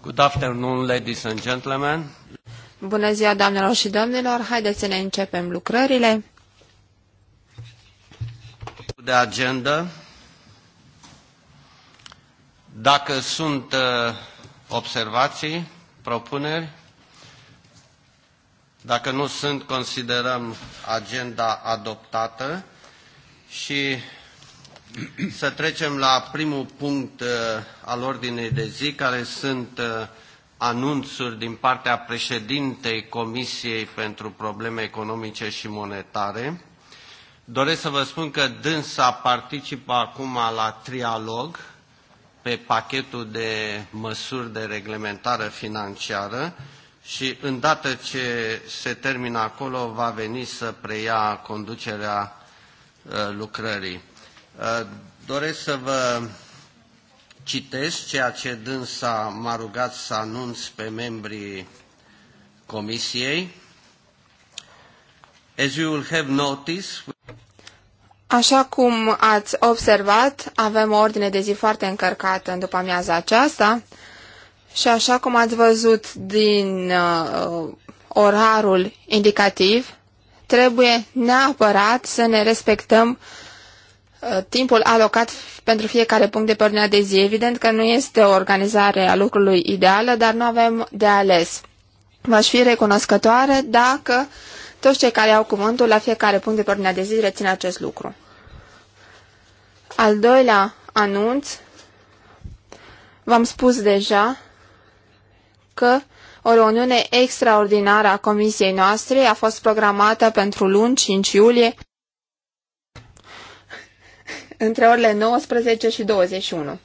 Good afternoon, ladies and gentlemen. Bună ziua, doamnelor și domnilor. Haideți să ne începem lucrările. De agenda. Dacă sunt uh, observații, propuneri, dacă nu sunt, considerăm agenda adoptată și să trecem la primul punct uh, al ordinei de zi, care sunt uh, anunțuri din partea președintei Comisiei pentru Probleme Economice și Monetare. Doresc să vă spun că dânsa participă acum la trialog pe pachetul de măsuri de reglementare financiară și îndată ce se termină acolo va veni să preia conducerea uh, lucrării. Doresc să vă citesc ceea ce dânsa m-a rugat să anunț pe membrii Comisiei. As you will have noticed... Așa cum ați observat, avem o ordine de zi foarte încărcată în după amiaza aceasta și așa cum ați văzut din uh, orarul indicativ, trebuie neapărat să ne respectăm uh, Uh, timpul alocat pentru fiecare punct de pe ordinea de zi. Evident că nu este o organizare a lucrului ideală, dar nu avem de ales. V-aș fi recunoscătoare dacă toți cei care au cuvântul la fiecare punct de pe ordinea de zi rețin acest lucru. Al doilea anunț, v-am spus deja că o reuniune extraordinară a comisiei noastre a fost programată pentru luni 5 iulie între orele 19 și 21.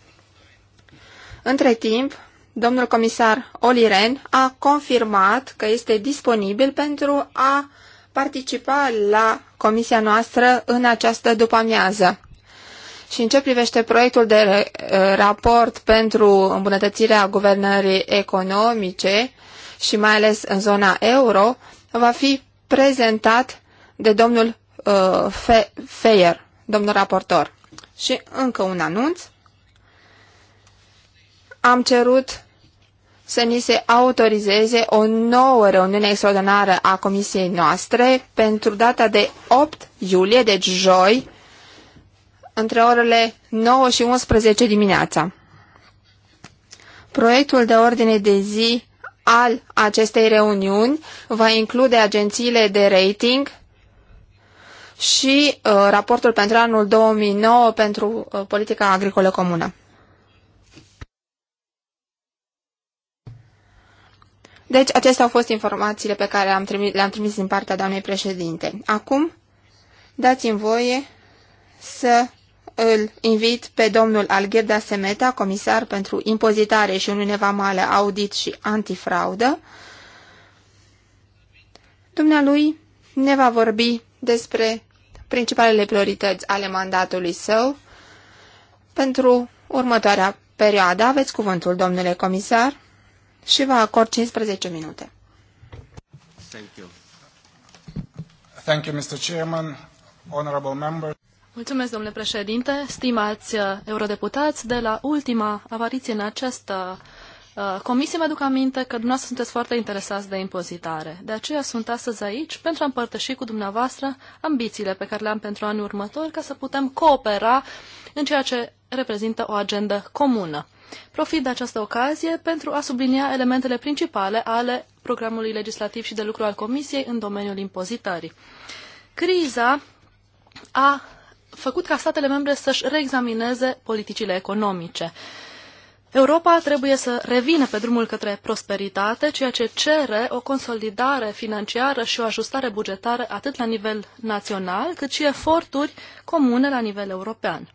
Între timp, domnul comisar Oliren a confirmat că este disponibil pentru a participa la comisia noastră în această după-amiază. Și în ce privește proiectul de eh, raport pentru îmbunătățirea guvernării economice și mai ales în zona euro, va fi prezentat de domnul uh, Fe Feier, domnul raportor. Și încă un anunț. Am cerut să ni se autorizeze o nouă reuniune extraordinară a comisiei noastre pentru data de 8 iulie, deci joi, între orele 9 și 11 dimineața. Proiectul de ordine de zi al acestei reuniuni va include agențiile de rating și uh, raportul pentru anul 2009 pentru uh, politica agricolă comună. Deci, acestea au fost informațiile pe care le-am trimis, le trimis din partea doamnei președinte. Acum, dați-mi voie să îl invit pe domnul Algherda Semeta, comisar pentru impozitare și Uniune Vamală, audit și antifraudă. Dumnealui ne va vorbi despre principalele priorități ale mandatului său pentru următoarea perioadă. Aveți cuvântul, domnule comisar, și vă acord 15 minute. Thank you. Thank you, Mr. Chairman, honorable members. Mulțumesc, domnule președinte, stimați uh, eurodeputați. De la ultima avariție în această Uh, comisie mi-aduc aminte că dumneavoastră sunteți foarte interesați de impozitare. De aceea sunt astăzi aici pentru a împărtăși cu dumneavoastră ambițiile pe care le-am pentru anul următor ca să putem coopera în ceea ce reprezintă o agendă comună. Profit de această ocazie pentru a sublinia elementele principale ale programului legislativ și de lucru al Comisiei în domeniul impozitării. Criza a făcut ca statele membre să-și reexamineze politicile economice. Europa trebuie să revină pe drumul către prosperitate, ceea ce cere o consolidare financiară și o ajustare bugetară atât la nivel național, cât și eforturi comune la nivel european.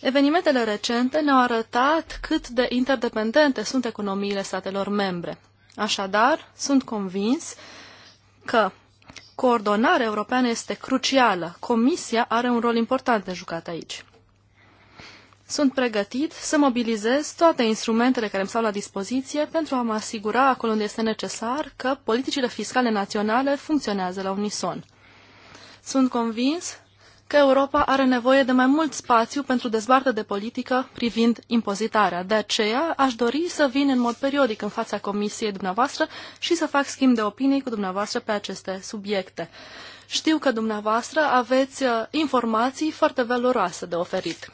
Evenimentele recente ne-au arătat cât de interdependente sunt economiile statelor membre. Așadar, sunt convins că coordonarea europeană este crucială. Comisia are un rol important de jucat aici sunt pregătit să mobilizez toate instrumentele care îmi stau la dispoziție pentru a mă asigura acolo unde este necesar că politicile fiscale naționale funcționează la unison. Sunt convins că Europa are nevoie de mai mult spațiu pentru dezbartă de politică privind impozitarea. De aceea aș dori să vin în mod periodic în fața comisiei dumneavoastră și să fac schimb de opinii cu dumneavoastră pe aceste subiecte. Știu că dumneavoastră aveți uh, informații foarte valoroase de oferit.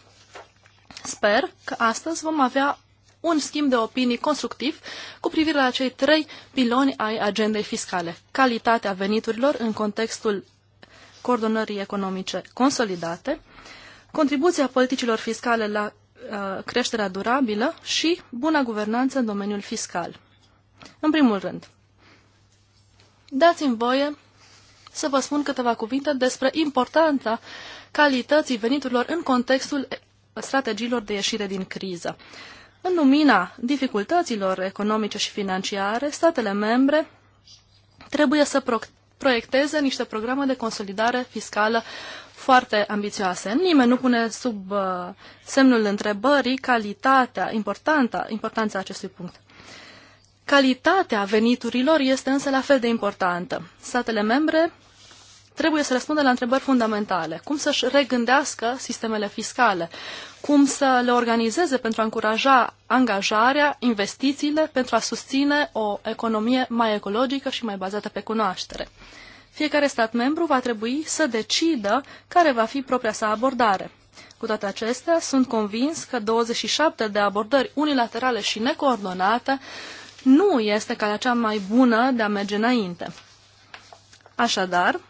Sper că astăzi vom avea un schimb de opinii constructiv cu privire la cei trei piloni ai agendei fiscale. Calitatea veniturilor în contextul coordonării economice consolidate, contribuția politicilor fiscale la uh, creșterea durabilă și buna guvernanță în domeniul fiscal. În primul rând, dați-mi voie să vă spun câteva cuvinte despre importanța calității veniturilor în contextul strategiilor de ieșire din criză. În lumina dificultăților economice și financiare, statele membre trebuie să pro proiecteze niște programe de consolidare fiscală foarte ambițioase. Nimeni nu pune sub uh, semnul întrebării calitatea importantă, importanța acestui punct. Calitatea veniturilor este însă la fel de importantă. Statele membre trebuie să răspundă la întrebări fundamentale. Cum să-și regândească sistemele fiscale? Cum să le organizeze pentru a încuraja angajarea, investițiile, pentru a susține o economie mai ecologică și mai bazată pe cunoaștere? Fiecare stat membru va trebui să decidă care va fi propria sa abordare. Cu toate acestea, sunt convins că 27 de abordări unilaterale și necoordonate nu este calea cea mai bună de a merge înainte. Așadar,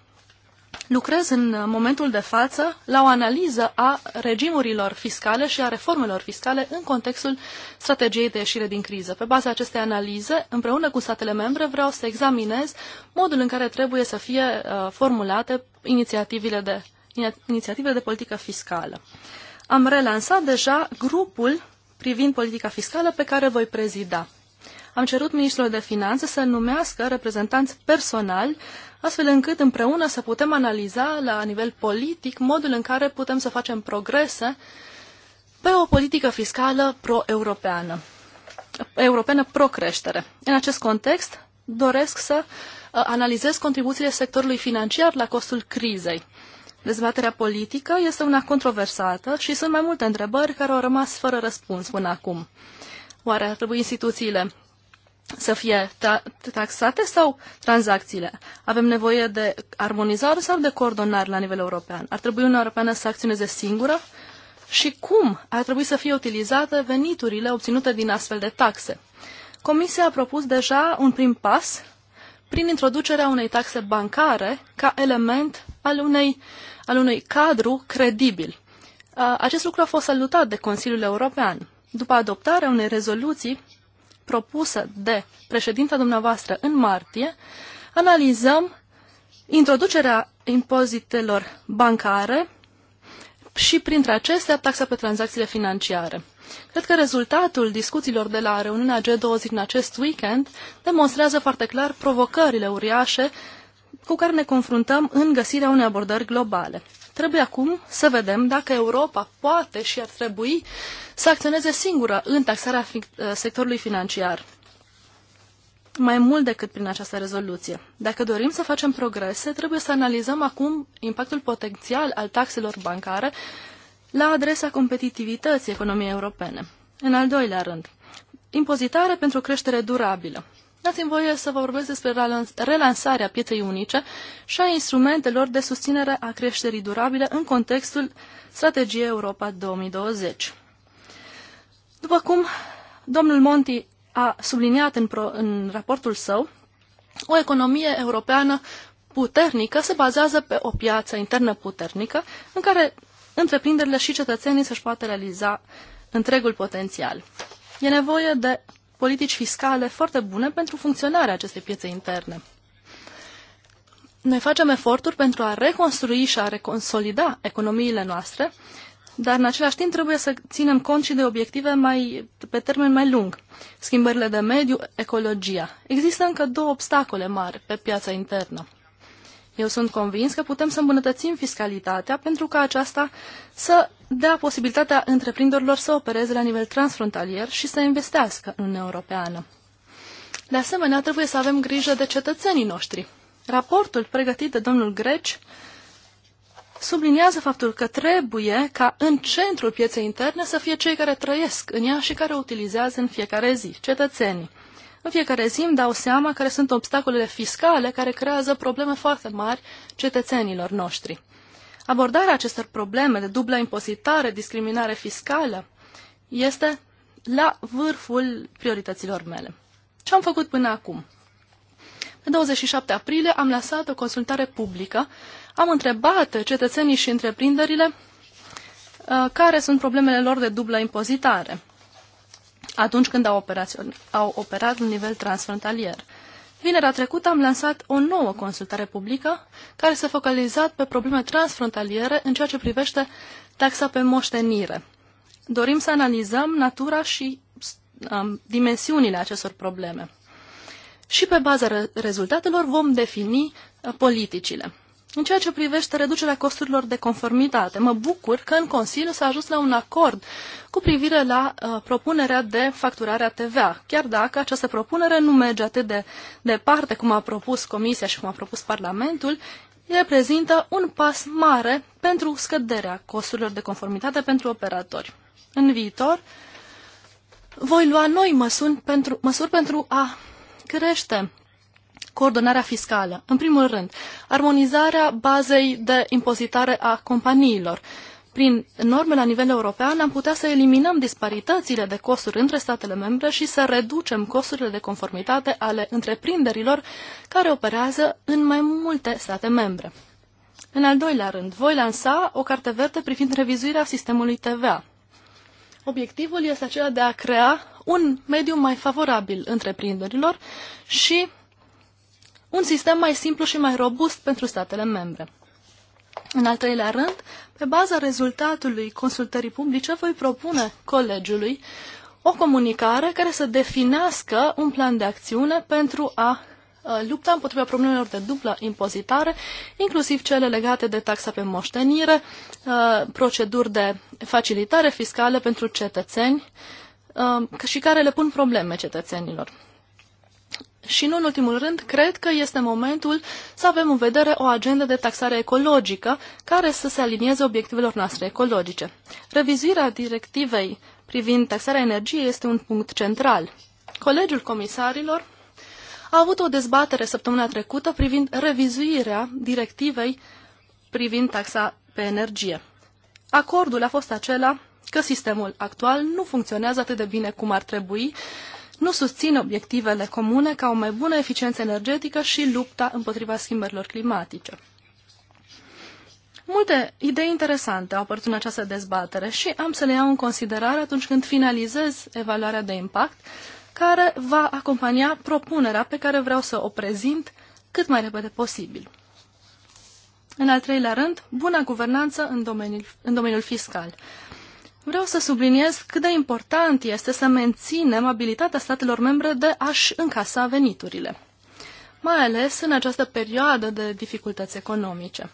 lucrez în momentul de față la o analiză a regimurilor fiscale și a reformelor fiscale în contextul strategiei de ieșire din criză. Pe baza acestei analize, împreună cu statele membre, vreau să examinez modul în care trebuie să fie uh, formulate inițiativele de, inițiativele de politică fiscală. Am relansat deja grupul privind politica fiscală pe care voi prezida am cerut ministrul de finanțe să numească reprezentanți personali astfel încât împreună să putem analiza la nivel politic modul în care putem să facem progrese pe o politică fiscală pro-europeană, europeană pro-creștere. În acest context, doresc să uh, analizez contribuțiile sectorului financiar la costul crizei. Dezbaterea politică este una controversată și sunt mai multe întrebări care au rămas fără răspuns până acum. Oare ar trebui instituțiile să fie taxate sau tranzacțiile? Avem nevoie de armonizare sau de coordonare la nivel european? Ar trebui Uniunea Europeană să acționeze singură? Și cum ar trebui să fie utilizate veniturile obținute din astfel de taxe? Comisia a propus deja un prim pas prin introducerea unei taxe bancare ca element al, unei, al unui cadru credibil. Acest lucru a fost salutat de Consiliul European. După adoptarea unei rezoluții propusă de președinta dumneavoastră în martie, analizăm introducerea impozitelor bancare și printre acestea taxa pe tranzacțiile financiare. Cred că rezultatul discuțiilor de la reuniunea G20 în acest weekend demonstrează foarte clar provocările uriașe cu care ne confruntăm în găsirea unei abordări globale. Trebuie acum să vedem dacă Europa poate și ar trebui să acționeze singură în taxarea uh, sectorului financiar mai mult decât prin această rezoluție. Dacă dorim să facem progrese, trebuie să analizăm acum impactul potențial al taxelor bancare la adresa competitivității economiei europene. În al doilea rând, impozitare pentru creștere durabilă. Dați-mi voie să vă vorbesc despre relansarea pieței unice și a instrumentelor de susținere a creșterii durabile în contextul strategiei Europa 2020. După cum domnul Monti a subliniat în, pro, în raportul său, o economie europeană puternică se bazează pe o piață internă puternică în care întreprinderile și cetățenii să-și poată realiza întregul potențial. E nevoie de politici fiscale foarte bune pentru funcționarea acestei piețe interne. Noi facem eforturi pentru a reconstrui și a reconsolida economiile noastre, dar în același timp trebuie să ținem cont și de obiective mai, pe termen mai lung. Schimbările de mediu, ecologia. Există încă două obstacole mari pe piața internă. Eu sunt convins că putem să îmbunătățim fiscalitatea pentru ca aceasta să dea posibilitatea întreprinderilor să opereze la nivel transfrontalier și să investească în Uniunea Europeană. De asemenea, trebuie să avem grijă de cetățenii noștri. Raportul pregătit de domnul Greci subliniază faptul că trebuie ca în centrul pieței interne să fie cei care trăiesc în ea și care o utilizează în fiecare zi, cetățenii. În fiecare zi îmi dau seama care sunt obstacolele fiscale care creează probleme foarte mari cetățenilor noștri. Abordarea acestor probleme de dublă impozitare, discriminare fiscală, este la vârful priorităților mele. Ce am făcut până acum? Pe 27 aprilie am lansat o consultare publică. Am întrebat cetățenii și întreprinderile uh, care sunt problemele lor de dublă impozitare atunci când au, au operat la nivel transfrontalier. Vinerea trecută am lansat o nouă consultare publică care s-a focalizat pe probleme transfrontaliere în ceea ce privește taxa pe moștenire. Dorim să analizăm natura și um, dimensiunile acestor probleme. Și pe baza re rezultatelor vom defini uh, politicile. În ceea ce privește reducerea costurilor de conformitate, mă bucur că în Consiliu s-a ajuns la un acord cu privire la uh, propunerea de facturare a TVA, chiar dacă această propunere nu merge atât de departe cum a propus Comisia și cum a propus Parlamentul, reprezintă un pas mare pentru scăderea costurilor de conformitate pentru operatori. În viitor, voi lua noi măsuri pentru, măsuri pentru a crește coordonarea fiscală. În primul rând, armonizarea bazei de impozitare a companiilor. Prin norme la nivel european am putea să eliminăm disparitățile de costuri între statele membre și să reducem costurile de conformitate ale întreprinderilor care operează în mai multe state membre. În al doilea rând, voi lansa o carte verde privind revizuirea sistemului TVA. Obiectivul este acela de a crea un mediu mai favorabil întreprinderilor și un sistem mai simplu și mai robust pentru statele membre. În al treilea rând, pe baza rezultatului consultării publice, voi propune colegiului o comunicare care să definească un plan de acțiune pentru a lupta împotriva problemelor de dublă impozitare, inclusiv cele legate de taxa pe moștenire, proceduri de facilitare fiscală pentru cetățeni și care le pun probleme cetățenilor. Și nu în ultimul rând, cred că este momentul să avem în vedere o agendă de taxare ecologică care să se alinieze obiectivelor noastre ecologice. Revizuirea directivei privind taxarea energiei este un punct central. Colegiul comisarilor a avut o dezbatere săptămâna trecută privind revizuirea directivei privind taxa pe energie. Acordul a fost acela că sistemul actual nu funcționează atât de bine cum ar trebui, nu susțin obiectivele comune ca o mai bună eficiență energetică și lupta împotriva schimbărilor climatice. Multe idei interesante au apărut în această dezbatere și am să le iau în considerare atunci când finalizez evaluarea de impact, care va acompania propunerea pe care vreau să o prezint cât mai repede posibil. În al treilea rând, buna guvernanță în domeniul, în domeniul fiscal. Vreau să subliniez cât de important este să menținem abilitatea statelor membre de a-și încasa veniturile, mai ales în această perioadă de dificultăți economice.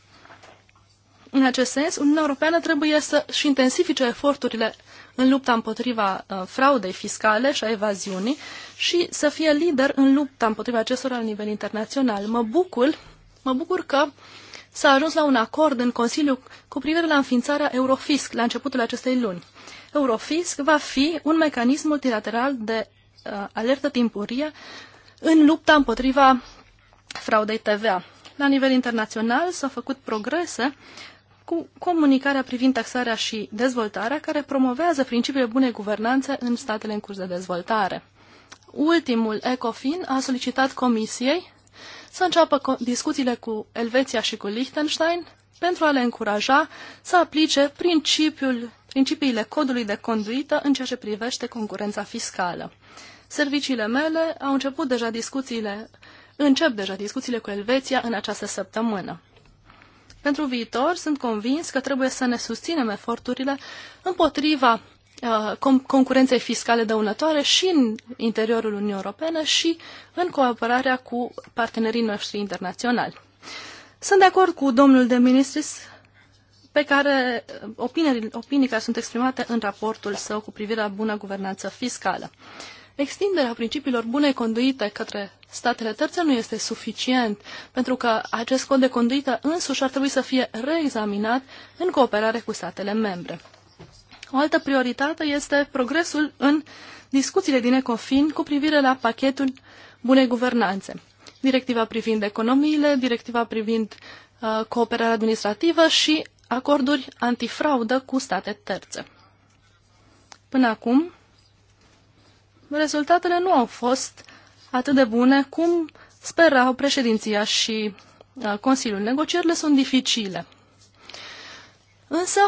În acest sens, Uniunea Europeană trebuie să-și intensifice eforturile în lupta împotriva uh, fraudei fiscale și a evaziunii și să fie lider în lupta împotriva acestora la nivel internațional. Mă bucur, mă bucur că uh, s-a ajuns la un acord în Consiliu cu privire la înființarea Eurofisc la începutul acestei luni. Eurofisc va fi un mecanism multilateral de uh, alertă timpurie în lupta împotriva fraudei TVA. La nivel internațional s-au făcut progrese cu comunicarea privind taxarea și dezvoltarea, care promovează principiile bune guvernanțe în statele în curs de dezvoltare. Ultimul ECOFIN a solicitat Comisiei să înceapă discuțiile cu Elveția și cu Liechtenstein pentru a le încuraja să aplice principiul, principiile codului de conduită în ceea ce privește concurența fiscală. Serviciile mele au început deja discuțiile, încep deja discuțiile cu Elveția în această săptămână. Pentru viitor, sunt convins că trebuie să ne susținem eforturile împotriva Uh, concurenței fiscale dăunătoare și în interiorul Uniunii Europene și în cooperarea cu partenerii noștri internaționali. Sunt de acord cu domnul de ministris pe care uh, opinii, opinii care sunt exprimate în raportul său cu privire la bună guvernanță fiscală. Extinderea principiilor bune conduite către statele terțe nu este suficient, pentru că acest cod de conduită însuși ar trebui să fie reexaminat în cooperare cu statele membre. O altă prioritate este progresul în discuțiile din ECOFIN cu privire la pachetul bunei guvernanțe. Directiva privind economiile, directiva privind uh, cooperarea administrativă și acorduri antifraudă cu state terțe. Până acum, rezultatele nu au fost atât de bune cum sperau președinția și uh, Consiliul. Negocierile sunt dificile. Însă,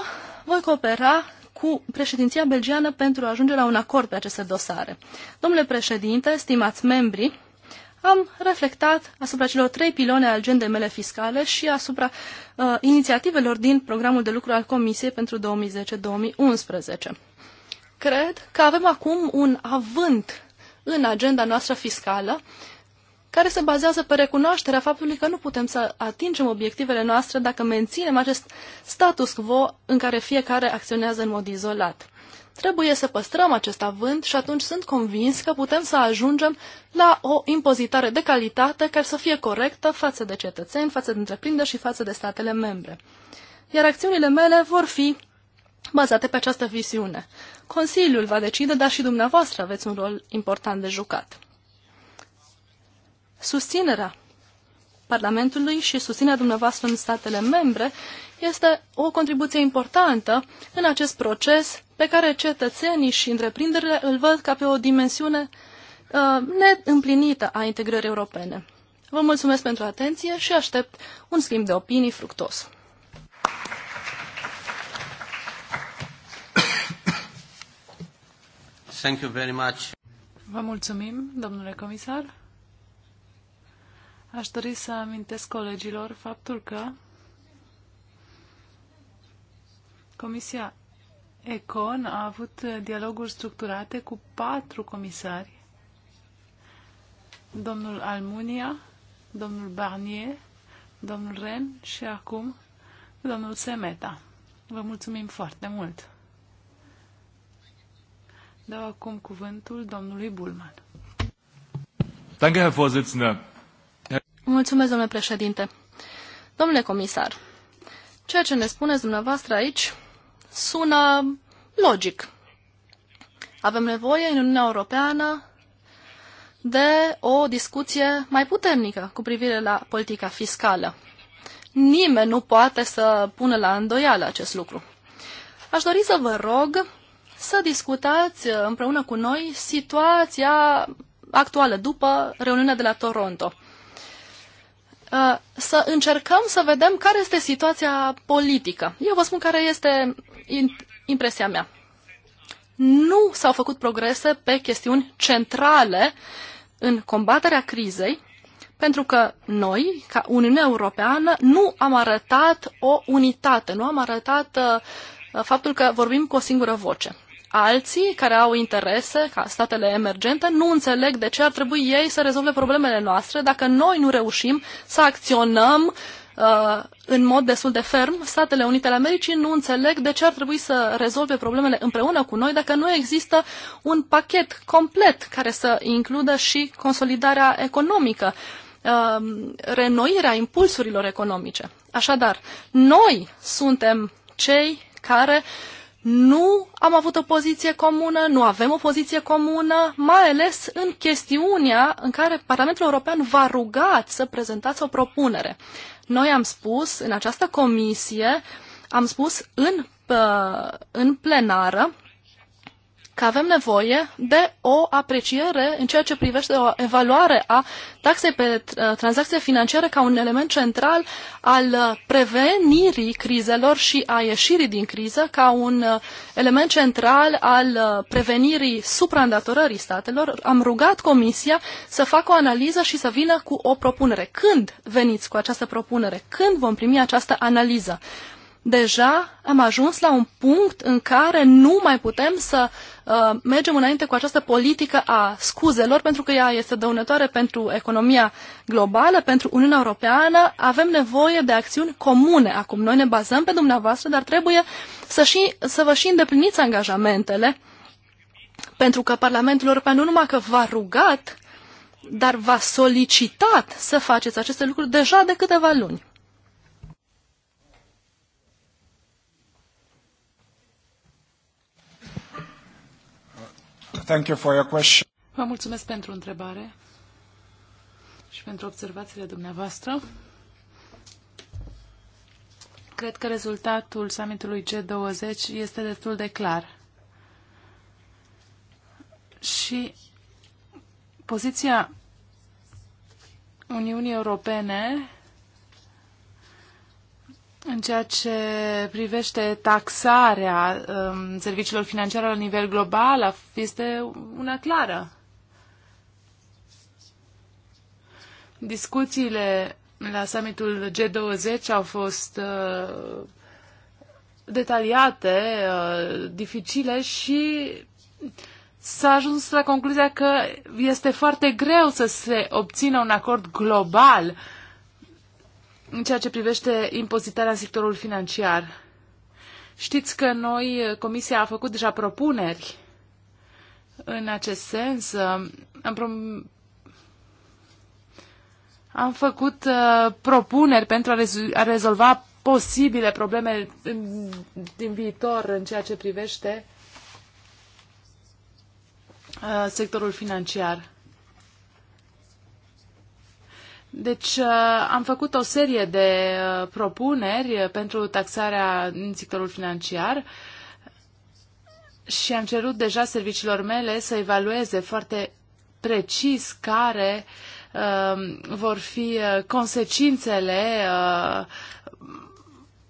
voi coopera cu președinția belgiană pentru a ajunge la un acord pe aceste dosare. Domnule președinte, stimați membri, am reflectat asupra celor trei pilone ale agendei mele fiscale și asupra uh, inițiativelor din programul de lucru al Comisiei pentru 2010-2011. Cred că avem acum un avânt în agenda noastră fiscală care se bazează pe recunoașterea faptului că nu putem să atingem obiectivele noastre dacă menținem acest status quo în care fiecare acționează în mod izolat. Trebuie să păstrăm acest avânt și atunci sunt convins că putem să ajungem la o impozitare de calitate care să fie corectă față de cetățeni, față de întreprinderi și față de statele membre. Iar acțiunile mele vor fi bazate pe această viziune. Consiliul va decide, dar și dumneavoastră aveți un rol important de jucat susținerea Parlamentului și susținerea dumneavoastră în statele membre este o contribuție importantă în acest proces pe care cetățenii și întreprinderile îl văd ca pe o dimensiune uh, neîmplinită a integrării europene. Vă mulțumesc pentru atenție și aștept un schimb de opinii fructos. Thank you very much. Vă mulțumim, domnule comisar. Aș dori să amintesc colegilor faptul că Comisia Econ a avut dialoguri structurate cu patru comisari. Domnul Almunia, domnul Barnier, domnul Ren și acum domnul Semeta. Vă mulțumim foarte mult! Dau acum cuvântul domnului Bulman. Danke, Herr Vorsitzender. Mulțumesc, domnule președinte. Domnule comisar, ceea ce ne spuneți dumneavoastră aici sună logic. Avem nevoie în Uniunea Europeană de o discuție mai puternică cu privire la politica fiscală. Nimeni nu poate să pună la îndoială acest lucru. Aș dori să vă rog să discutați împreună cu noi situația actuală după reuniunea de la Toronto. Uh, să încercăm să vedem care este situația politică. Eu vă spun care este impresia mea. Nu s-au făcut progrese pe chestiuni centrale în combaterea crizei, pentru că noi, ca Uniunea Europeană, nu am arătat o unitate, nu am arătat uh, faptul că vorbim cu o singură voce alții care au interese, ca statele emergente, nu înțeleg de ce ar trebui ei să rezolve problemele noastre dacă noi nu reușim să acționăm uh, în mod destul de ferm. Statele Unite ale Americii nu înțeleg de ce ar trebui să rezolve problemele împreună cu noi dacă nu există un pachet complet care să includă și consolidarea economică, uh, renoirea impulsurilor economice. Așadar, noi suntem cei care uh, nu am avut o poziție comună, nu avem o poziție comună, mai ales în chestiunea în care Parlamentul European v-a rugat să prezentați o propunere. Noi am spus în această comisie, am spus în, uh, în plenară că avem nevoie de o apreciere în ceea ce privește o evaluare a taxei pe uh, tranzacție financiare ca un element central al uh, prevenirii crizelor și a ieșirii din criză, ca un uh, element central al prevenirii supraîndatorării statelor. Am rugat Comisia să facă o analiză și să vină cu o propunere. Când veniți cu această propunere? Când vom primi această analiză? deja am ajuns la un punct în care nu mai putem să uh, mergem înainte cu această politică a scuzelor, pentru că ea este dăunătoare pentru economia globală, pentru Uniunea Europeană. Avem nevoie de acțiuni comune. Acum noi ne bazăm pe dumneavoastră, dar trebuie să, și, să vă și îndepliniți angajamentele, pentru că Parlamentul European nu numai că v-a rugat, dar v-a solicitat să faceți aceste lucruri deja de câteva luni. Thank you for your question. Vă mulțumesc pentru întrebare și pentru observațiile dumneavoastră. Cred că rezultatul summitului G20 este destul de clar. Și poziția Uniunii Europene în ceea ce privește taxarea um, serviciilor financiare la nivel global, este una clară. Discuțiile la summitul G20 au fost uh, detaliate, uh, dificile și s-a ajuns la concluzia că este foarte greu să se obțină un acord global uh, în ceea ce privește impozitarea în sectorul financiar. Știți că noi, Comisia a făcut deja propuneri în acest sens. Am, prom- am făcut uh, propuneri pentru a, rezo- a rezolva posibile probleme în, din viitor în ceea ce privește uh, sectorul financiar. Deci uh, am făcut o serie de uh, propuneri uh, pentru taxarea în sectorul financiar și am cerut deja serviciilor mele să evalueze foarte precis care vor fi consecințele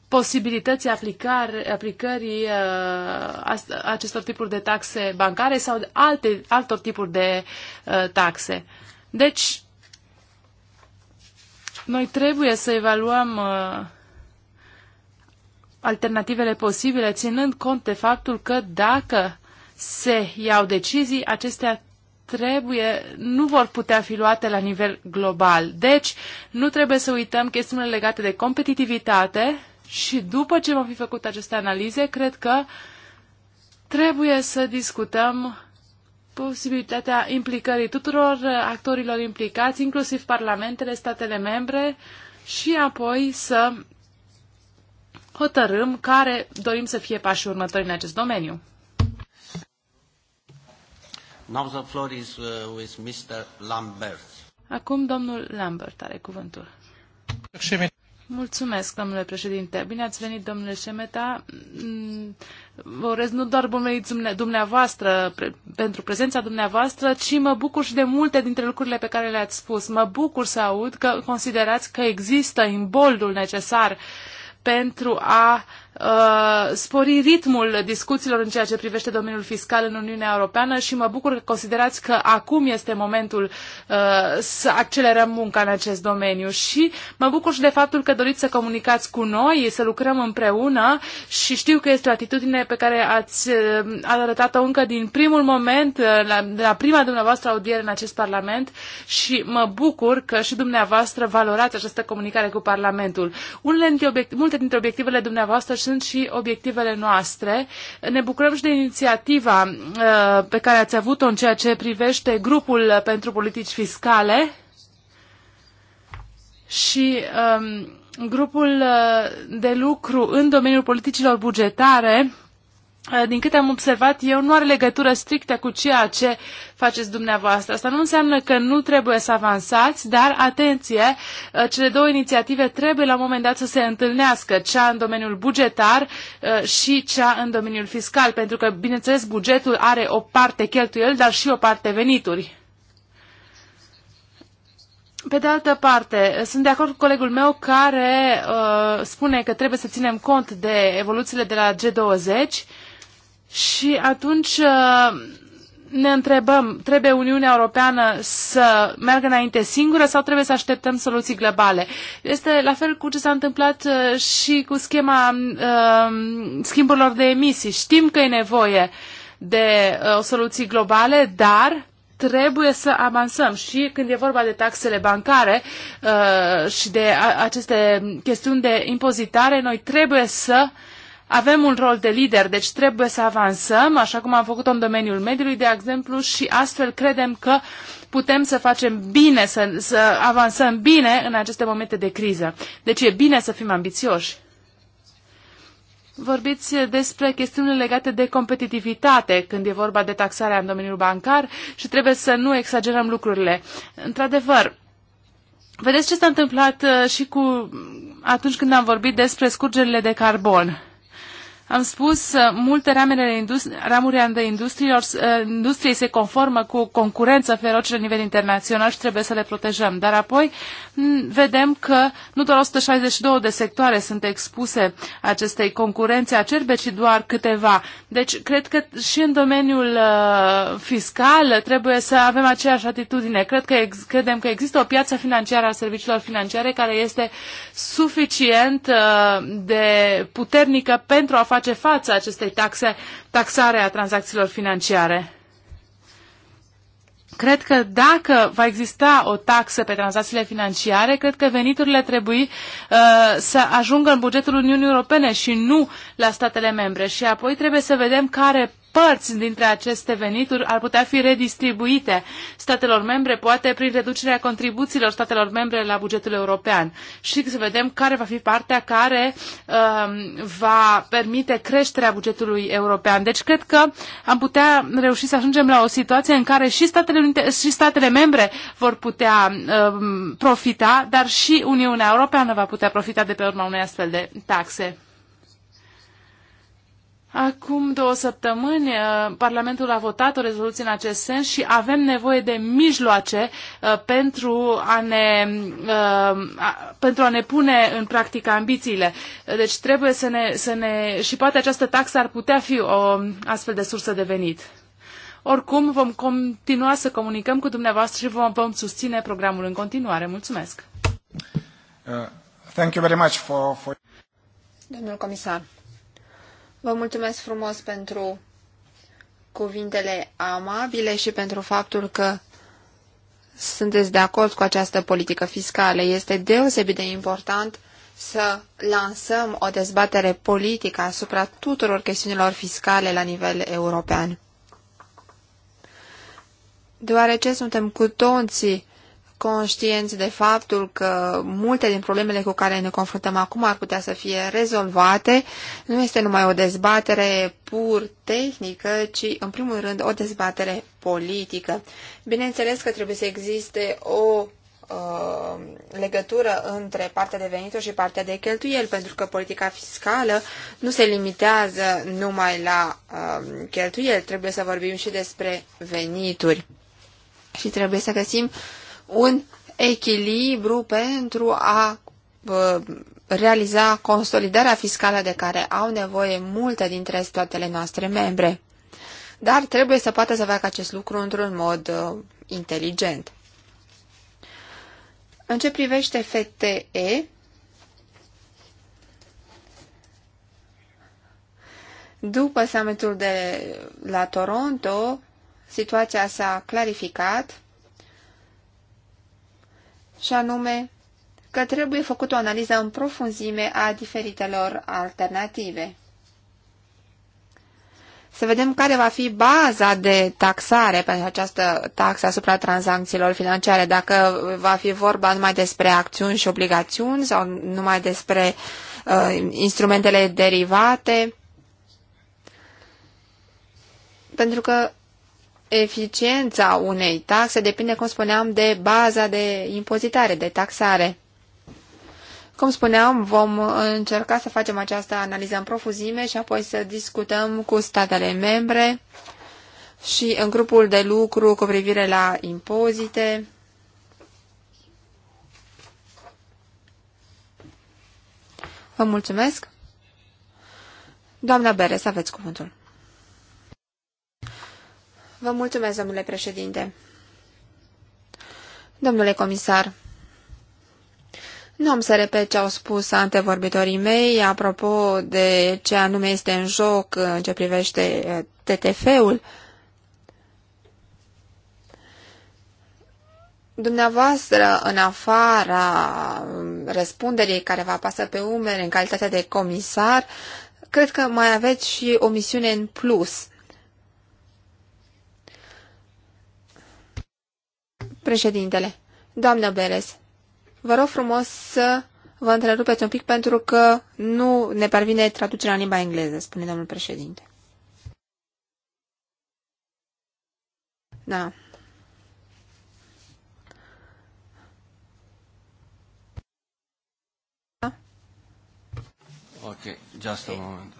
posibilității aplicare, aplicării acestor tipuri de taxe bancare sau alte, altor tipuri de taxe. Deci, noi trebuie să evaluăm uh, alternativele posibile, ținând cont de faptul că dacă se iau decizii, acestea trebuie, nu vor putea fi luate la nivel global. Deci, nu trebuie să uităm chestiunile legate de competitivitate și după ce vom fi făcut aceste analize, cred că trebuie să discutăm posibilitatea implicării tuturor uh, actorilor implicați, inclusiv parlamentele, statele membre, și apoi să hotărâm care dorim să fie pașii următori în acest domeniu. Now the floor is uh, with Mr. Lambert. Acum domnul Lambert are cuvântul. Mulțumesc, domnule președinte. Bine ați venit, domnule Șemeta. Mm, vă urez nu doar bun venit dumneavoastră, pre, pentru prezența dumneavoastră, ci mă bucur și de multe dintre lucrurile pe care le-ați spus. Mă bucur să aud că considerați că există imboldul necesar pentru a Uh, spori ritmul discuțiilor în ceea ce privește domeniul fiscal în Uniunea Europeană și mă bucur că considerați că acum este momentul uh, să accelerăm munca în acest domeniu și mă bucur și de faptul că doriți să comunicați cu noi, să lucrăm împreună și știu că este o atitudine pe care ați uh, arătat-o încă din primul moment, de la prima dumneavoastră audiere în acest Parlament și mă bucur că și dumneavoastră valorați această comunicare cu Parlamentul. Unele dintre obiect- multe dintre obiectivele dumneavoastră sunt și obiectivele noastre. Ne bucurăm și de inițiativa uh, pe care ați avut-o în ceea ce privește grupul uh, pentru politici fiscale și um, grupul uh, de lucru în domeniul politicilor bugetare Eh, din câte am observat eu, nu are legătură strictă cu ceea ce faceți dumneavoastră. Asta nu înseamnă că nu trebuie să avansați, dar atenție, eh, cele două inițiative trebuie la un moment dat să se întâlnească, cea în domeniul bugetar eh, și cea în domeniul fiscal, pentru că, bineînțeles, bugetul are o parte cheltuieli, dar și o parte venituri. Pe de altă parte, sunt de acord cu colegul meu care uh, spune că trebuie să ținem cont de evoluțiile de la G20 și atunci uh, ne întrebăm, trebuie Uniunea Europeană să meargă înainte singură sau trebuie să așteptăm soluții globale? Este la fel cu ce s-a întâmplat uh, și cu schema uh, schimburilor de emisii. Știm că e nevoie de o soluții globale, dar trebuie să avansăm și când e vorba de taxele bancare uh, și de aceste chestiuni de impozitare, noi trebuie să uh, avem un rol de lider, deci trebuie să avansăm, așa cum am făcut-o în domeniul mediului, de exemplu, și astfel credem că putem să facem bine, să, să avansăm bine în aceste momente de criză. Deci e bine să fim ambițioși. Vorbiți despre chestiunile legate de competitivitate când e vorba de taxarea în domeniul bancar și trebuie să nu exagerăm lucrurile. Într-adevăr, vedeți ce s-a întâmplat uh, și cu atunci când am vorbit despre scurgerile de carbon. Am spus, uh, multe ramuri industri ale industriilor, uh, industriei se conformă cu concurență feroce la nivel internațional și trebuie să le protejăm. Dar apoi vedem că nu doar 162 de sectoare sunt expuse acestei concurențe acerbe, ci doar câteva. Deci, cred că și în domeniul uh, fiscal trebuie să avem aceeași atitudine. Cred că credem că există o piață financiară a serviciilor financiare care este suficient de puternică pentru a face face față acestei taxe, taxare a tranzacțiilor financiare. Cred că dacă va exista o taxă pe tranzacțiile financiare, cred că veniturile trebuie uh, să ajungă în bugetul Uniunii Europene și nu la statele membre. Și apoi trebuie să vedem care părți dintre aceste venituri ar putea fi redistribuite statelor membre, poate prin reducerea contribuțiilor statelor membre la bugetul european. Și să vedem care va fi partea care um, va permite creșterea bugetului european. Deci cred că am putea reuși să ajungem la o situație în care și statele, unite, și statele membre vor putea um, profita, dar și Uniunea Europeană va putea profita de pe urma unei astfel de taxe. Acum două săptămâni, uh, Parlamentul a votat o rezoluție în acest sens și avem nevoie de mijloace uh, pentru a ne, uh, pentru a ne pune în practică ambițiile. Deci trebuie să ne, să ne... și poate această taxă ar putea fi o astfel de sursă de venit. Oricum, vom continua să comunicăm cu dumneavoastră și vom, vom susține programul în continuare. Mulțumesc! Uh, thank you very much for, for... Domnul comisar, Vă mulțumesc frumos pentru cuvintele amabile și pentru faptul că sunteți de acord cu această politică fiscală. Este deosebit de important să lansăm o dezbatere politică asupra tuturor chestiunilor fiscale la nivel european. Deoarece suntem cu toții conștienți de faptul că multe din problemele cu care ne confruntăm acum ar putea să fie rezolvate. Nu este numai o dezbatere pur tehnică, ci în primul rând o dezbatere politică. Bineînțeles că trebuie să existe o uh, legătură între partea de venituri și partea de cheltuieli, pentru că politica fiscală nu se limitează numai la uh, cheltuieli, trebuie să vorbim și despre venituri. Și trebuie să găsim uh, un echilibru pentru a uh, realiza consolidarea fiscală de care au nevoie multe dintre statele noastre membre. Dar trebuie să poată să facă acest lucru într-un mod uh, inteligent. În ce privește FTE, după summitul de la Toronto, situația s-a clarificat și anume că trebuie făcut o analiză în profunzime a diferitelor alternative. Să vedem care va fi baza de taxare pentru această taxă asupra tranzacțiilor financiare, dacă va fi vorba numai despre acțiuni și obligațiuni sau numai despre uh, instrumentele derivate. Pentru că eficiența unei taxe depinde, cum spuneam, de baza de impozitare, de taxare. Cum spuneam, vom încerca să facem această analiză în profuzime și apoi să discutăm cu statele membre și în grupul de lucru cu privire la impozite. Vă mulțumesc! Doamna Bere, să aveți cuvântul. Vă mulțumesc, domnule președinte. Domnule comisar, nu am să repet ce au spus antevorbitorii mei apropo de ce anume este în joc în ce privește uh, TTF-ul. Dumneavoastră, în afara um, răspunderii care vă apasă pe umeri în calitate de comisar, cred că mai aveți și o misiune în plus – Președintele, doamnă Beres, vă rog frumos să vă întrerupeți un pic pentru că nu ne parvine traducerea în limba engleză, spune domnul președinte. Da. Ok, just a moment.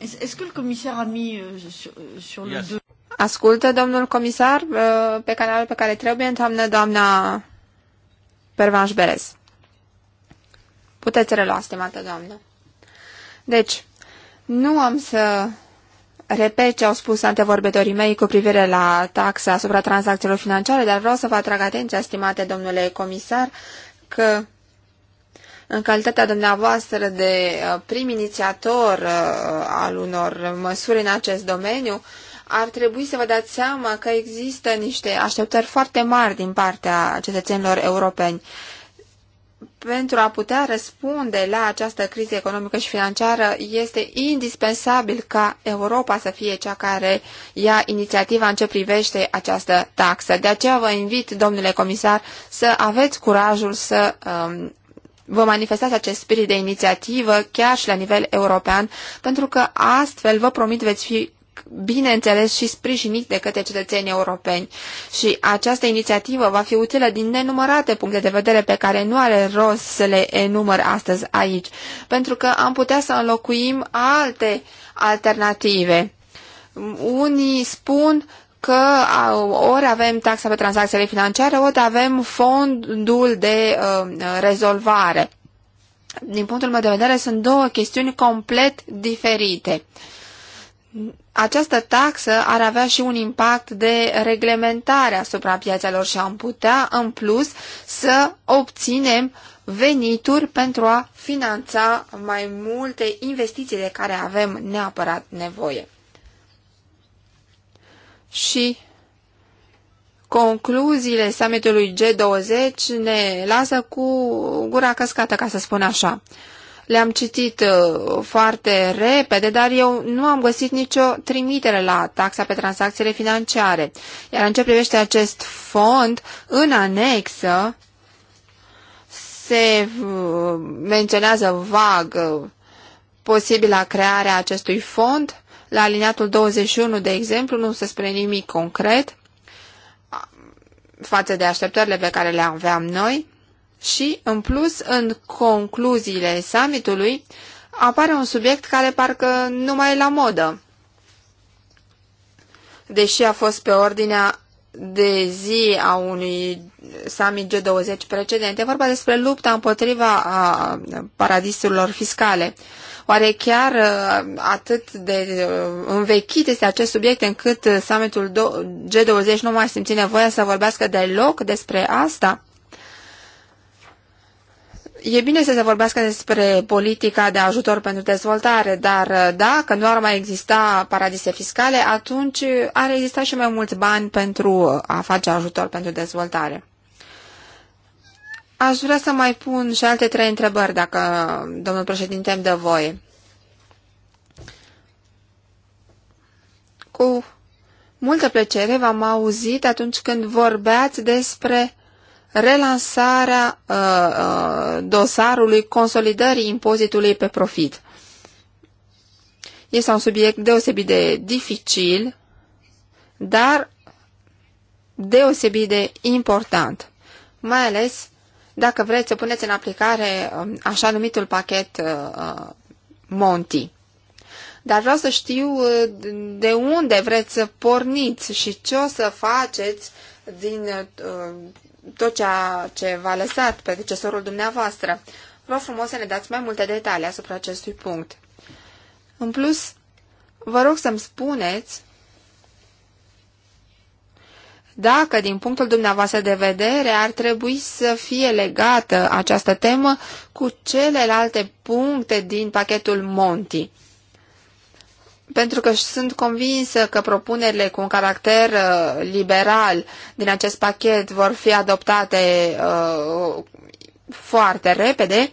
Est-ce que le commissaire a mis euh, sur, euh, sur yes. le ascultă domnul comisar uh, pe canalul pe care trebuie, înseamnă doamna Pervanș Berez. Puteți relua, stimată doamnă. Deci, nu am să repet ce au spus antevorbitorii mei cu privire la taxa asupra tranzacțiilor financiare, dar vreau să vă atrag atenția, stimate domnule comisar, că în calitatea dumneavoastră de uh, prim inițiator uh, al unor măsuri în acest domeniu, ar trebui să vă dați seama că există niște așteptări foarte mari din partea cetățenilor europeni pentru a putea răspunde la această criză economică și financiară, este indispensabil ca Europa să fie cea care ia inițiativa în ce privește această taxă. De aceea vă invit, domnule comisar, să aveți curajul să um, vă manifestați acest spirit de inițiativă chiar și la nivel european, pentru că astfel, vă promit, veți fi bineînțeles și sprijinit de către cetățenii europeni. Și această inițiativă va fi utilă din nenumărate puncte de vedere pe care nu are rost să le enumăr astăzi aici, pentru că am putea să înlocuim alte alternative. Unii spun că ori avem taxa pe tranzacțiile financiare, ori avem fondul de uh, rezolvare. Din punctul meu de vedere, sunt două chestiuni complet diferite. Uh, această taxă ar avea și un impact de reglementare asupra piațelor și am putea, în plus, să obținem venituri pentru a finanța mai multe investiții de care avem neapărat nevoie. Și concluziile summitului G20 ne lasă cu gura căscată, ca să spun așa le-am citit uh, foarte repede, dar eu nu am găsit nicio trimitere la taxa pe tranzacțiile financiare. Iar în ce privește acest fond, în anexă se uh, menționează vag uh, posibilă crearea acestui fond. La aliniatul 21, de exemplu, nu se spune nimic concret față de așteptările pe care le aveam noi și, în plus, în concluziile summitului, apare un subiect care parcă nu mai e la modă. Deși a fost pe ordinea de zi a unui summit G20 precedent, e vorba despre lupta împotriva a paradisurilor fiscale. Oare chiar atât de învechit este acest subiect încât summitul G20 nu mai simține voia să vorbească deloc despre asta? E bine să se vorbească despre politica de ajutor pentru dezvoltare, dar uh, dacă nu ar mai exista paradise fiscale, atunci uh, ar exista și mai mulți bani pentru uh, a face ajutor pentru dezvoltare. Aș vrea să mai pun și alte trei întrebări, dacă domnul președinte îmi dă voie. Cu multă plăcere v-am auzit atunci când vorbeați despre relansarea uh, uh, dosarului consolidării impozitului pe profit. Este un subiect deosebit de dificil, dar deosebit de important, mai ales dacă vreți să puneți în aplicare um, așa numitul pachet uh, uh, Monti. Dar vreau să știu uh, de unde vreți să porniți și ce o să faceți din uh, tot ceea ce v-a lăsat decesorul dumneavoastră. Vă frumos să ne dați mai multe detalii asupra acestui punct. În plus, vă rog să-mi spuneți dacă, din punctul dumneavoastră de vedere, ar trebui să fie legată această temă cu celelalte puncte din pachetul Monti pentru că sunt convinsă că propunerile cu un caracter uh, liberal din acest pachet vor fi adoptate uh, foarte repede,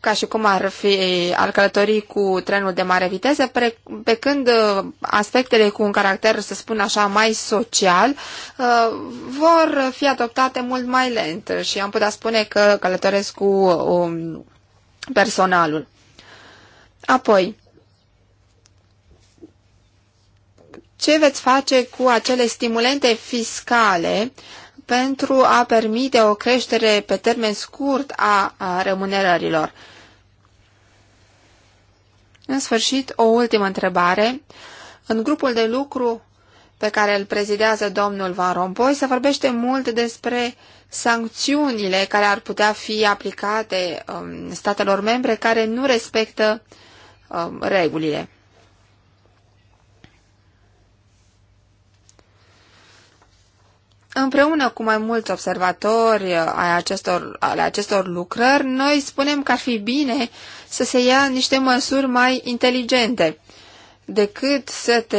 ca și cum ar fi al călătorii cu trenul de mare viteză, pe când uh, aspectele cu un caracter, să spun așa, mai social, uh, vor fi adoptate mult mai lent și am putea spune că călătoresc cu um, personalul. Apoi, Ce veți face cu acele stimulente fiscale pentru a permite o creștere pe termen scurt a, remunerărilor? În sfârșit, o ultimă întrebare. În grupul de lucru pe care îl prezidează domnul Van Rompuy se vorbește mult despre sancțiunile care ar putea fi aplicate um, statelor membre care nu respectă um, regulile. împreună cu mai mulți observatori uh, ai acestor, ale acestor lucrări, noi spunem că ar fi bine să se ia niște măsuri mai inteligente decât să te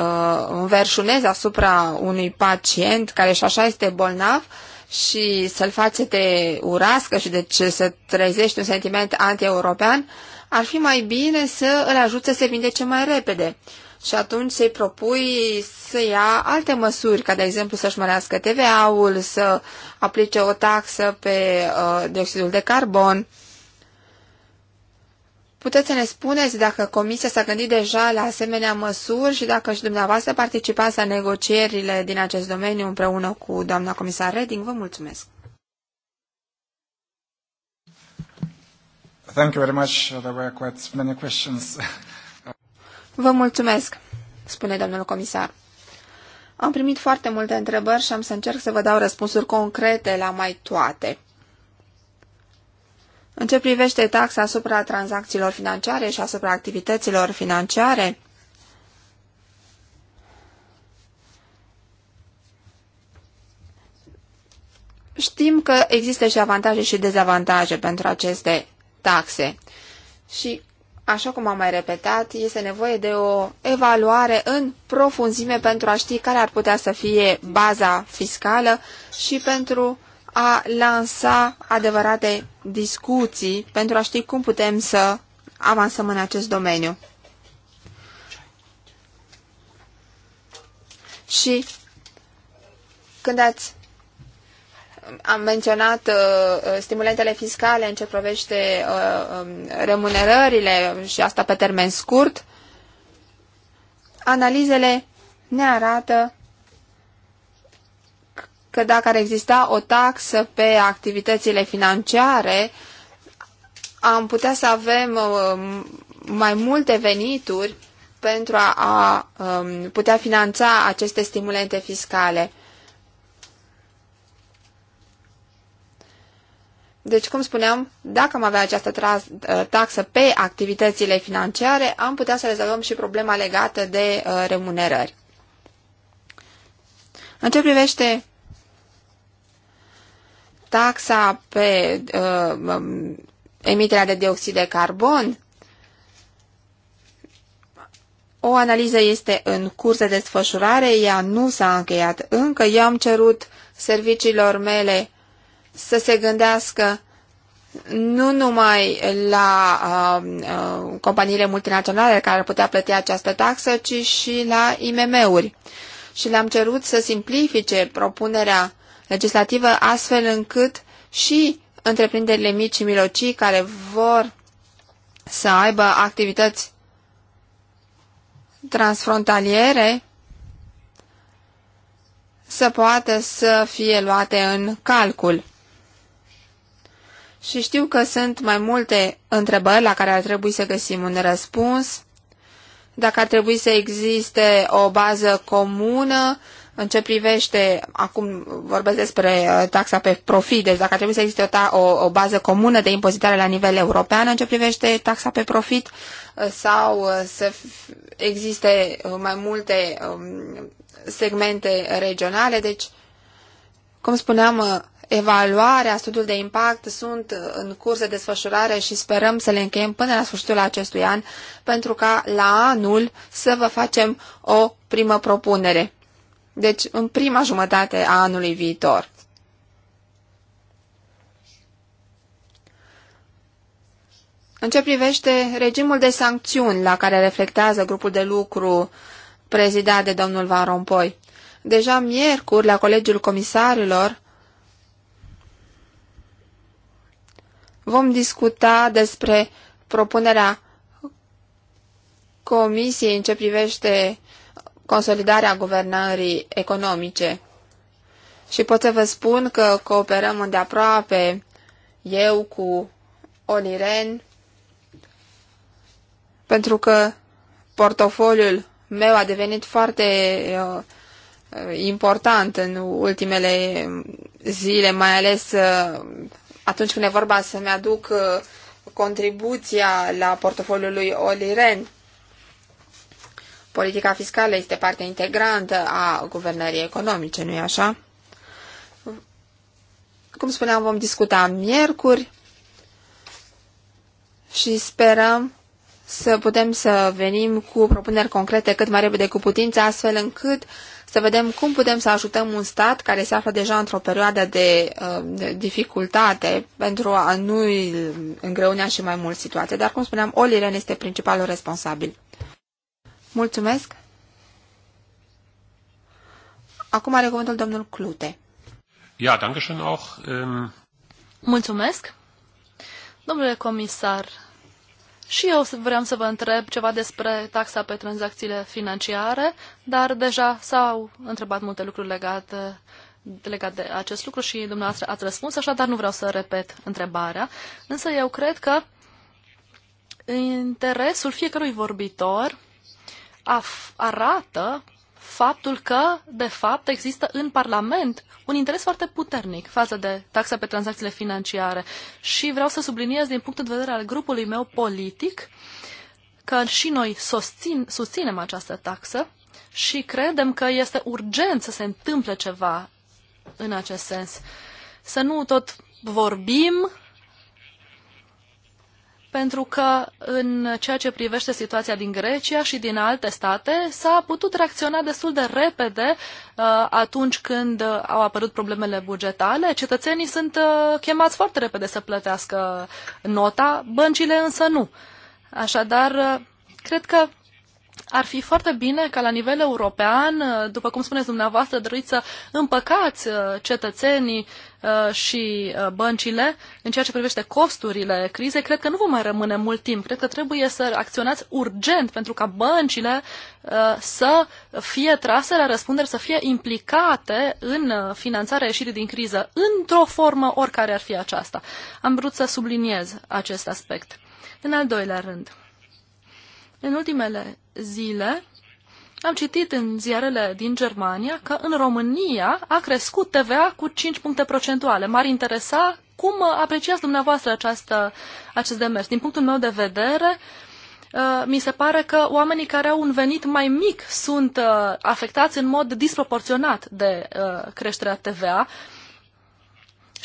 uh, înverșunezi asupra unui pacient care și așa este bolnav și să-l faci să te urască și de deci să trezești un sentiment anti-european, ar fi mai bine să îl ajut să se vindece mai repede. Uh, și atunci să-i propui să ia alte măsuri, ca de exemplu să-și mărească TVA-ul, să aplice o taxă pe uh, dioxidul de carbon. Puteți să ne spuneți dacă Comisia s-a gândit deja la asemenea măsuri și dacă și dumneavoastră participați la negocierile din acest domeniu împreună cu doamna comisar Reding. Vă mulțumesc! Thank you very much. There were quite many questions. Vă mulțumesc, spune domnul comisar. Am primit foarte multe întrebări și am să încerc să vă dau răspunsuri concrete la mai toate. În ce privește taxa asupra tranzacțiilor financiare și asupra activităților financiare, știm că există și avantaje și dezavantaje pentru aceste taxe. Și așa cum am mai repetat, este nevoie de o evaluare în profunzime pentru a ști care ar putea să fie baza fiscală și pentru a lansa adevărate discuții, pentru a ști cum putem să avansăm în acest domeniu. Și când ați am menționat uh, uh, stimulentele fiscale în ce privește uh, um, remunerările și asta pe termen scurt. Analizele ne arată că dacă ar exista o taxă pe activitățile financiare, am putea să avem uh, mai multe venituri pentru a, a um, putea finanța aceste stimulente fiscale. Deci, cum spuneam, dacă am avea această ă, taxă pe activitățile financiare, am putea să rezolvăm și problema legată de ă, remunerări. În ce privește taxa pe uh, emiterea de dioxid de carbon, o analiză este în curs de desfășurare, ea nu s-a încheiat încă. Eu am cerut serviciilor mele să se gândească nu numai la uh, uh, companiile multinaționale care ar putea plăti această taxă, ci și la IMM-uri. Și le-am cerut să simplifice propunerea legislativă astfel încât și întreprinderile mici și milocii care vor să aibă activități transfrontaliere să poată să fie luate în calcul și știu că sunt mai multe întrebări la care ar trebui să găsim un răspuns, dacă ar trebui să existe o bază comună în ce privește, acum vorbesc despre uh, taxa pe profit, deci dacă ar trebui să existe o, o, o bază comună de impozitare la nivel european în ce privește taxa pe profit uh, sau uh, să existe mai multe um, segmente regionale, deci, cum spuneam, evaluarea, studiul de impact sunt în curs de desfășurare și sperăm să le încheiem până la sfârșitul acestui an, pentru ca la anul să vă facem o primă propunere. Deci în prima jumătate a anului viitor. În ce privește regimul de sancțiuni la care reflectează grupul de lucru prezidat de domnul Van Rompuy, deja miercuri la Colegiul Comisarilor Vom discuta despre propunerea Comisiei în ce privește consolidarea guvernării economice. Și pot să vă spun că cooperăm îndeaproape eu cu Oliren, pentru că portofoliul meu a devenit foarte uh, important în ultimele zile, mai ales uh, atunci când e vorba să-mi aduc uh, contribuția la portofoliul lui Oliren. Politica fiscală este parte integrantă a guvernării economice, nu-i așa? Cum spuneam, vom discuta miercuri și sperăm să putem să venim cu propuneri concrete cât mai repede cu putință, astfel încât uh, să vedem cum putem să ajutăm un stat care se află deja într-o perioadă de, uh, de dificultate pentru a nu îngreunea și mai mult situația. Dar, cum spuneam, Oliren este principalul responsabil. Mulțumesc! Acum are cuvântul domnul Clute. Ja, danke schön auch. Ähm... Mulțumesc! Domnule comisar, și eu vreau să vă întreb ceva despre taxa pe tranzacțiile financiare, dar deja s-au întrebat multe lucruri legate legat de acest lucru și dumneavoastră ați răspuns, așa, dar nu vreau să repet întrebarea. Însă eu cred că interesul fiecărui vorbitor arată faptul că, de fapt, există în Parlament un interes foarte puternic față de taxa pe tranzacțiile financiare. Și vreau să subliniez din punctul de vedere al grupului meu politic că și noi susțin, susținem această taxă și credem că este urgent să se întâmple ceva în acest sens. Să nu tot vorbim pentru că în ceea ce privește situația din Grecia și din alte state s-a putut reacționa destul de repede uh, atunci când au apărut problemele bugetale. Cetățenii sunt uh, chemați foarte repede să plătească nota, băncile însă nu. Așadar, uh, cred că ar fi foarte bine ca la nivel european, uh, după cum spuneți dumneavoastră, doriți să împăcați uh, cetățenii Uh, și uh, băncile în ceea ce privește costurile crizei, cred că nu vom mai rămâne mult timp. Cred că trebuie să acționați urgent pentru ca băncile uh, să fie trase la răspundere, să fie implicate în finanțarea ieșirii din criză, într-o formă oricare ar fi aceasta. Am vrut să subliniez acest aspect. În al doilea rând, în ultimele zile, am citit în ziarele din Germania că în România a crescut TVA cu 5 puncte procentuale. M-ar interesa cum apreciați dumneavoastră această, acest demers. Din punctul meu de vedere, uh, mi se pare că oamenii care au un venit mai mic sunt uh, afectați în mod disproporționat de uh, creșterea TVA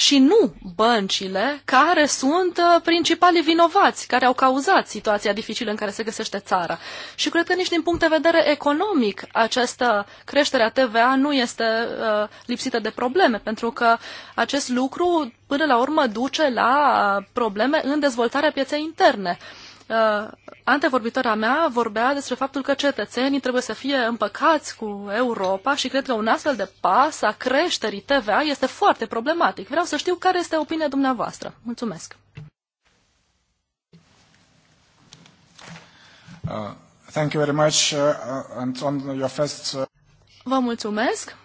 și nu băncile care sunt uh, principalii vinovați, care au cauzat situația dificilă în care se găsește țara. Și cred că nici din punct de vedere economic această creștere a TVA nu este uh, lipsită de probleme, pentru că acest lucru până la urmă duce la uh, probleme în dezvoltarea pieței interne. Uh, Uh, antevorbitora mea vorbea despre faptul că cetățenii trebuie să fie împăcați cu Europa și cred că un astfel de pas a creșterii TVA este foarte problematic. Vreau să știu care este opinia dumneavoastră. Mulțumesc. Uh, thank you very much. Uh, uh and on your first, uh... Vă mulțumesc.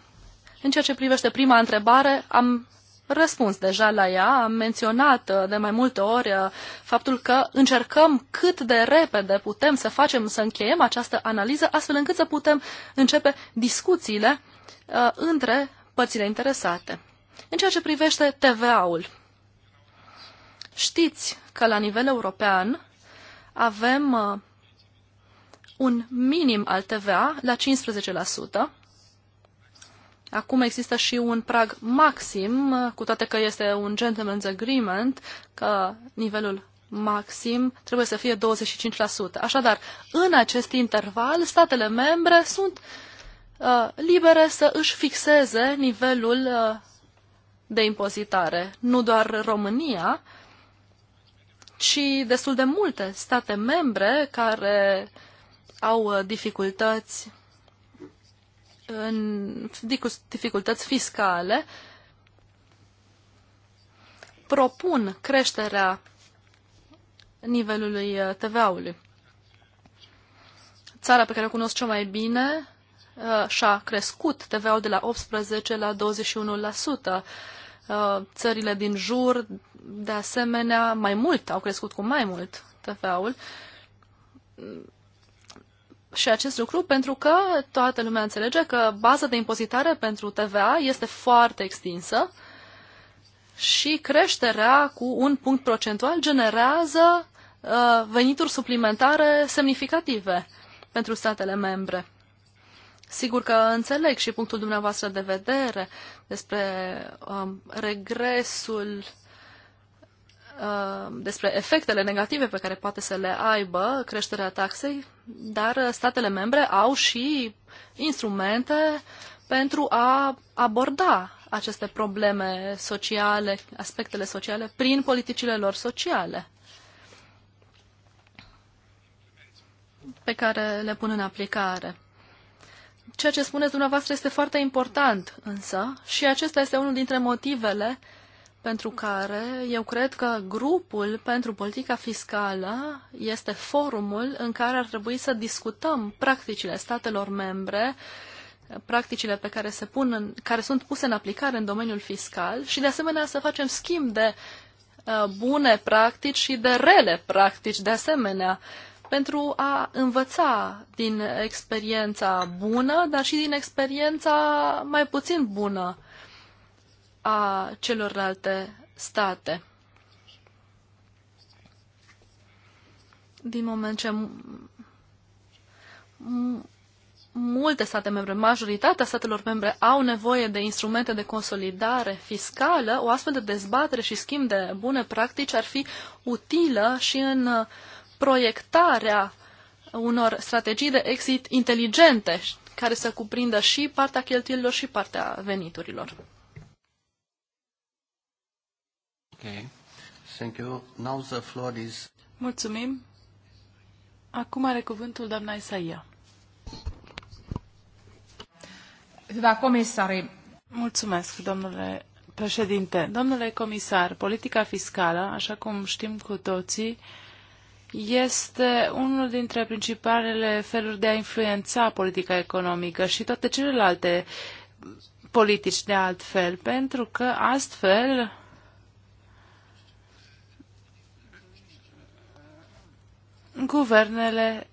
În ceea ce privește prima întrebare, am răspuns deja la ea, am menționat uh, de mai multe ori uh, faptul că încercăm cât de repede putem să facem, să încheiem această analiză, astfel încât să putem începe discuțiile uh, între părțile interesate. În ceea ce privește TVA-ul, știți că la nivel european avem un minim al TVA la 15%, Acum există și un prag maxim, cu toate că este un gentleman's agreement, că nivelul maxim trebuie să fie 25%. Așadar, în acest interval, statele membre sunt uh, libere să își fixeze nivelul uh, de impozitare. Nu doar România, ci destul de multe state membre care au uh, dificultăți în dificultăți fiscale, propun creșterea nivelului uh, TVA-ului. Țara pe care o cunosc cel mai bine uh, și-a crescut TVA-ul de la 18 la 21%. Uh, țările din jur, de asemenea, mai mult au crescut cu mai mult TVA-ul și acest lucru pentru că toată lumea înțelege că baza de impozitare pentru TVA este foarte extinsă și creșterea cu un punct procentual generează uh, venituri suplimentare semnificative pentru statele membre. Sigur că înțeleg și punctul dumneavoastră de vedere despre um, regresul Uh, despre efectele negative pe care poate să le aibă creșterea taxei, dar statele membre au și instrumente pentru a aborda aceste probleme sociale, aspectele sociale, prin politicile lor sociale pe care le pun în aplicare. Ceea ce spuneți dumneavoastră este foarte important, însă, și acesta este unul dintre motivele uh, pentru care eu cred că grupul pentru politica fiscală este forumul în care ar trebui să discutăm practicile statelor membre, practicile pe care, se pun în, care sunt puse în aplicare în domeniul fiscal și de asemenea să facem schimb de uh, bune practici și de rele practici de asemenea pentru a învăța din experiența bună, dar și din experiența mai puțin bună a celorlalte state. Din moment ce multe state membre, majoritatea statelor membre au nevoie de instrumente de consolidare fiscală, o astfel de dezbatere și schimb de bune practici ar fi utilă și în proiectarea unor strategii de exit inteligente care să cuprindă și partea cheltuielilor și partea veniturilor. Okay. Thank you. Now the floor is... Mulțumim. Acum are cuvântul doamna Isaia. Hyvä da, komissari. Mulțumesc, domnule președinte. Domnule comisar, politica fiscală, așa cum știm cu toții, este unul dintre principalele feluri de a influența politica economică și toate celelalte politici de altfel, pentru că astfel guvernele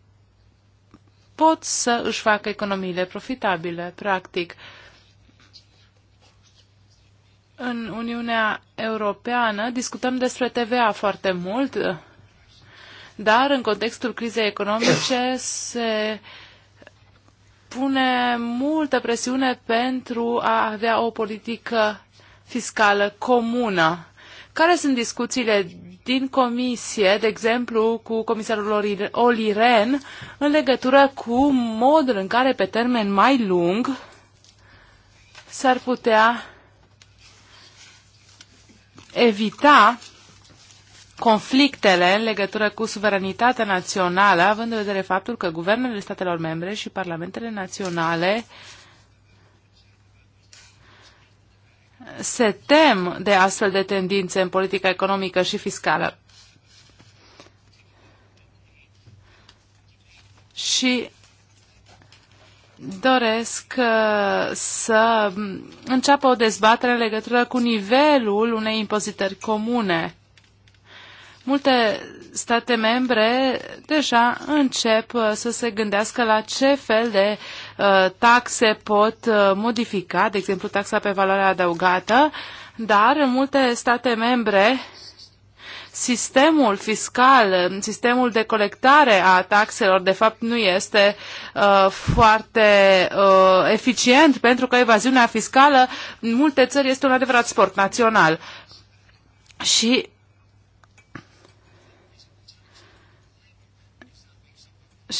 pot să își facă economiile profitabile, practic. În Uniunea Europeană discutăm despre TVA foarte mult, dar în contextul crizei economice se pune multă presiune pentru a avea o politică fiscală comună. Care sunt discuțiile din comisie, de exemplu cu comisarul Oli Ren, în legătură cu modul în care pe termen mai lung s-ar putea evita conflictele în legătură cu suveranitatea națională, având în vedere faptul că guvernele statelor membre și parlamentele naționale uh, se tem de astfel de tendințe în politica economică și fiscală. Și doresc uh, să înceapă o dezbatere în legătură cu nivelul unei impozitări comune Multe state membre deja încep uh, să se gândească la ce fel de uh, taxe pot uh, modifica, de exemplu taxa pe valoare adăugată, dar în multe state membre sistemul fiscal, sistemul de colectare a taxelor, de fapt, nu este uh, foarte uh, eficient, pentru că evaziunea fiscală în multe țări este un adevărat sport național. Și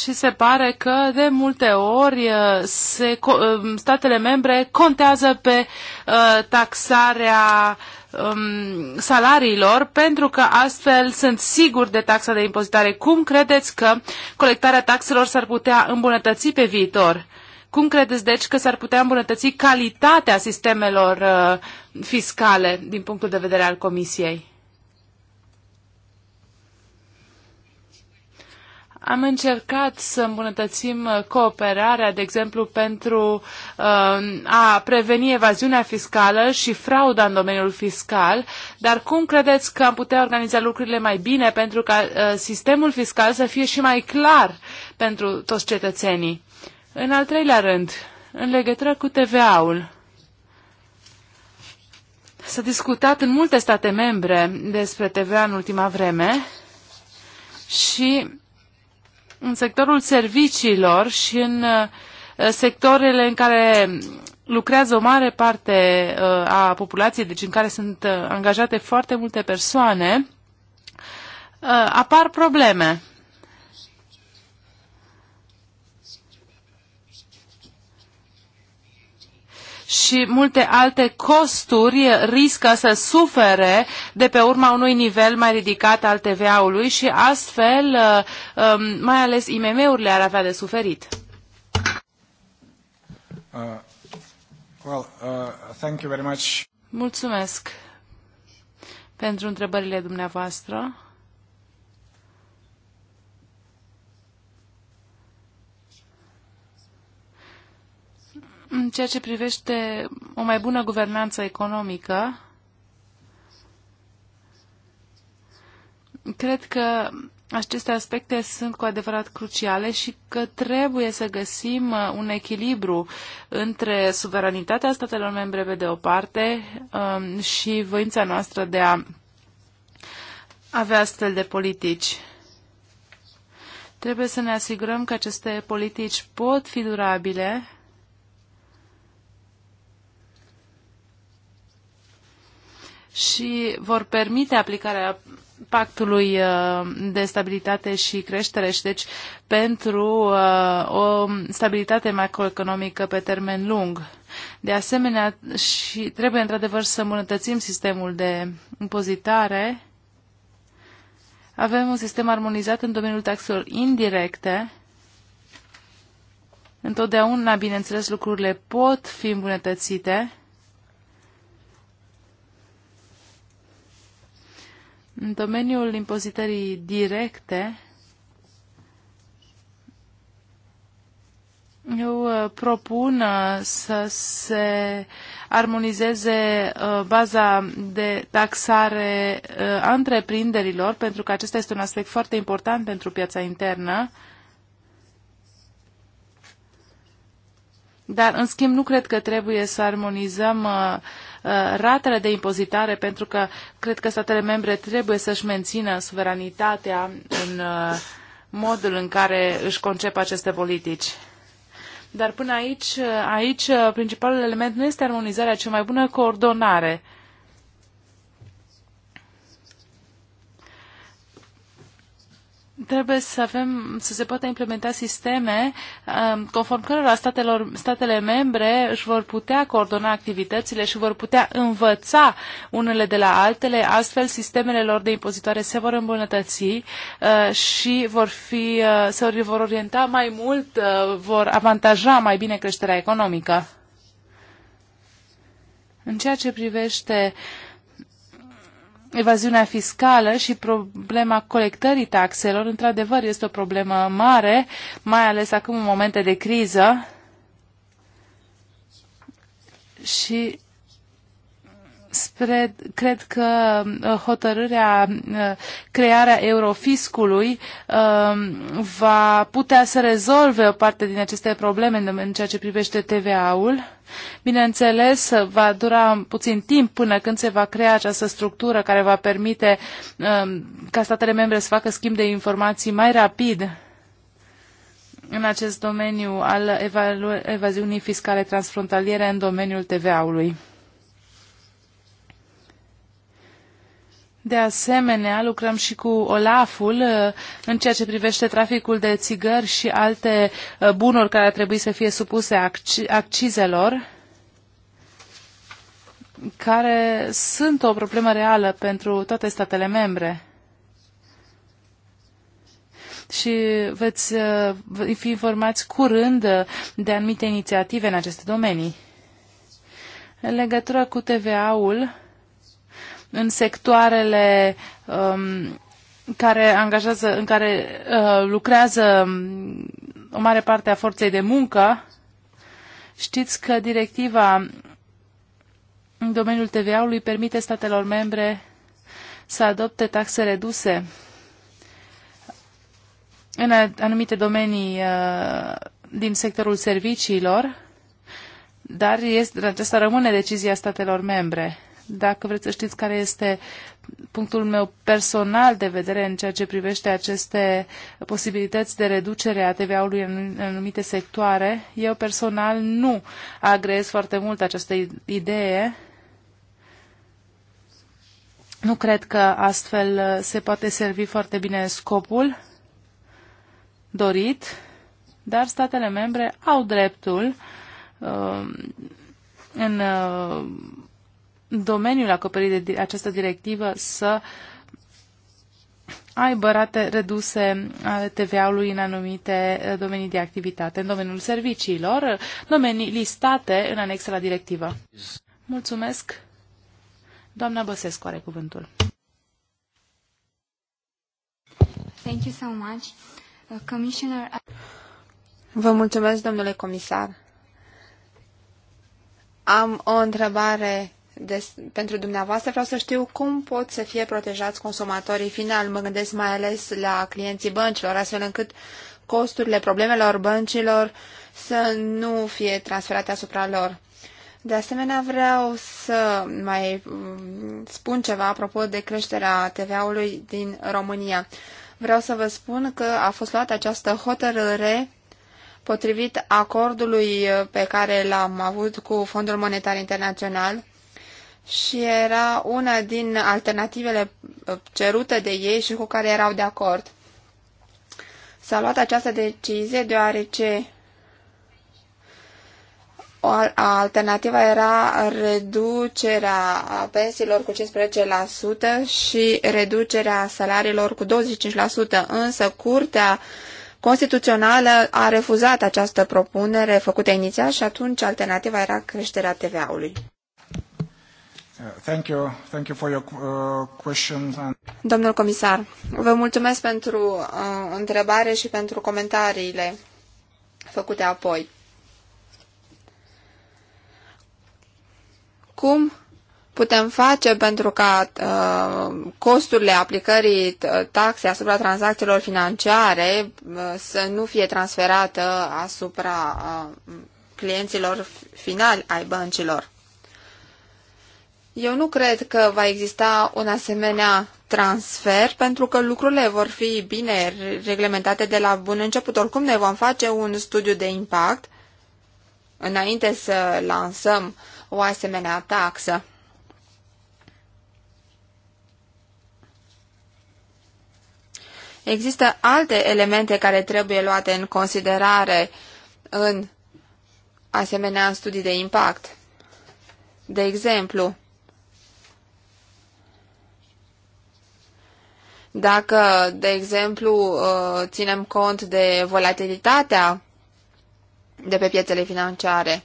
și se pare că de multe ori uh, se, um, statele membre contează pe uh, taxarea um, salariilor pentru că astfel sunt siguri de taxa de impozitare. Cum credeți că colectarea taxelor s-ar putea îmbunătăți pe viitor? Cum credeți, deci, că s-ar putea îmbunătăți calitatea sistemelor uh, fiscale din punctul de vedere al Comisiei? Am încercat să îmbunătățim uh, cooperarea, de exemplu, pentru uh, a preveni evaziunea fiscală și frauda în domeniul fiscal, dar cum credeți că am putea organiza lucrurile mai bine pentru ca uh, sistemul fiscal să fie și mai clar pentru toți cetățenii? În al treilea rând, în legătură cu TVA-ul, s-a discutat în multe state membre despre TVA în ultima vreme și în sectorul serviciilor și în uh, sectoarele în care lucrează o mare parte uh, a populației, deci în care sunt uh, angajate foarte multe persoane, apar probleme. și multe alte costuri riscă să sufere de pe urma unui nivel mai ridicat al TVA-ului și astfel uh, um, mai ales IMM-urile ar avea de suferit. Uh, well, uh, thank you very much. Mulțumesc pentru întrebările dumneavoastră. În ceea ce privește o mai bună guvernanță economică, cred că aceste aspecte sunt cu adevărat cruciale și că trebuie să găsim uh, un echilibru între suveranitatea statelor membre pe de o parte um, și voința noastră de a avea astfel de politici. Trebuie să ne asigurăm că aceste politici pot fi durabile și vor permite aplicarea pactului uh, de stabilitate și creștere și deci pentru uh, o stabilitate macroeconomică pe termen lung. De asemenea, și trebuie într-adevăr să îmbunătățim sistemul de impozitare. Avem un sistem armonizat în domeniul taxelor indirecte. Întotdeauna, bineînțeles, lucrurile pot fi îmbunătățite În domeniul impozitării directe, Eu uh, propun uh, să se armonizeze uh, baza de taxare a întreprinderilor, pentru că acesta este un aspect foarte important pentru piața internă. Dar, în schimb, nu cred că trebuie să armonizăm Uh, ratele de impozitare, pentru că cred că statele membre trebuie să-și mențină suveranitatea în uh, modul în care își concep aceste politici. Dar până aici, uh, aici principalul element nu este armonizarea, ci mai bună coordonare. trebuie să avem, să se poată implementa sisteme um, conform cărora statelor, statele membre își vor putea coordona activitățile și vor putea învăța unele de la altele, astfel sistemele lor de impozitare se vor îmbunătăți uh, și vor fi, uh, se vor orienta mai mult, uh, vor avantaja mai bine creșterea economică. În ceea ce privește uh, evaziunea fiscală și problema colectării taxelor, într-adevăr, este o problemă mare, mai ales acum în momente de criză. Și spre, cred că uh, hotărârea, uh, crearea eurofiscului um, va putea să rezolve o parte din aceste probleme în ceea ce privește TVA-ul. Bineînțeles, va dura puțin timp până când se va crea această structură care va permite um, ca statele membre să facă schimb de informații mai rapid în acest domeniu al evaziunii fiscale transfrontaliere în domeniul TVA-ului. De asemenea, lucrăm și cu Olaful uh, în ceea ce privește traficul de țigări și alte uh, bunuri care ar trebui să fie supuse accizelor, care sunt o problemă reală pentru toate statele membre. Și veți uh, fi informați curând de anumite inițiative în aceste domenii. În legătură cu TVA-ul, în sectoarele um, care angajează, în care uh, lucrează um, o mare parte a forței de muncă, știți că directiva în domeniul TVA-ului permite statelor membre să adopte taxe reduse în anumite domenii uh, din sectorul serviciilor, dar este, aceasta rămâne decizia statelor membre. Dacă vreți să știți care este punctul meu personal de vedere în ceea ce privește aceste posibilități de reducere a TVA-ului în anumite sectoare, eu personal nu agrez foarte mult această idee. Nu cred că astfel se poate servi foarte bine scopul dorit, dar statele membre au dreptul uh, în uh, domeniul acoperit de această directivă să aibă rate reduse TVA-ului în anumite eh, domenii de activitate, în domeniul serviciilor, domenii listate în anexa la directivă. Mulțumesc. Doamna Băsescu are cuvântul. Thank you so much. Uh, Commissioner... Vă mulțumesc, domnule comisar. Am o întrebare des, pentru dumneavoastră, vreau să știu cum pot să fie protejați consumatorii final. Mă gândesc mai ales la clienții băncilor, astfel încât costurile problemelor băncilor să nu fie transferate asupra lor. De asemenea, vreau să mai mm, spun ceva apropo de creșterea TVA-ului din România. Vreau să vă spun că a fost luată această hotărâre potrivit acordului pe care l-am avut cu Fondul Monetar Internațional și era una din alternativele uh, cerute de ei și cu care erau de acord. S-a luat această decizie deoarece o alternativa era reducerea pensiilor cu 15% și reducerea salariilor cu 25%, însă Curtea Constituțională a refuzat această propunere făcută inițial și atunci alternativa era creșterea TVA-ului. Uh, thank you. Thank you for your uh, questions and... Domnul comisar, vă mulțumesc pentru uh, întrebare și pentru comentariile făcute apoi. Cum putem face pentru ca uh, costurile aplicării uh, taxei asupra tranzacțiilor financiare uh, să nu fie transferată asupra uh, clienților finali ai băncilor? Eu nu cred că va exista un asemenea transfer, pentru că lucrurile vor fi bine reglementate de la bun început. Oricum ne vom face un studiu de impact înainte să lansăm o asemenea taxă. Există alte elemente care trebuie luate în considerare în asemenea studii de impact. De exemplu, Dacă, de exemplu, uh, ținem cont de volatilitatea de pe piețele financiare,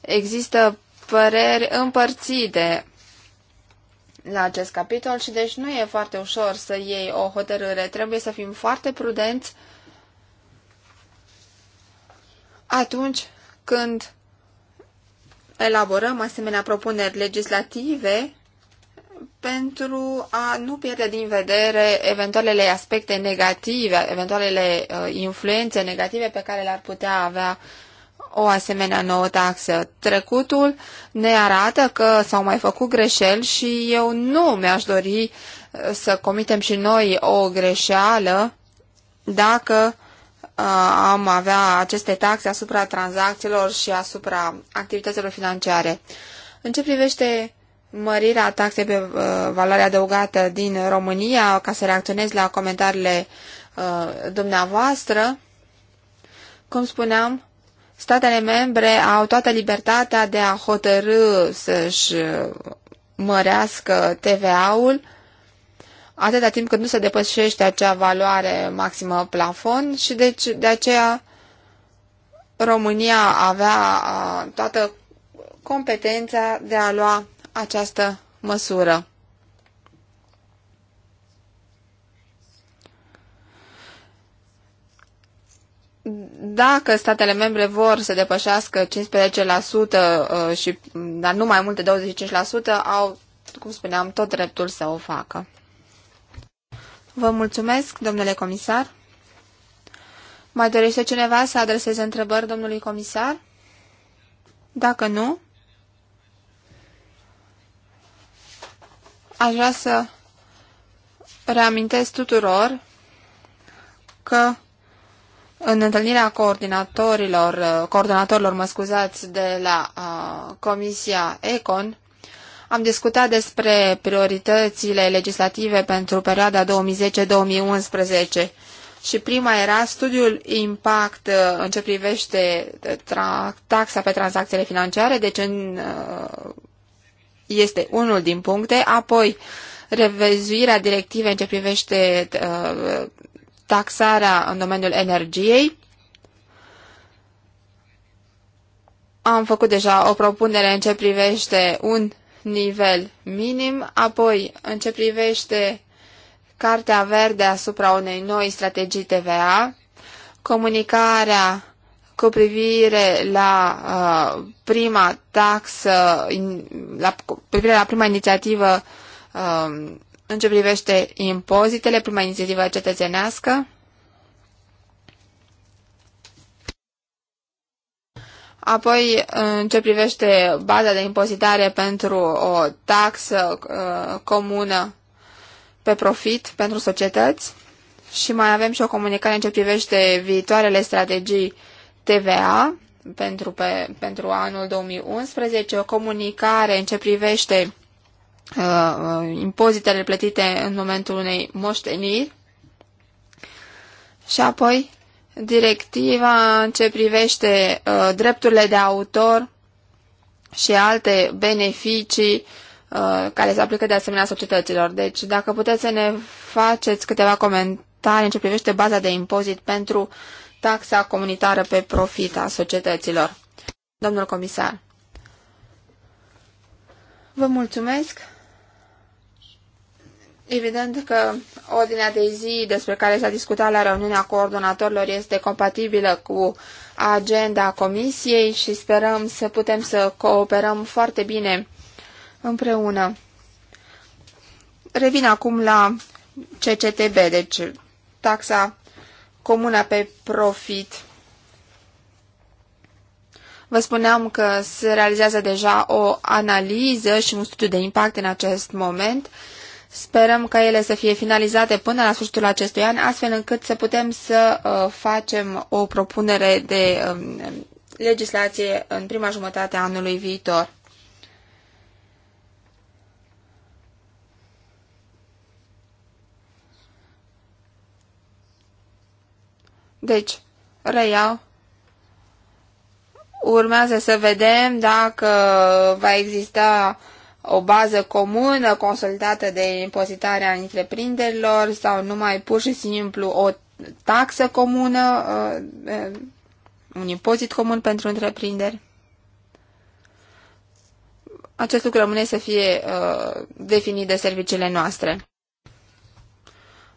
există păreri împărțite la acest capitol și deci nu e foarte ușor să iei o hotărâre. Trebuie să fim foarte prudenți atunci când elaborăm asemenea propuneri legislative pentru a nu pierde din vedere eventualele aspecte negative, eventualele uh, influențe negative pe care le-ar putea avea o asemenea nouă taxă. Trecutul ne arată că s-au mai făcut greșeli și eu nu mi-aș dori uh, să comitem și noi o greșeală dacă uh, am avea aceste taxe asupra tranzacțiilor și asupra activităților financiare. În ce privește mărirea taxei pe uh, valoare adăugată din România, ca să reacționez la comentariile uh, dumneavoastră. Cum spuneam, statele membre au toată libertatea de a hotărâ să-și uh, mărească TVA-ul atâta timp cât nu se depășește acea valoare maximă plafon și deci de aceea România avea uh, toată competența de a lua această măsură. Dacă statele membre vor să depășească 15% uh, și dar nu mai mult de 25%, au, cum spuneam, tot dreptul să o facă. Vă mulțumesc, domnule comisar. Mai dorește cineva să adreseze întrebări domnului comisar? Dacă nu, aș vrea să reamintesc tuturor că în întâlnirea coordonatorilor, coordonatorilor mă scuzați, de la uh, Comisia ECON, am discutat despre prioritățile legislative pentru perioada 2010-2011 și prima era studiul impact în ce privește taxa pe tranzacțiile financiare, deci în uh, este unul din puncte, apoi revizuirea directivei în ce privește uh, taxarea în domeniul energiei. Am făcut deja o propunere în ce privește un nivel minim, apoi în ce privește Cartea Verde asupra unei noi strategii TVA, comunicarea cu privire la uh, prima taxă, in, la, cu privire la prima inițiativă uh, în ce privește impozitele, prima inițiativă cetățenească. Apoi, în ce privește baza de impozitare pentru o taxă uh, comună pe profit pentru societăți și mai avem și o comunicare în ce privește viitoarele strategii uh, TVA pentru, pe, pentru anul 2011, o comunicare în ce privește uh, uh, impozitele plătite în momentul unei moșteniri și apoi directiva în ce privește uh, drepturile de autor și alte beneficii uh, care se aplică de asemenea societăților. Deci, dacă puteți să ne faceți câteva comentarii în ce privește baza de impozit pentru uh, taxa comunitară pe profit a societăților. Domnul comisar, vă mulțumesc. Evident că ordinea de zi despre care s-a discutat la reuniunea coordonatorilor este compatibilă cu agenda comisiei și sperăm să putem să cooperăm foarte bine împreună. Revin acum la CCTB, deci taxa comuna pe profit. Vă spuneam că se realizează deja o analiză și un studiu de impact în acest moment. Sperăm ca ele să fie finalizate până la sfârșitul acestui an, astfel încât să putem să uh, facem o propunere de um, legislație în prima jumătate a anului viitor. Deci, reiau. Urmează să vedem dacă va exista o bază comună consolidată de impozitarea întreprinderilor sau numai pur și simplu o taxă comună, uh, uh, un impozit comun pentru întreprinderi. Acest lucru rămâne să fie uh, definit de serviciile noastre.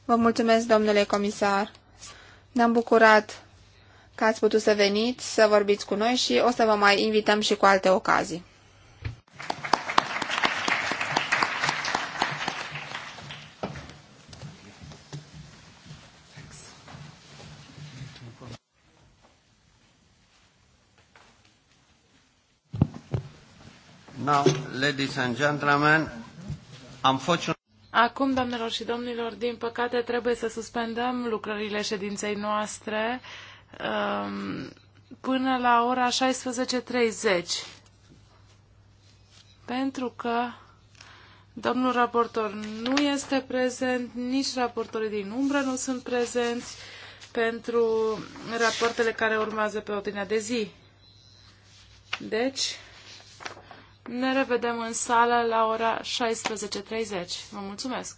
Vă mulțumesc, domnule comisar. Ne-am bucurat că ați putut să veniți, să vorbiți cu noi și o să vă mai invităm și cu alte ocazii. Now, ladies and gentlemen, unfortunately... Acum, doamnelor și domnilor, din păcate trebuie să suspendăm lucrările ședinței noastre um, până la ora 16.30. Pentru că domnul raportor nu este prezent, nici raportorii din umbră nu sunt prezenți pentru rapoartele care urmează pe ordinea de zi. Deci, ne revedem în sală la ora 16.30. Vă mulțumesc!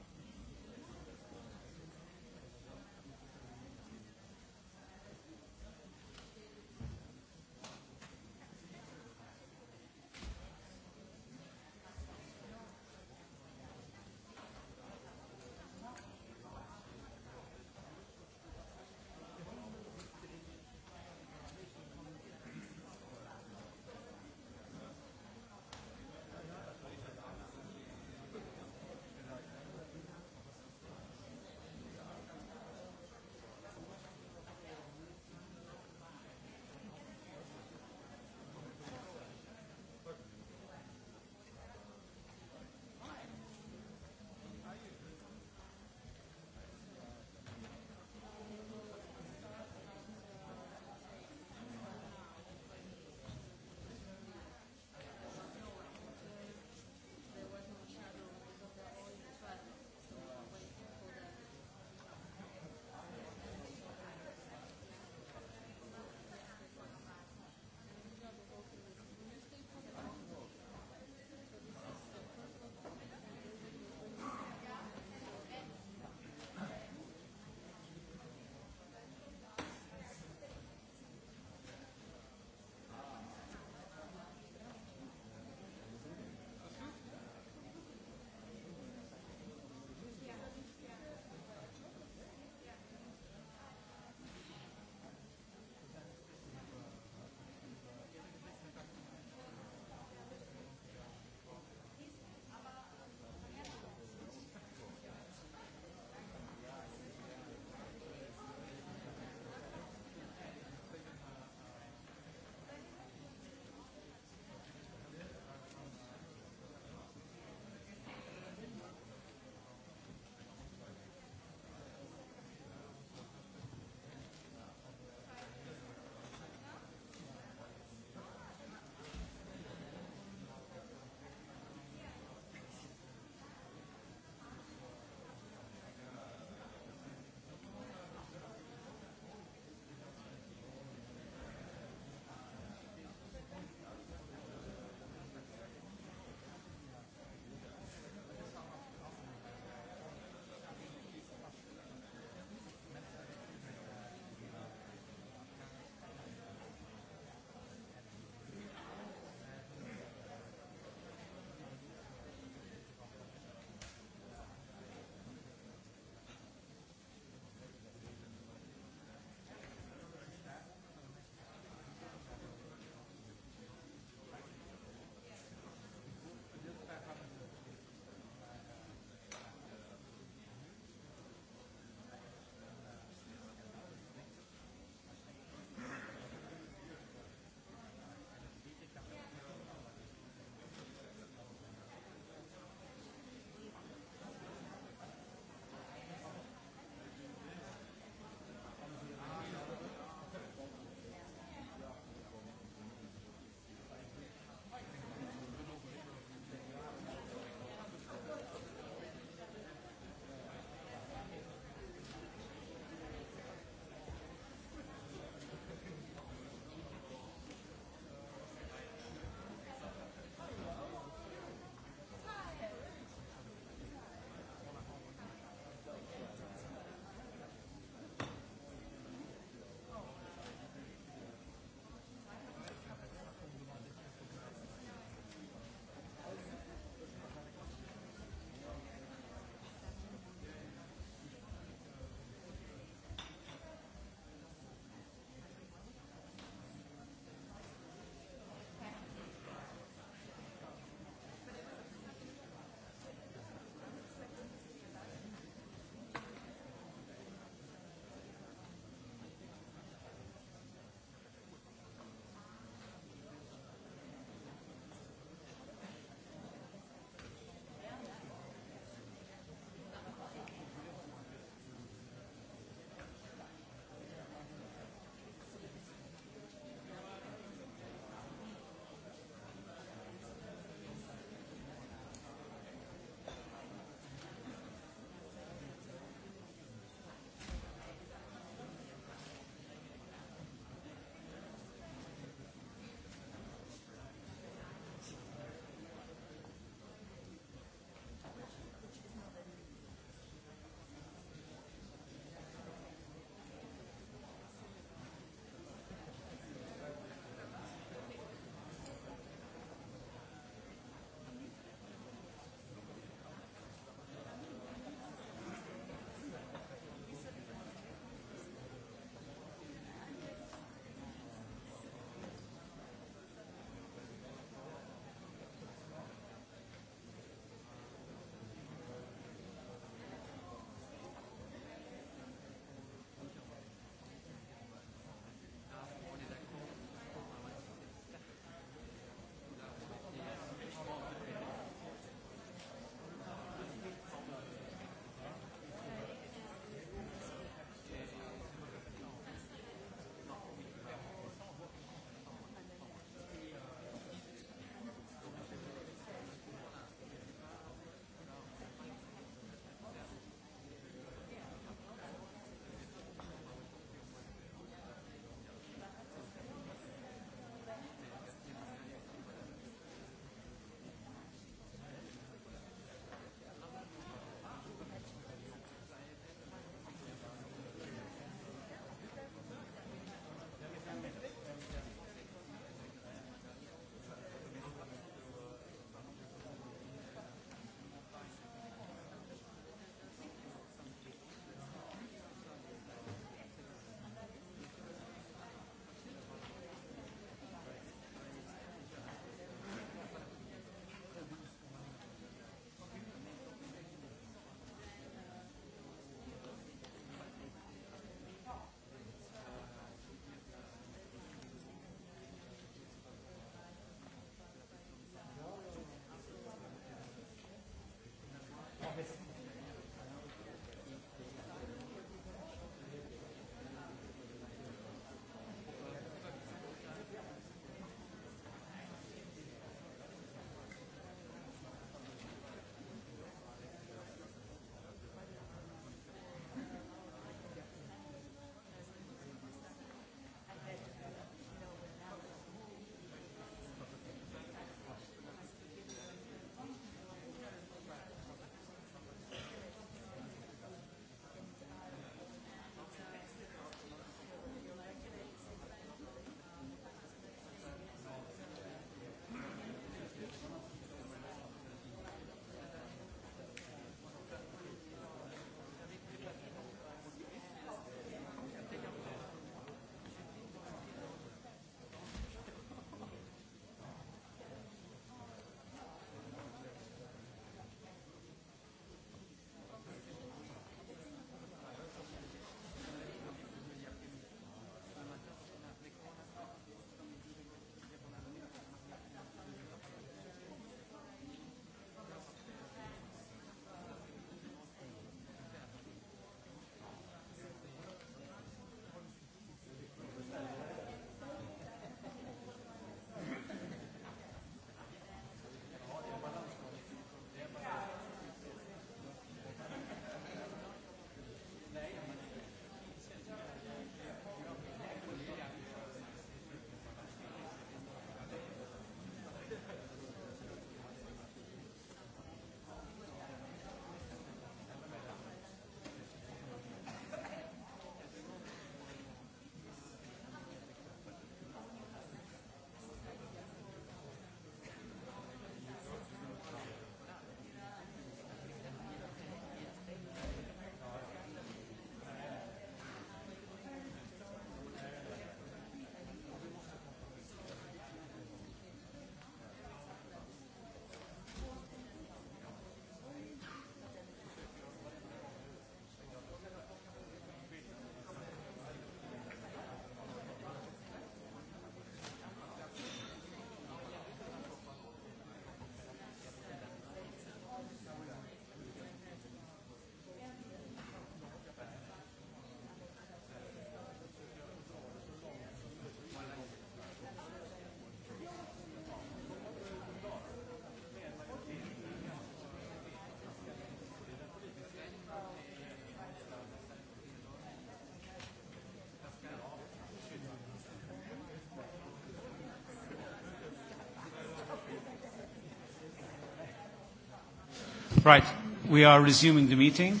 Right, we are resuming the meeting.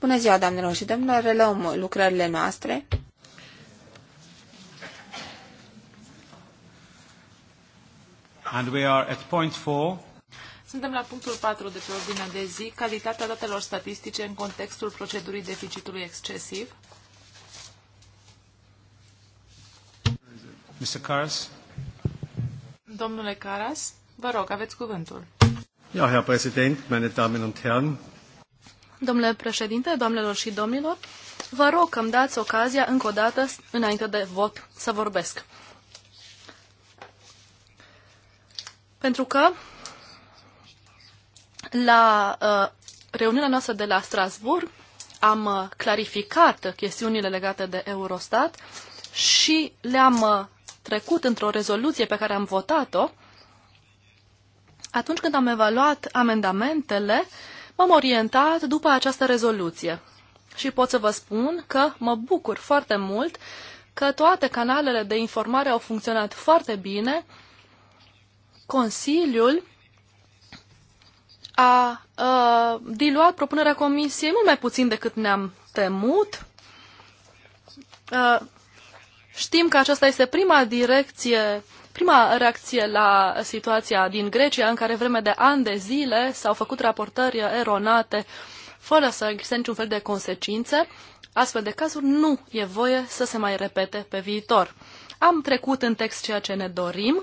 Bună ziua, doamnelor și domnilor, reluăm lucrările noastre. And we are at point four. Suntem la punctul 4 de pe ordinea de zi, calitatea datelor statistice în contextul procedurii deficitului excesiv. Mr. Caras. Domnule Caras, vă rog, aveți cuvântul. Ja, Herr Präsident, meine Damen und Herren. Domnule președinte, doamnelor și domnilor, vă rog că îmi dați ocazia încă o dată, înainte de vot, să vorbesc. Pentru că la uh, reuniunea noastră de la Strasburg am uh, clarificat chestiunile legate de Eurostat și le-am uh, trecut într-o rezoluție pe care am votat-o atunci când am evaluat amendamentele, m-am orientat după această rezoluție. Și pot să vă spun că mă bucur foarte mult că toate canalele de informare au funcționat foarte bine. Consiliul a, a diluat propunerea comisiei mult mai puțin decât ne-am temut. A, știm că aceasta este prima direcție Prima reacție la situația din Grecia, în care vreme de ani de zile s-au făcut raportări eronate fără să existe niciun fel de consecințe, astfel de cazuri nu e voie să se mai repete pe viitor. Am trecut în text ceea ce ne dorim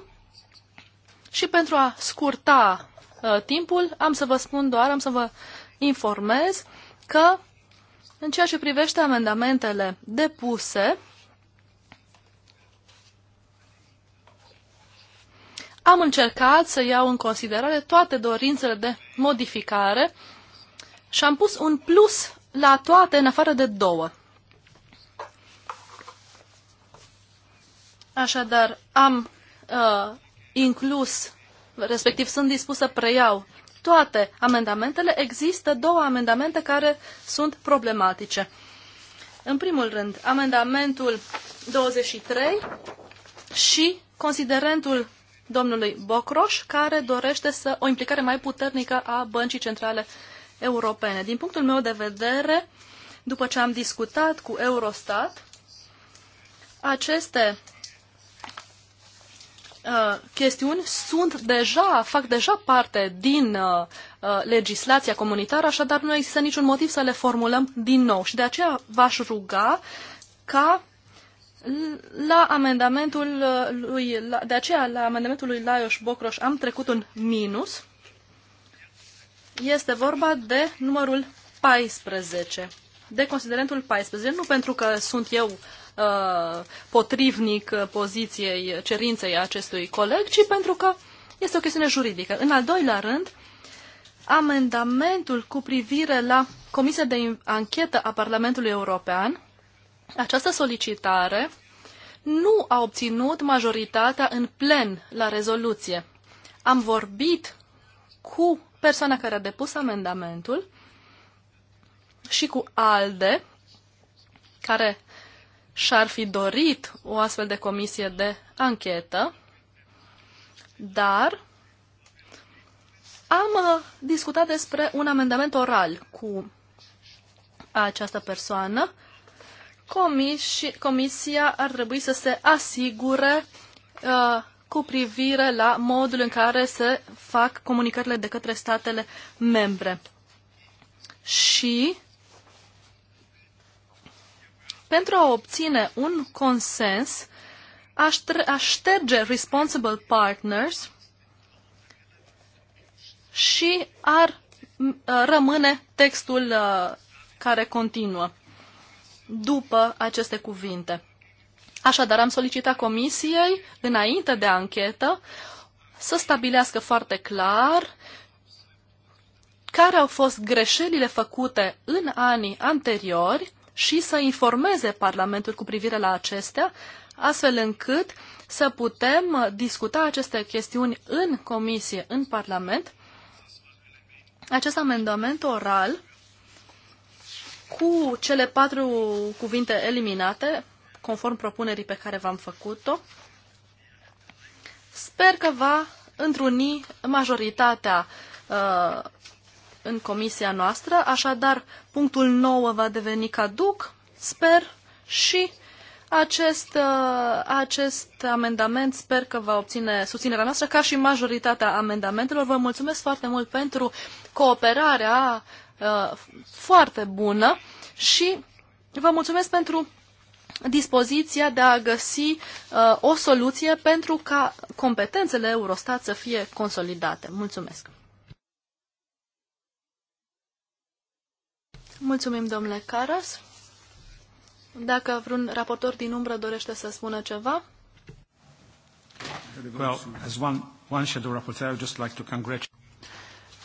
și pentru a scurta uh, timpul am să vă spun doar, am să vă informez că în ceea ce privește amendamentele depuse, Am încercat să iau în considerare toate dorințele de modificare și am pus un plus la toate, în afară de două. Așadar, am uh, inclus, respectiv sunt dispus să preiau toate amendamentele. Există două amendamente care sunt problematice. În primul rând, amendamentul 23 și considerentul domnului Bocroș, care dorește să o implicare mai puternică a Băncii Centrale Europene. Din punctul meu de vedere, după ce am discutat cu Eurostat, aceste uh, chestiuni sunt deja, fac deja parte din uh, uh, legislația comunitară, așadar nu există niciun motiv să le formulăm din nou. Și de aceea v-aș ruga ca la amendamentul uh, lui, de aceea la amendamentul lui Laios Bocroș am trecut un minus. Este vorba de numărul 14, de considerentul 14, nu pentru că sunt eu uh, potrivnic uh, poziției, uh, cerinței acestui coleg, ci pentru că este o chestiune juridică. În al doilea rând, amendamentul cu privire la Comisia de Anchetă a Parlamentului European, această solicitare nu a obținut majoritatea în plen la rezoluție. Am vorbit cu persoana care a depus amendamentul și cu ALDE, care și-ar fi dorit o astfel de comisie de anchetă, dar am uh, discutat despre un amendament oral cu această persoană Comisia ar trebui să se asigure uh, cu privire la modul în care se fac comunicările de către statele membre. Și pentru a obține un consens, aș, șterge responsible partners și ar uh, rămâne textul uh, care continuă după aceste cuvinte. Așadar, am solicitat comisiei, înainte de anchetă, să stabilească foarte clar care au fost greșelile făcute în anii anteriori și să informeze Parlamentul cu privire la acestea, astfel încât să putem discuta aceste chestiuni în comisie, în Parlament. Acest amendament oral cu cele patru cuvinte eliminate, conform propunerii pe care v-am făcut-o, sper că va întruni majoritatea uh, în comisia noastră, așadar punctul 9 va deveni caduc, sper, și acest, uh, acest amendament sper că va obține susținerea noastră, ca și majoritatea amendamentelor. Vă mulțumesc foarte mult pentru cooperarea Uh, foarte bună și vă mulțumesc pentru dispoziția de a găsi uh, o soluție pentru ca competențele Eurostat să fie consolidate. Mulțumesc! Mulțumim, domnule Caras. Dacă vreun raportor din umbră dorește să spună ceva. Well, as one, one shadow rapporteur, I would just like to congratulate.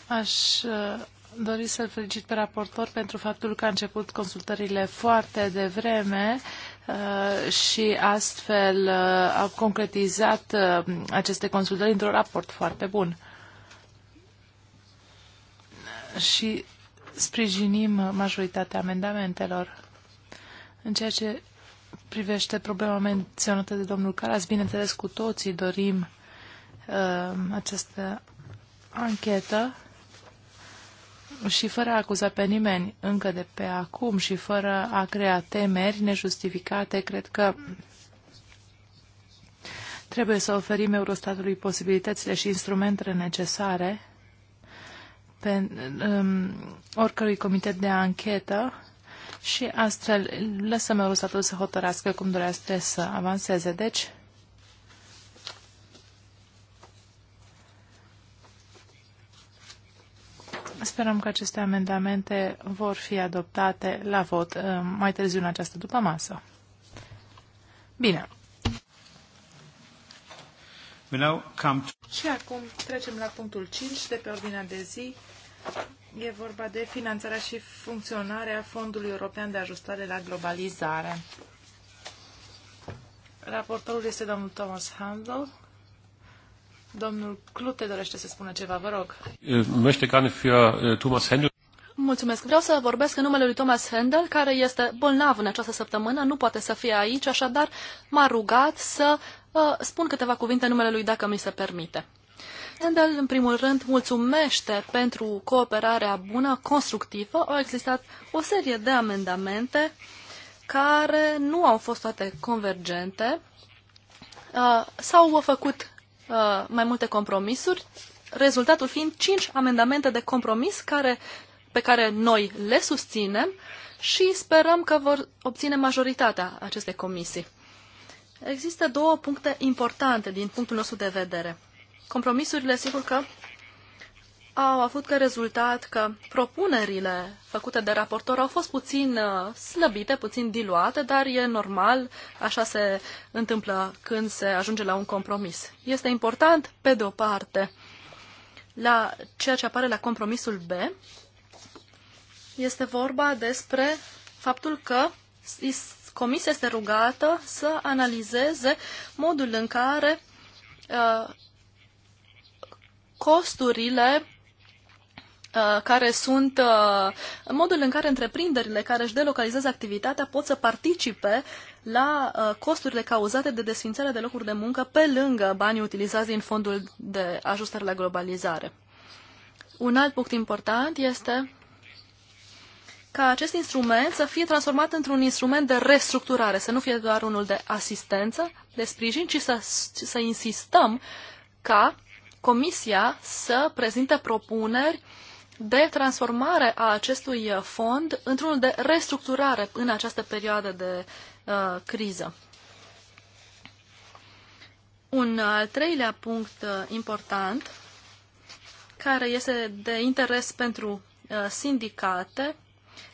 Aș uh, dori să-l felicit pe raportor pentru faptul că a început consultările foarte devreme uh, și astfel uh, a concretizat uh, aceste consultări într-un raport foarte bun. Și sprijinim majoritatea amendamentelor. În ceea ce privește problema menționată de domnul Caras, bineînțeles cu toții dorim uh, această anchetă și fără a acuza pe nimeni încă de pe acum și fără a crea temeri nejustificate, cred că trebuie să oferim Eurostatului posibilitățile și instrumentele necesare pe um, oricărui comitet de anchetă și astfel lăsăm Eurostatul să hotărască cum dorește să avanseze. Deci, Sperăm că aceste amendamente vor fi adoptate la vot uh, mai târziu în această după masă. Bine. Și acum trecem la punctul 5 de pe ordinea de zi. E vorba de finanțarea și funcționarea Fondului European de Ajustare la Globalizare. Raportorul este domnul Thomas Handel. Domnul Clute dorește să spună ceva, vă rog. Äh, möchte gerne für äh, Thomas Händel. Mulțumesc. Vreau să vorbesc în numele lui Thomas Handel, care este bolnav în această săptămână, nu poate să fie aici, așadar m-a rugat să uh, spun câteva cuvinte în numele lui, dacă mi se permite. Handel, în primul rând, mulțumește pentru cooperarea bună, constructivă. Au existat o serie de amendamente care nu au fost toate convergente. Uh, s-au făcut Uh, mai multe compromisuri, rezultatul fiind cinci amendamente de compromis care, pe care noi le susținem și sperăm că vor obține majoritatea acestei comisii. Există două puncte importante din punctul nostru de vedere. Compromisurile, sigur că au avut ca rezultat că propunerile făcute de raportor au fost puțin uh, slăbite, puțin diluate, dar e normal, așa se întâmplă când se ajunge la un compromis. Este important, pe de o parte, la ceea ce apare la compromisul B, este vorba despre faptul că comisia este rugată să analizeze modul în care uh, costurile Uh, care sunt uh, modul în care întreprinderile care își delocalizează activitatea pot să participe la uh, costurile cauzate de desfințarea de locuri de muncă pe lângă banii utilizați din fondul de ajustare la globalizare. Un alt punct important este ca acest instrument să fie transformat într-un instrument de restructurare, să nu fie doar unul de asistență, de sprijin, ci să, să insistăm ca Comisia să prezinte propuneri uh, de transformare a acestui fond într-unul de restructurare în această perioadă de uh, criză. Un al treilea punct uh, important, care este de interes pentru uh, sindicate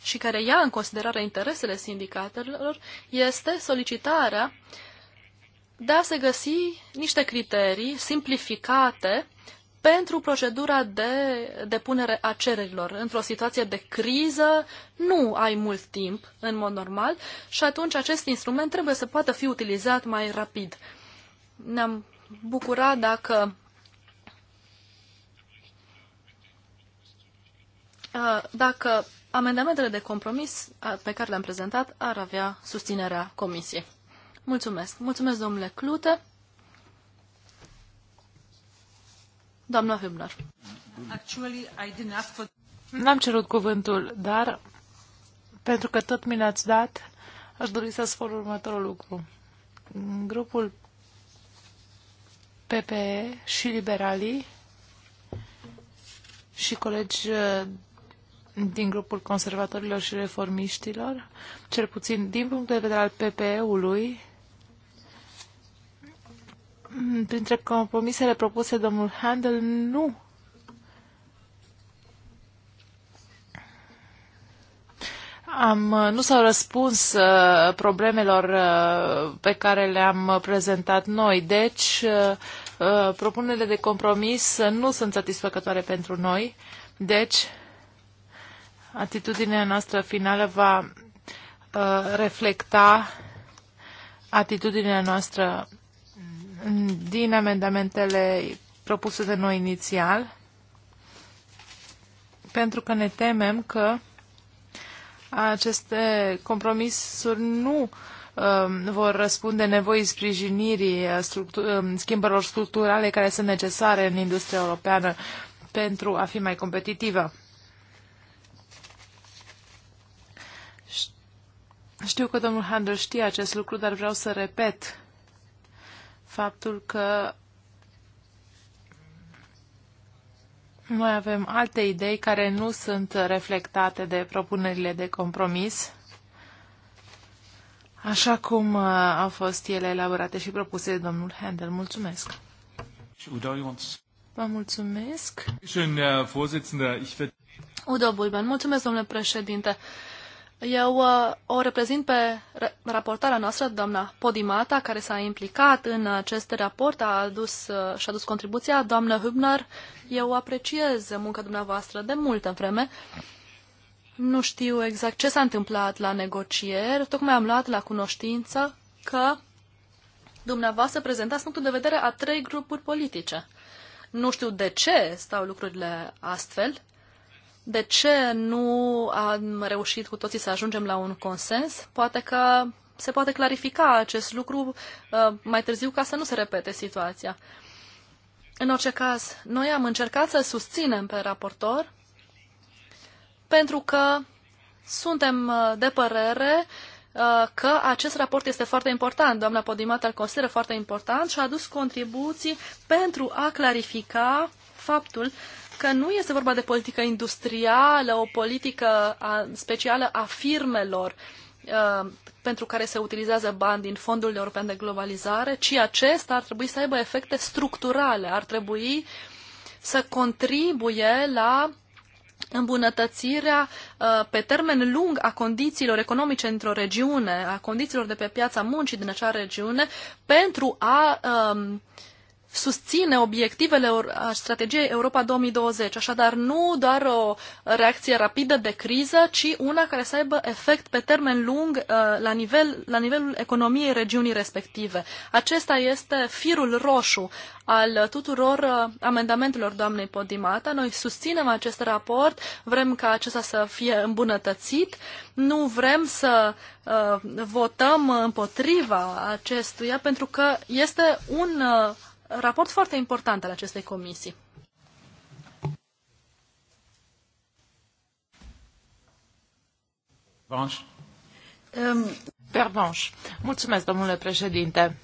și care ia în considerare interesele sindicatelor, este solicitarea de a se găsi niște criterii simplificate pentru procedura de depunere a cererilor. Într-o situație de criză nu ai mult timp, în mod normal, și atunci acest instrument trebuie să poată fi utilizat mai rapid. Ne-am bucurat dacă dacă amendamentele de compromis pe care le-am prezentat ar avea susținerea comisiei. Mulțumesc. Mulțumesc, domnule Clute. Doamna Hübner. N-am cerut cuvântul, dar pentru că tot mi l-ați dat, aș dori să spun următorul lucru. Grupul PPE și liberalii și colegi uh, din grupul conservatorilor și reformiștilor, cel puțin din punct de vedere al PPE-ului, printre compromisele propuse domnul Handel nu Am, nu s-au răspuns uh, problemelor uh, pe care le-am prezentat noi, deci uh, uh propunerile de compromis nu sunt satisfăcătoare pentru noi, deci atitudinea noastră finală va uh, reflecta atitudinea noastră din amendamentele propuse de noi inițial, pentru că ne temem că aceste compromisuri nu um, vor răspunde nevoii sprijinirii uh, structur um, schimbărilor structurale care sunt necesare în industria europeană pentru a fi mai competitivă. Știu că domnul Handel știe acest lucru, dar vreau să repet faptul că Noi avem alte idei care nu sunt reflectate de propunerile de compromis, așa cum uh, au fost ele elaborate și propuse de domnul Handel. Mulțumesc! Vă mulțumesc! Udo Bulban, mulțumesc, domnule președinte! Eu uh, o reprezint pe raportarea noastră, doamna Podimata, care s-a implicat în acest raport, a adus, uh, și-a adus contribuția. doamna Hübner, eu apreciez munca dumneavoastră de multă vreme. Nu știu exact ce s-a întâmplat la negocieri, tocmai am luat la cunoștință că dumneavoastră prezentați punctul de vedere a trei grupuri politice. Nu știu de ce stau lucrurile astfel, de ce nu am reușit cu toții să ajungem la un consens. Poate că se poate clarifica acest lucru uh, mai târziu ca să nu se repete situația. În orice caz, noi am încercat să susținem pe raportor pentru că suntem uh, de părere uh, că acest raport este foarte important. Doamna Podimata îl consideră foarte important și a adus contribuții pentru a clarifica faptul că nu este vorba de politică industrială, o politică a, specială a firmelor pentru care se utilizează bani din Fondul European de Globalizare, ci acesta ar trebui să aibă efecte structurale, ar trebui să contribuie la îmbunătățirea pe termen lung a condițiilor economice într-o regiune, a condițiilor de pe piața muncii din acea regiune, pentru a uh, susține obiectivele strategiei Europa 2020, așadar nu doar o reacție rapidă de criză, ci una care să aibă efect pe termen lung uh, la, nivel, la nivelul economiei regiunii respective. Acesta este firul roșu al tuturor uh, amendamentelor doamnei Podimata. Noi susținem acest raport, vrem ca acesta să fie îmbunătățit, nu vrem să uh, votăm împotriva acestuia pentru că este un uh, raport foarte important al acestei comisii. Berbanș. Pervanș. Ehm, Mulțumesc, domnule președinte.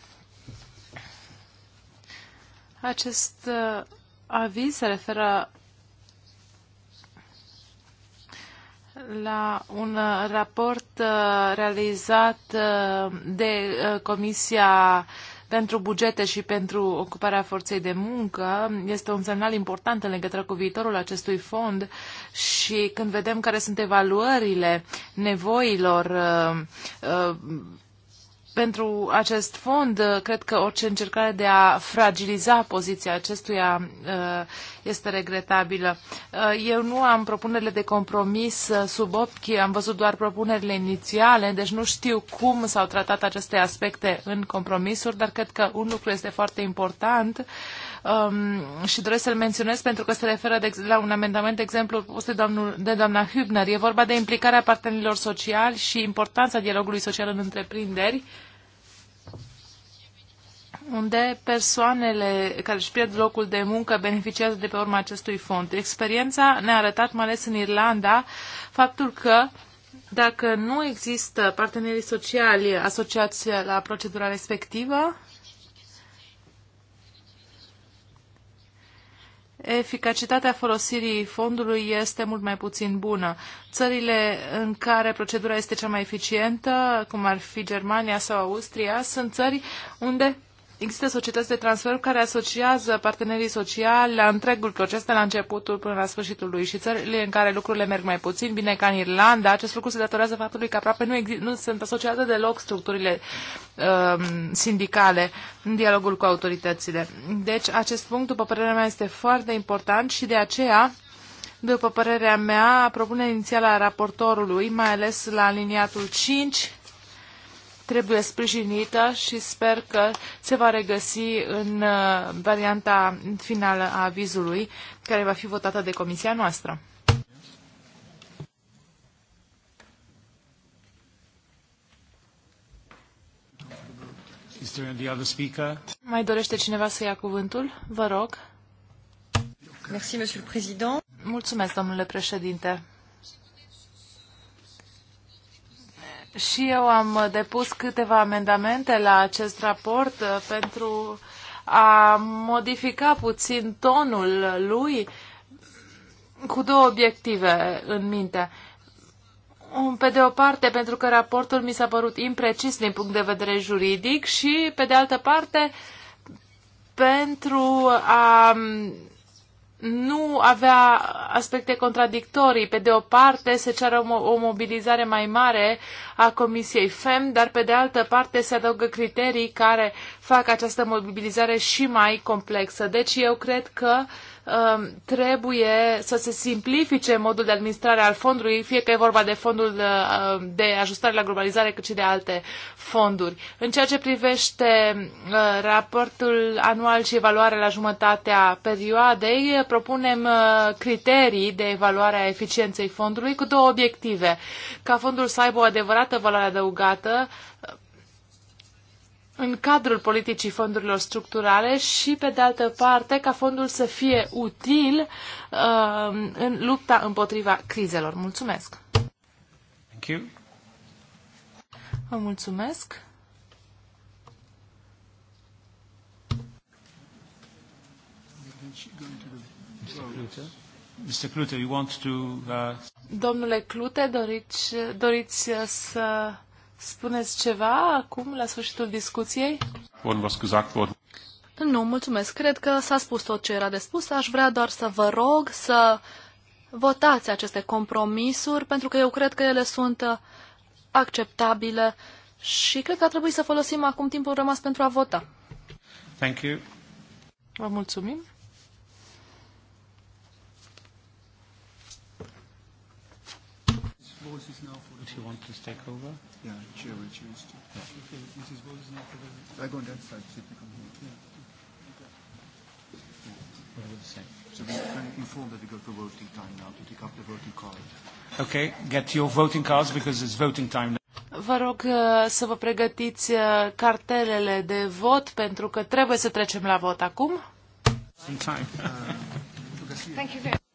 Acest uh, aviz se referă la un uh, raport uh, realizat de Comisia pentru bugete și pentru ocuparea forței de muncă este un semnal important în legătură cu viitorul acestui fond și când vedem care sunt evaluările nevoilor uh, uh, pentru acest fond, uh, cred că orice încercare de a fragiliza poziția acestuia uh, este regretabilă. Uh, eu nu am propunerile de compromis sub ochi, am văzut doar propunerile inițiale, deci nu știu cum s-au tratat aceste aspecte în compromisuri, dar cred că un lucru este foarte important um, și doresc să-l menționez pentru că se referă de, la un amendament, de exemplu, pus de, domnul, de doamna Hübner. E vorba de implicarea partenerilor sociali și importanța dialogului social în întreprinderi. Uh, unde persoanele care își pierd locul de muncă beneficiază de pe urma acestui fond. Experiența ne-a arătat, mai ales în Irlanda, faptul că dacă nu există partenerii sociali asociați la procedura respectivă, eficacitatea folosirii fondului este mult mai puțin bună. Țările în care procedura este cea mai eficientă, cum ar fi Germania sau Austria, sunt țări unde există societăți de transfer care asociază partenerii sociali la întregul proces de la începutul până la sfârșitul lui și țările în care lucrurile merg mai puțin bine ca în Irlanda, acest lucru se datorează faptului că aproape nu, exist, nu sunt asociate deloc structurile uh, sindicale în dialogul cu autoritățile. Deci acest punct, după părerea mea, este foarte important și de aceea după părerea mea, propunerea inițială a raportorului, mai ales la aliniatul 5, trebuie sprijinită și sper că se va regăsi în uh, varianta finală a avizului care va fi votată de comisia noastră. Mai dorește cineva să ia cuvântul? Vă rog. Mulțumesc, domnule președinte. Și eu am depus câteva amendamente la acest raport uh, pentru a modifica puțin tonul lui cu două obiective în minte. Pe de o parte, pentru că raportul mi s-a părut imprecis din punct de vedere juridic și, pe de altă parte, pentru a nu avea aspecte contradictorii. Pe de o parte se ceară o, o mobilizare mai mare a Comisiei FEM, dar pe de altă parte se adaugă criterii care fac această mobilizare și mai complexă. Deci eu cred că Um, trebuie să se simplifice modul de administrare al fondului, fie că e vorba de fondul uh, de ajustare la globalizare, cât și de alte fonduri. În ceea ce privește uh, raportul anual și evaluare la jumătatea perioadei, propunem uh, criterii de evaluare a eficienței fondului cu două obiective. Ca fondul să aibă o adevărată valoare adăugată, în cadrul politicii fondurilor structurale și, pe de altă parte, ca fondul să fie util uh, în lupta împotriva crizelor. Mulțumesc! Thank you. Vă mulțumesc! Mr. Clute, you want to, uh... Domnule Clute, doriți, doriți să spuneți ceva acum, la sfârșitul discuției? Nu, mulțumesc. Cred că s-a spus tot ce era de spus. Aș vrea doar să vă rog să votați aceste compromisuri, pentru că eu cred că ele sunt uh, acceptabile și cred că ar trebui să folosim acum timpul rămas pentru a vota. Thank you. Vă mulțumim. Voice is now you want to take over? Yeah, chair will choose to. Okay, Mrs. Bose is not available. I go on that side, see if you come here. Yeah. okay. do you So we can inform that we got the voting time now to take up the voting card. Okay, get your voting cards because it's voting time now. Vă rog uh, să vă pregătiți uh, cartelele de vot pentru că trebuie să trecem la vot acum. Some time. Uh, Thank you very much.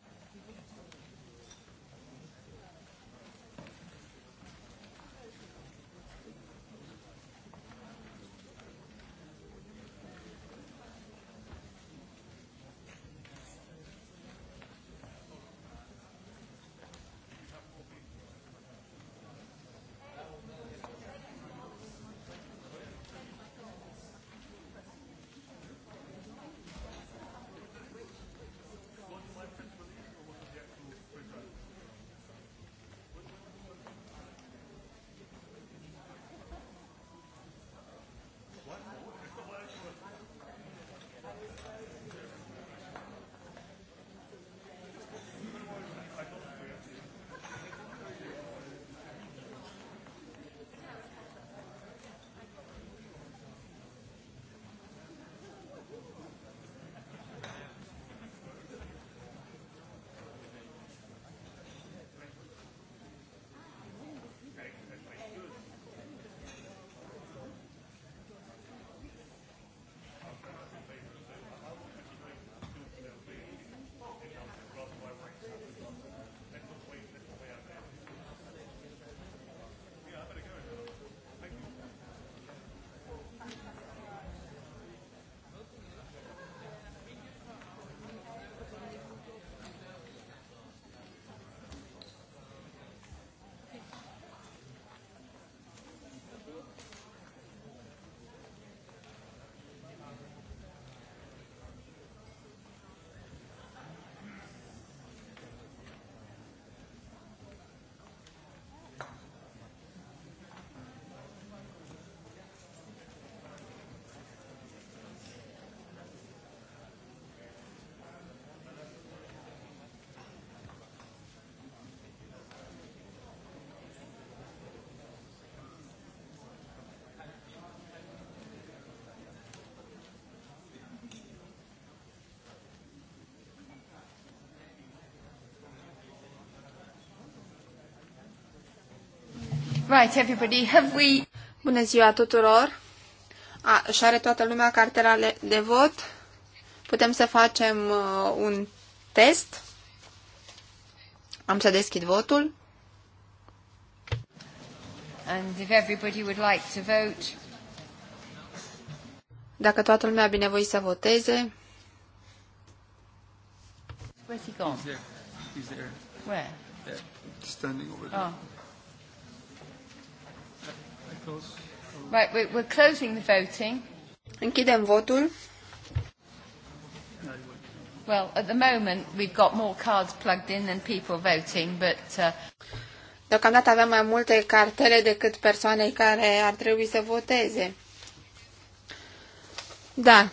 Right, everybody, have we... Bună ziua tuturor! A, și are toată lumea cartela de vot. Putem să facem uh, un test. Am să deschid votul. And if everybody would like to vote. Dacă toată lumea a binevoit să voteze. Where's he gone? He's there. He's there. Where? There. Standing over ah. there. Oh. Right, we're closing the voting. Închidem votul. Well, at the moment we've got more cards plugged in than people voting, but uh... Deocamdată avem mai multe cartele decât persoane care ar trebui să voteze. Da.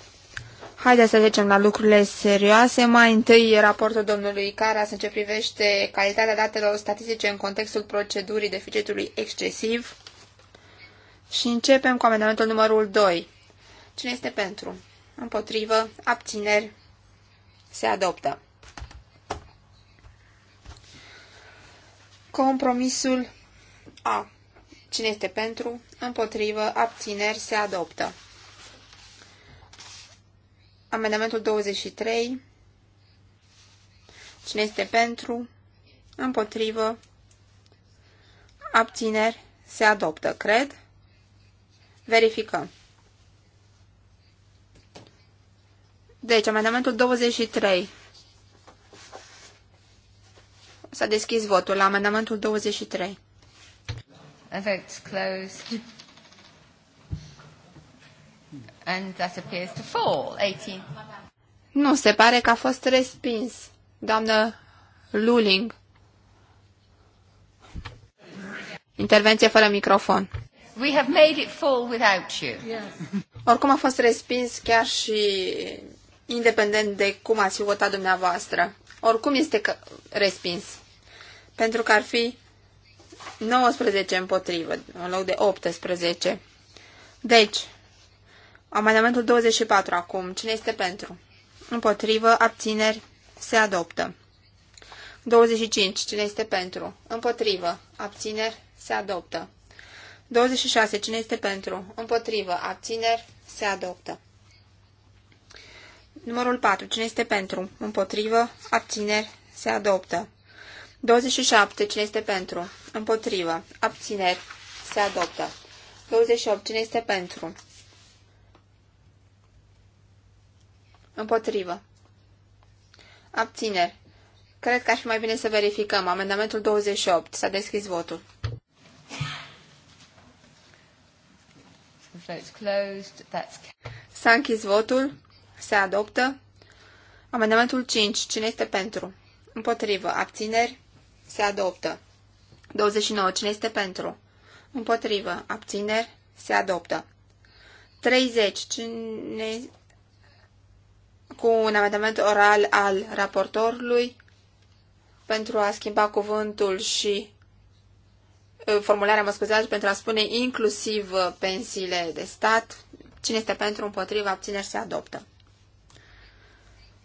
Haideți să trecem la lucrurile serioase. Mai întâi raportul domnului Caras în ce privește calitatea datelor statistice în contextul procedurii deficitului excesiv. Și începem cu amendamentul numărul 2. Cine este pentru? Împotrivă, abțineri, se adoptă. Compromisul A. Cine este pentru? Împotrivă, abțineri, se adoptă. Amendamentul 23. Cine este pentru? Împotrivă, abțineri, se adoptă, cred. Verificăm. Deci, amendamentul 23. S-a deschis votul la amendamentul 23. A vote's closed. And that appears to fall. 18. Nu, se pare că a fost respins, doamnă Luling. Intervenție fără microfon. We have made it full without you. Yes. Oricum a fost respins chiar și independent de cum ați fi votat dumneavoastră. Oricum este că, respins. Pentru că ar fi 19 împotrivă, în loc de 18. Deci, amendamentul 24 acum. Cine este pentru? Împotrivă, abțineri, se adoptă. 25. Cine este pentru? Împotrivă, abțineri, se adoptă. 26. Cine este pentru? Împotrivă. Abțineri. Se adoptă. Numărul 4. Cine este pentru? Împotrivă. Abțineri. Se adoptă. 27. Cine este pentru? Împotrivă. Abțineri. Se adoptă. 28. Cine este pentru? Împotrivă. Abțineri. Cred că aș fi mai bine să verificăm. Amendamentul 28. S-a deschis votul. S-a închis votul. Se adoptă. Amendamentul 5. Cine este pentru? Împotrivă. Abțineri. Se adoptă. 29. Cine este pentru? Împotrivă. Abțineri. Se adoptă. 30. Cine... Cu un amendament oral al raportorului pentru a schimba cuvântul și Uh, formularea, mă scuzați, pentru a spune inclusiv uh, pensiile de stat. Cine este pentru, împotriva, abțineri, se adoptă.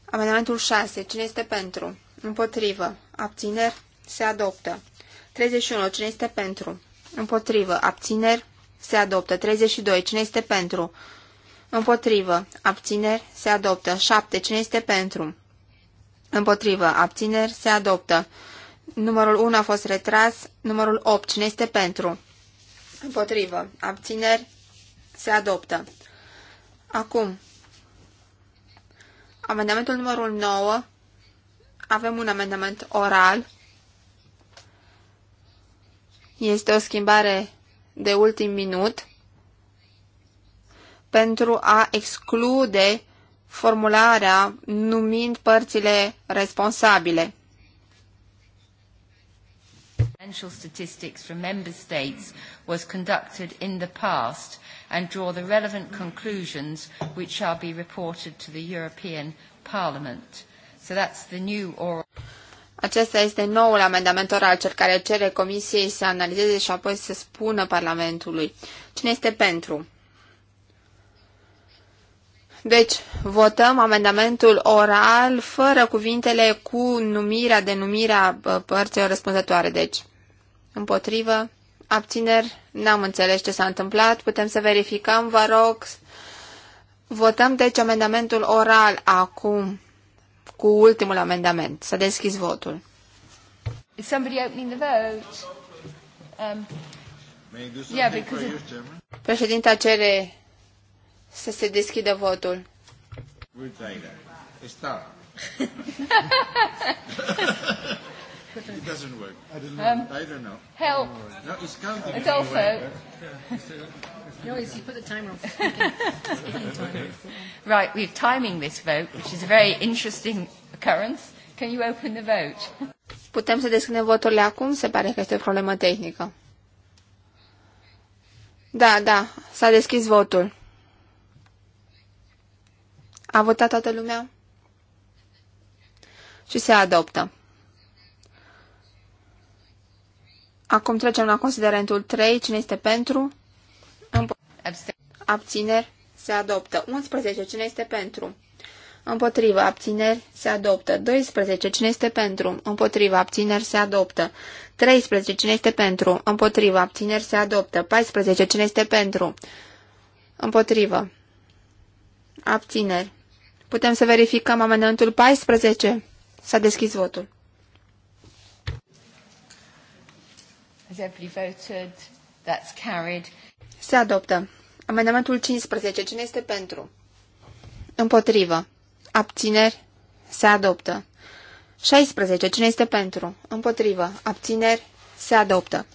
Amendamentul 6. Cine este pentru? Împotrivă. Abțineri, se adoptă. 31. Cine este pentru? Împotrivă. Abțineri, se adoptă. 32. Cine este pentru? Împotrivă. Abțineri, se adoptă. 7. Cine este pentru? Împotrivă. Abțineri, se adoptă. Numărul 1 a fost retras. Numărul 8. Cine este pentru? Împotrivă. Abțineri. Se adoptă. Acum, amendamentul numărul 9. Avem un amendament oral. Este o schimbare de ultim minut pentru a exclude formularea numind părțile responsabile financial statistics from member states was conducted in the past and draw the relevant conclusions which shall be reported to the European Parliament. So that's the new oral... Acesta este noul amendament oral, cel care cere Comisiei să analizeze și apoi să spună Parlamentului. Cine este pentru? Deci, votăm amendamentul oral fără cuvintele cu numirea, denumirea uh, părților răspunzătoare. Deci, Împotrivă? Abțineri? N-am înțeles ce s-a întâmplat. Putem să verificăm, vă rog. Votăm deci amendamentul oral acum cu ultimul amendament. Să deschizi votul. Is somebody opening the vote? Um, yeah, because Președinta cere să se deschidă votul. We'll It doesn't work. I don't know. Um, I don't know. Help. No, it's counting. It's also. no, it's you put the timer on. right, we're timing this vote, which is a very interesting occurrence. Can you open the vote? Putem să deschidem voturile acum? Se pare că este o problemă tehnică. Da, da, s-a deschis votul. A votat toată lumea? Și se adoptă. Acum trecem la considerentul 3. Cine este pentru? Abțineri. Se adoptă. 11. Cine este pentru? Împotrivă. Abțineri. Se adoptă. 12. Cine este pentru? Împotrivă. Abțineri. Se adoptă. 13. Cine este pentru? Împotrivă. Abțineri. Se adoptă. 14. Cine este pentru? Împotrivă. Abțineri. Putem să verificăm amendamentul 14? S-a deschis votul. Se adoptă. Amendamentul 15. Cine este pentru? Împotrivă. Abțineri. Se adoptă. 16. Cine este pentru? Împotrivă. Abțineri. Se adoptă.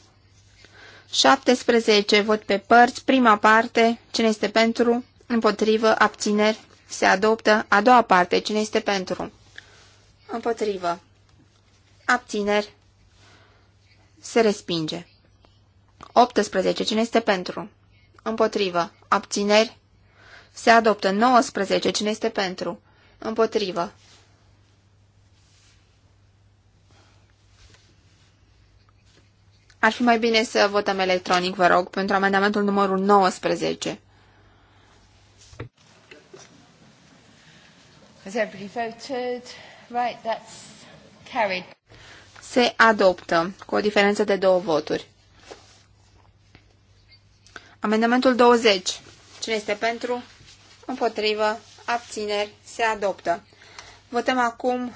17. Vot pe părți. Prima parte. Cine este pentru? Împotrivă. Abțineri. Se adoptă. A doua parte. Cine este pentru? Împotrivă. Abțineri. Se respinge. 18. Cine este pentru? Împotrivă. Abțineri? Se adoptă. 19. Cine este pentru? Împotrivă. Ar fi mai bine să votăm electronic, vă rog, pentru amendamentul numărul 19. Has everybody voted? Right, that's carried se adoptă cu o diferență de două voturi. Amendamentul 20. Cine este pentru? Împotrivă. Abțineri. Se adoptă. Votăm acum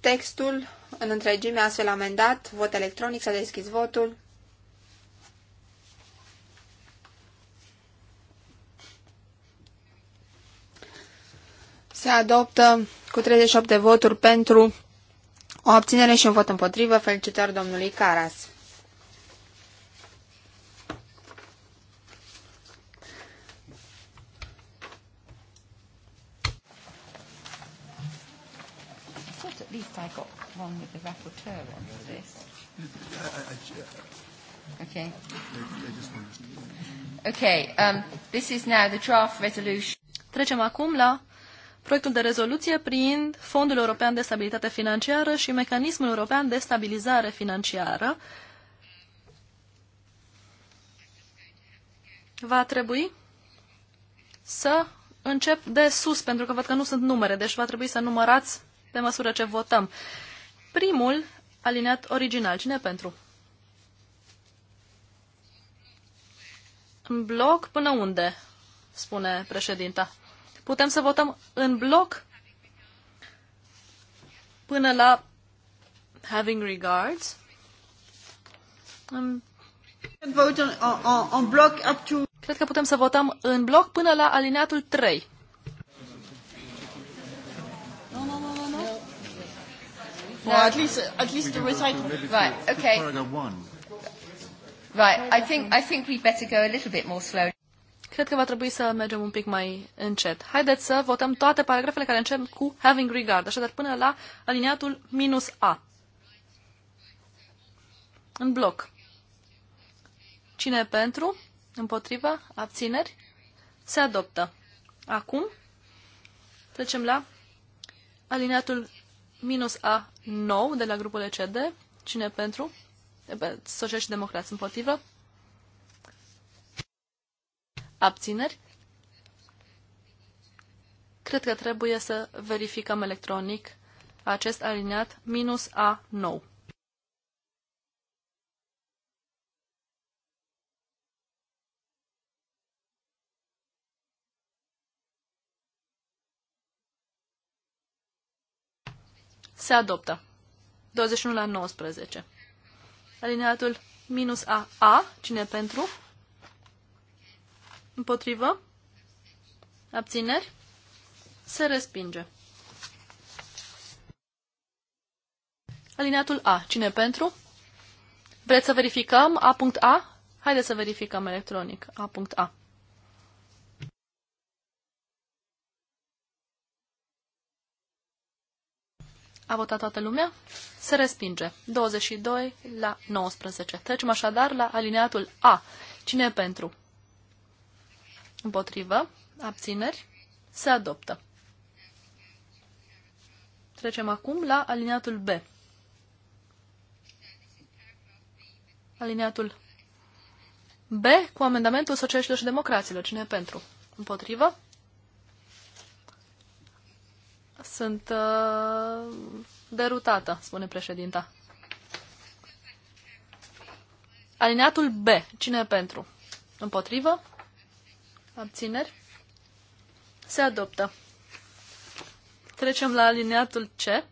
textul în întregime astfel amendat. Vot electronic. S-a deschis votul. Se adoptă cu 38 de voturi pentru o abținere și un vot împotrivă. Felicitări domnului Caras. Okay. Okay, um, Trecem acum la proiectul de rezoluție privind Fondul European de Stabilitate Financiară și Mecanismul European de Stabilizare Financiară. Va trebui să încep de sus, pentru că văd că nu sunt numere, deci va trebui să numărați pe măsură ce votăm. Primul, alineat original. Cine pentru? În bloc până unde? Spune președinta. Putem să votăm în bloc până la having regards. Cred că putem să votăm în bloc până la alineatul 3. Well, at least, at least the recital. Right. Okay. Right. I think I think we better go a little bit more slowly. Cred că va trebui să mergem un pic mai încet. Haideți să votăm toate paragrafele care încep cu having regard, așadar până la aliniatul minus A. În bloc. Cine e pentru? Împotriva? Abțineri? Se adoptă. Acum trecem la aliniatul minus A nou de la grupul ECD. Cine pentru? Socialiști și democrați împotrivă. Abțineri? Cred că trebuie să verificăm electronic acest aliniat minus A9. Se adoptă. 21 la 19. Alineatul minus a cine pentru? Împotrivă? Abțineri? Se respinge. Alineatul A. Cine pentru? Vreți să verificăm A.A? Haideți să verificăm electronic A.A. A votat toată lumea? Se respinge. 22 la 19. Trecem așadar la alineatul A. Cine e pentru? Împotrivă. Abțineri. Se adoptă. Trecem acum la alineatul B. Alineatul B cu amendamentul socialiștilor și democraților. Cine e pentru? Împotrivă? Sunt uh, derutată, spune președinta. Alineatul B. Cine e pentru? Împotrivă? Abțineri? Se adoptă. Trecem la alineatul C.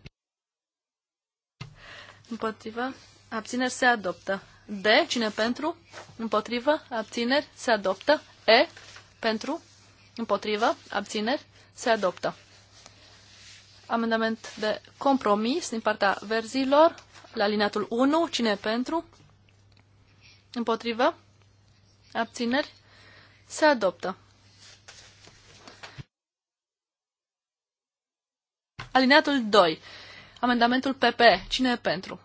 Împotriva? Abțineri se adoptă. D. Cine pentru? Împotrivă? Abțineri? Se adoptă. E. Pentru? Împotrivă? Abțineri? Se adoptă. Amendament de compromis din partea verzilor la alineatul 1. Cine pentru? Împotrivă? Abțineri? Se adoptă. Alineatul 2. Amendamentul PP. Cine e pentru?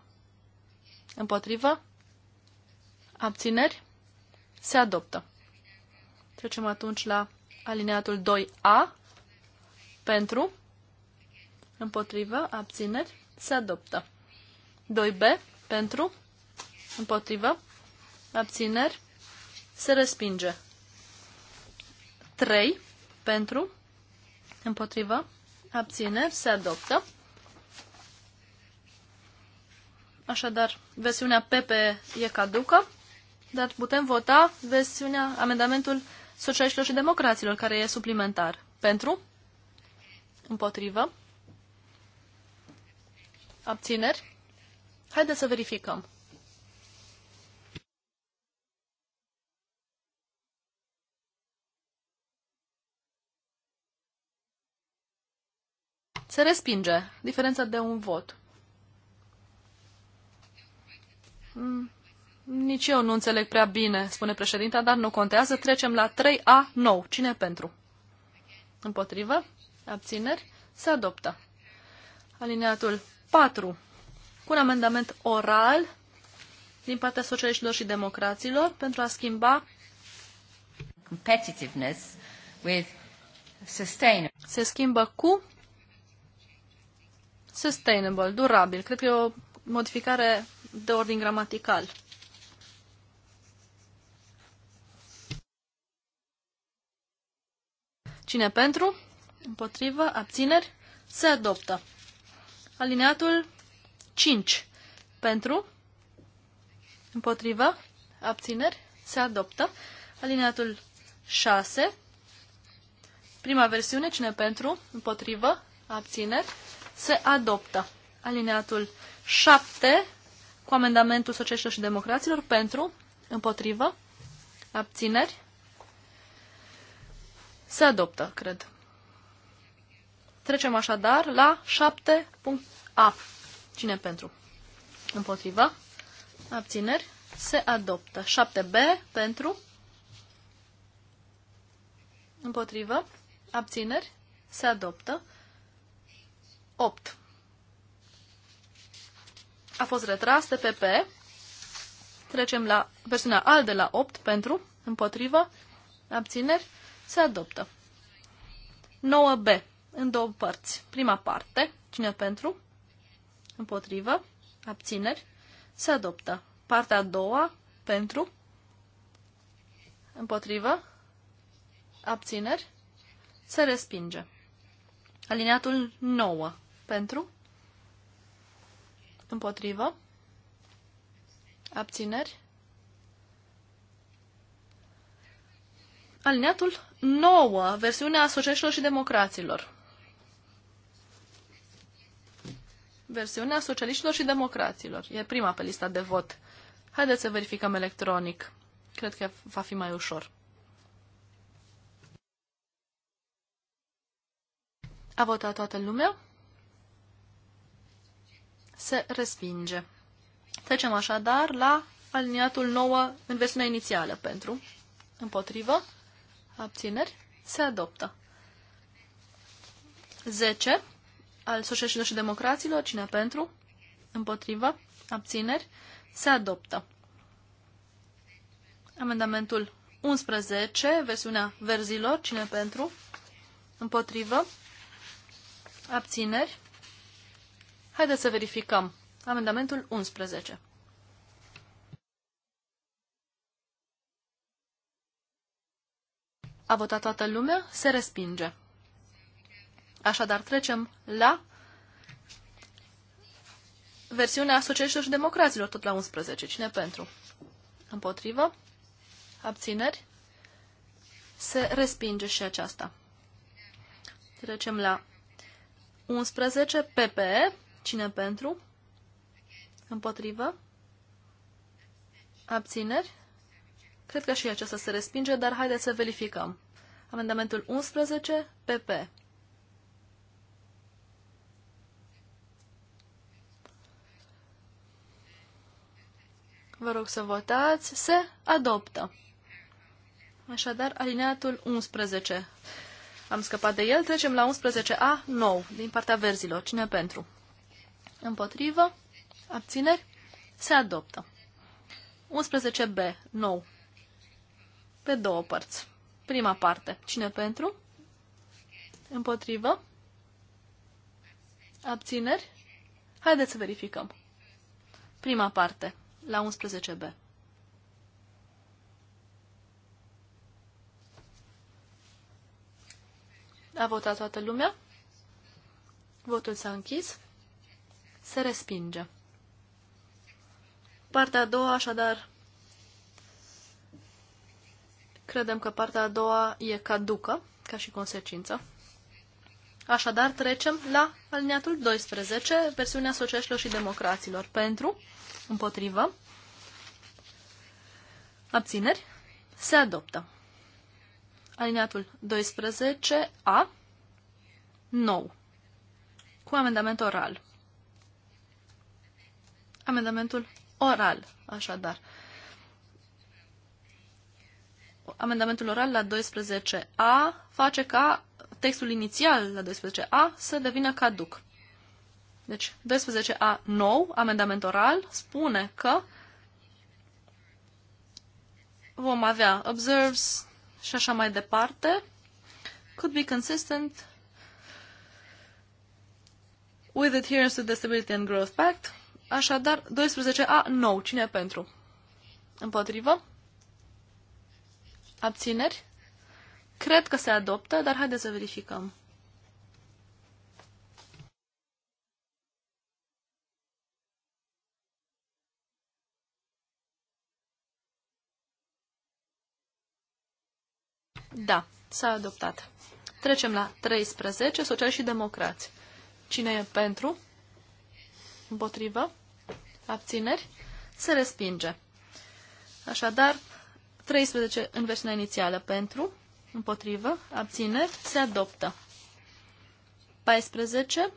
Împotrivă? Abțineri? Se adoptă. Trecem atunci la alineatul 2A. Pentru? Împotrivă? Abțineri? Se adoptă. 2B. Pentru? Împotrivă? Abțineri? Se respinge. 3 pentru, împotrivă, abțineri, se adoptă. Așadar, versiunea PP e caducă, dar putem vota versiunea, amendamentul socialiștilor și democraților, care e suplimentar. Pentru? Împotrivă? Abțineri? Haideți să verificăm. Se respinge. Diferența de un vot. Mm, nici eu nu înțeleg prea bine, spune președinta, dar nu contează. Trecem la 3A nou. Cine pentru? Împotrivă? Abțineri? Se adoptă. Alineatul 4. Cu un amendament oral din partea socialiștilor și democraților pentru a schimba competitiveness with sustainability. Se schimbă cu Sustainable, durabil. Cred că e o modificare de ordin gramatical. Cine pentru? Împotrivă? Abțineri? Se adoptă. Alineatul 5. Pentru? Împotrivă? Abțineri? Se adoptă. Alineatul 6. Prima versiune, cine pentru? Împotrivă? Abțineri? se adoptă. Alineatul 7 cu amendamentul Socialiștilor și Democraților pentru, împotrivă, abțineri, se adoptă, cred. Trecem așadar la 7.a. Cine pentru? Împotrivă, abțineri, se adoptă. 7b pentru, împotrivă, abțineri, se adoptă. 8. A fost retras de PP. Trecem la versiunea al de la 8 pentru, împotrivă, abțineri, se adoptă. 9B, în două părți. Prima parte, cine pentru, împotrivă, abțineri, se adoptă. Partea a doua, pentru, împotrivă, abțineri, se respinge. Alineatul 9. Pentru? Împotrivă? Abțineri? Alineatul 9, versiunea asociațiilor și democraților. Versiunea socialiștilor și democraților. E prima pe lista de vot. Haideți să verificăm electronic. Cred că va fi mai ușor. A votat toată lumea? se respinge. Trecem așadar la aliniatul 9 în versiunea inițială pentru, împotrivă, abțineri, se adoptă. 10 al socialiștilor și democraților, cine pentru, împotrivă, abțineri, se adoptă. Amendamentul 11, versiunea verzilor, cine pentru, împotrivă, abțineri, Haideți să verificăm. Amendamentul 11. A votat toată lumea? Se respinge. Așadar, trecem la versiunea Asociațiilor și Democraților, tot la 11. Cine pentru? Împotrivă? Abțineri? Se respinge și aceasta. Trecem la 11. PPE. Cine pentru? Împotrivă? Abțineri? Cred că și aceasta se respinge, dar haideți să verificăm. Amendamentul 11, PP. Vă rog să votați. Se adoptă. Așadar, alineatul 11. Am scăpat de el. Trecem la 11A, nou, din partea verzilor. Cine pentru? Împotrivă. Abțineri. Se adoptă. 11b. Nou. Pe două părți. Prima parte. Cine pentru? Împotrivă. Abțineri. Haideți să verificăm. Prima parte. La 11b. A votat toată lumea? Votul s-a închis se respinge. Partea a doua, așadar, credem că partea a doua e caducă, ca și consecință. Așadar, trecem la alineatul 12, versiunea socialiștilor și democraților. Pentru, împotrivă, abțineri, se adoptă. Alineatul 12a, nou, cu amendament oral. Amendamentul oral, așadar. Amendamentul oral la 12a face ca textul inițial la 12a să devină caduc. Deci 12a nou, amendament oral, spune că vom avea observes și așa mai departe, could be consistent with adherence to the Stability and Growth Pact, Așadar, 12A, nou. Cine pentru? Împotrivă? Abțineri? Cred că se adoptă, dar haideți să verificăm. Da, s-a adoptat. Trecem la 13, social și democrați. Cine e pentru? Împotrivă. Abțineri. Se respinge. Așadar, 13 în versiunea inițială pentru, împotrivă, abțineri, se adoptă. 14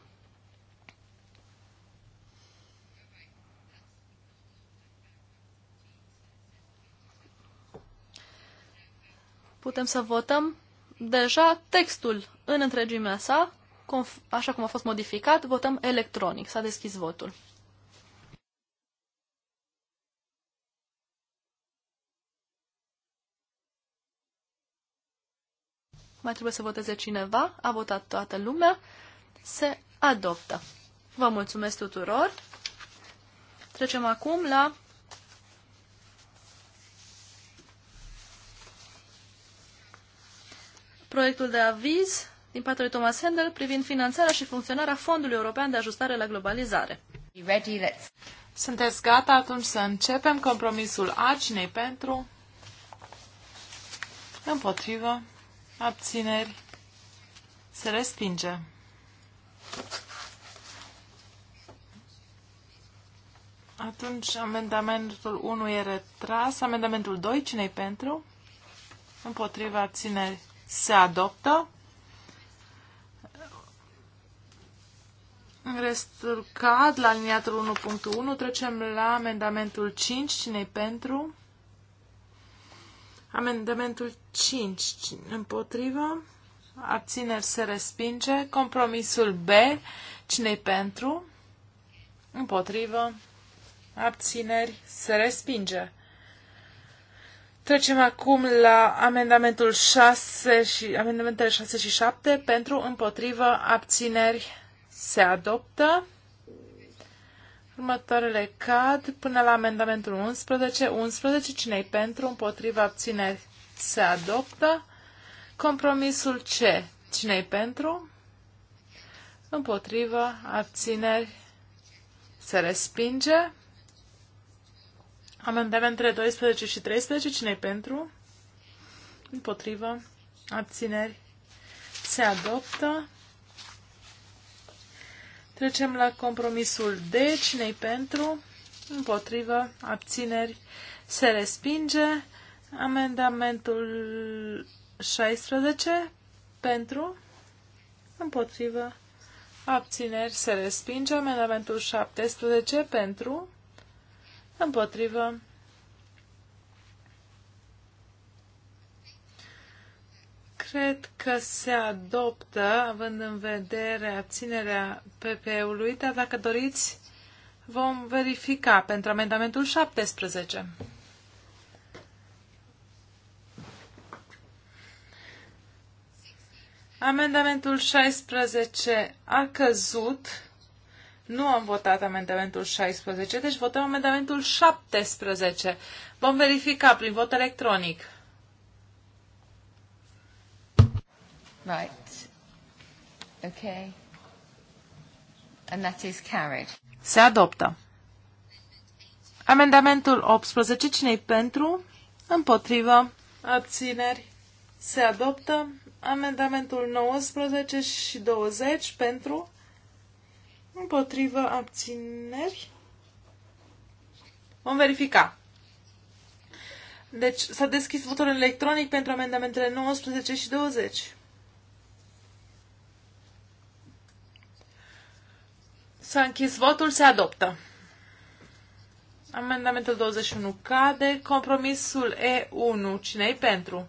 putem să votăm deja textul în întregimea sa, așa cum a fost modificat, votăm electronic. S-a deschis votul. Mai trebuie să voteze cineva. A votat toată lumea. Se adoptă. Vă mulțumesc tuturor. Trecem acum la proiectul de aviz din partea lui Thomas Handel privind finanțarea și funcționarea Fondului European de Ajustare la Globalizare. Sunteți gata? Atunci să începem compromisul acinei pentru? Împotrivă. Abțineri. Se respinge. Atunci amendamentul 1 e retras. Amendamentul 2, cine pentru? Împotriva abțineri se adoptă. În restul cad, la liniatul 1.1, trecem la amendamentul 5. cine pentru? Amendamentul 5. Împotrivă? Abțineri se respinge. Compromisul B. cine pentru? Împotrivă? Abțineri se respinge. Trecem acum la amendamentul 6 și amendamentele 6 și 7 pentru împotrivă abțineri se adoptă. Următoarele cad până la amendamentul 11. 11. Cine-i pentru? Împotriva abțineri se adoptă. Compromisul C. Cine-i pentru? Împotriva abțineri se respinge. Amendamentele 12 și 13. Cine-i pentru? Împotriva abțineri se adoptă. Trecem la compromisul D. cine pentru? Împotrivă. Abțineri. Se respinge. Amendamentul 16. Pentru. Împotrivă. Abțineri. Se respinge. Amendamentul 17. Pentru. Împotrivă. Cred că se adoptă, având în vedere abținerea PP-ului, dar dacă doriți, vom verifica pentru amendamentul 17. Amendamentul 16 a căzut. Nu am votat amendamentul 16, deci votăm amendamentul 17. Vom verifica prin vot electronic. Right. Okay. And that is carried. Se adoptă. Amendamentul 18. cine pentru? Împotrivă. Abțineri. Se adoptă. Amendamentul 19 și 20 pentru? Împotrivă. Abțineri. Vom verifica. Deci s-a deschis votul electronic pentru amendamentele 19 și 20. S-a închis votul, se adoptă. Amendamentul 21 cade. Compromisul E1. cine e pentru?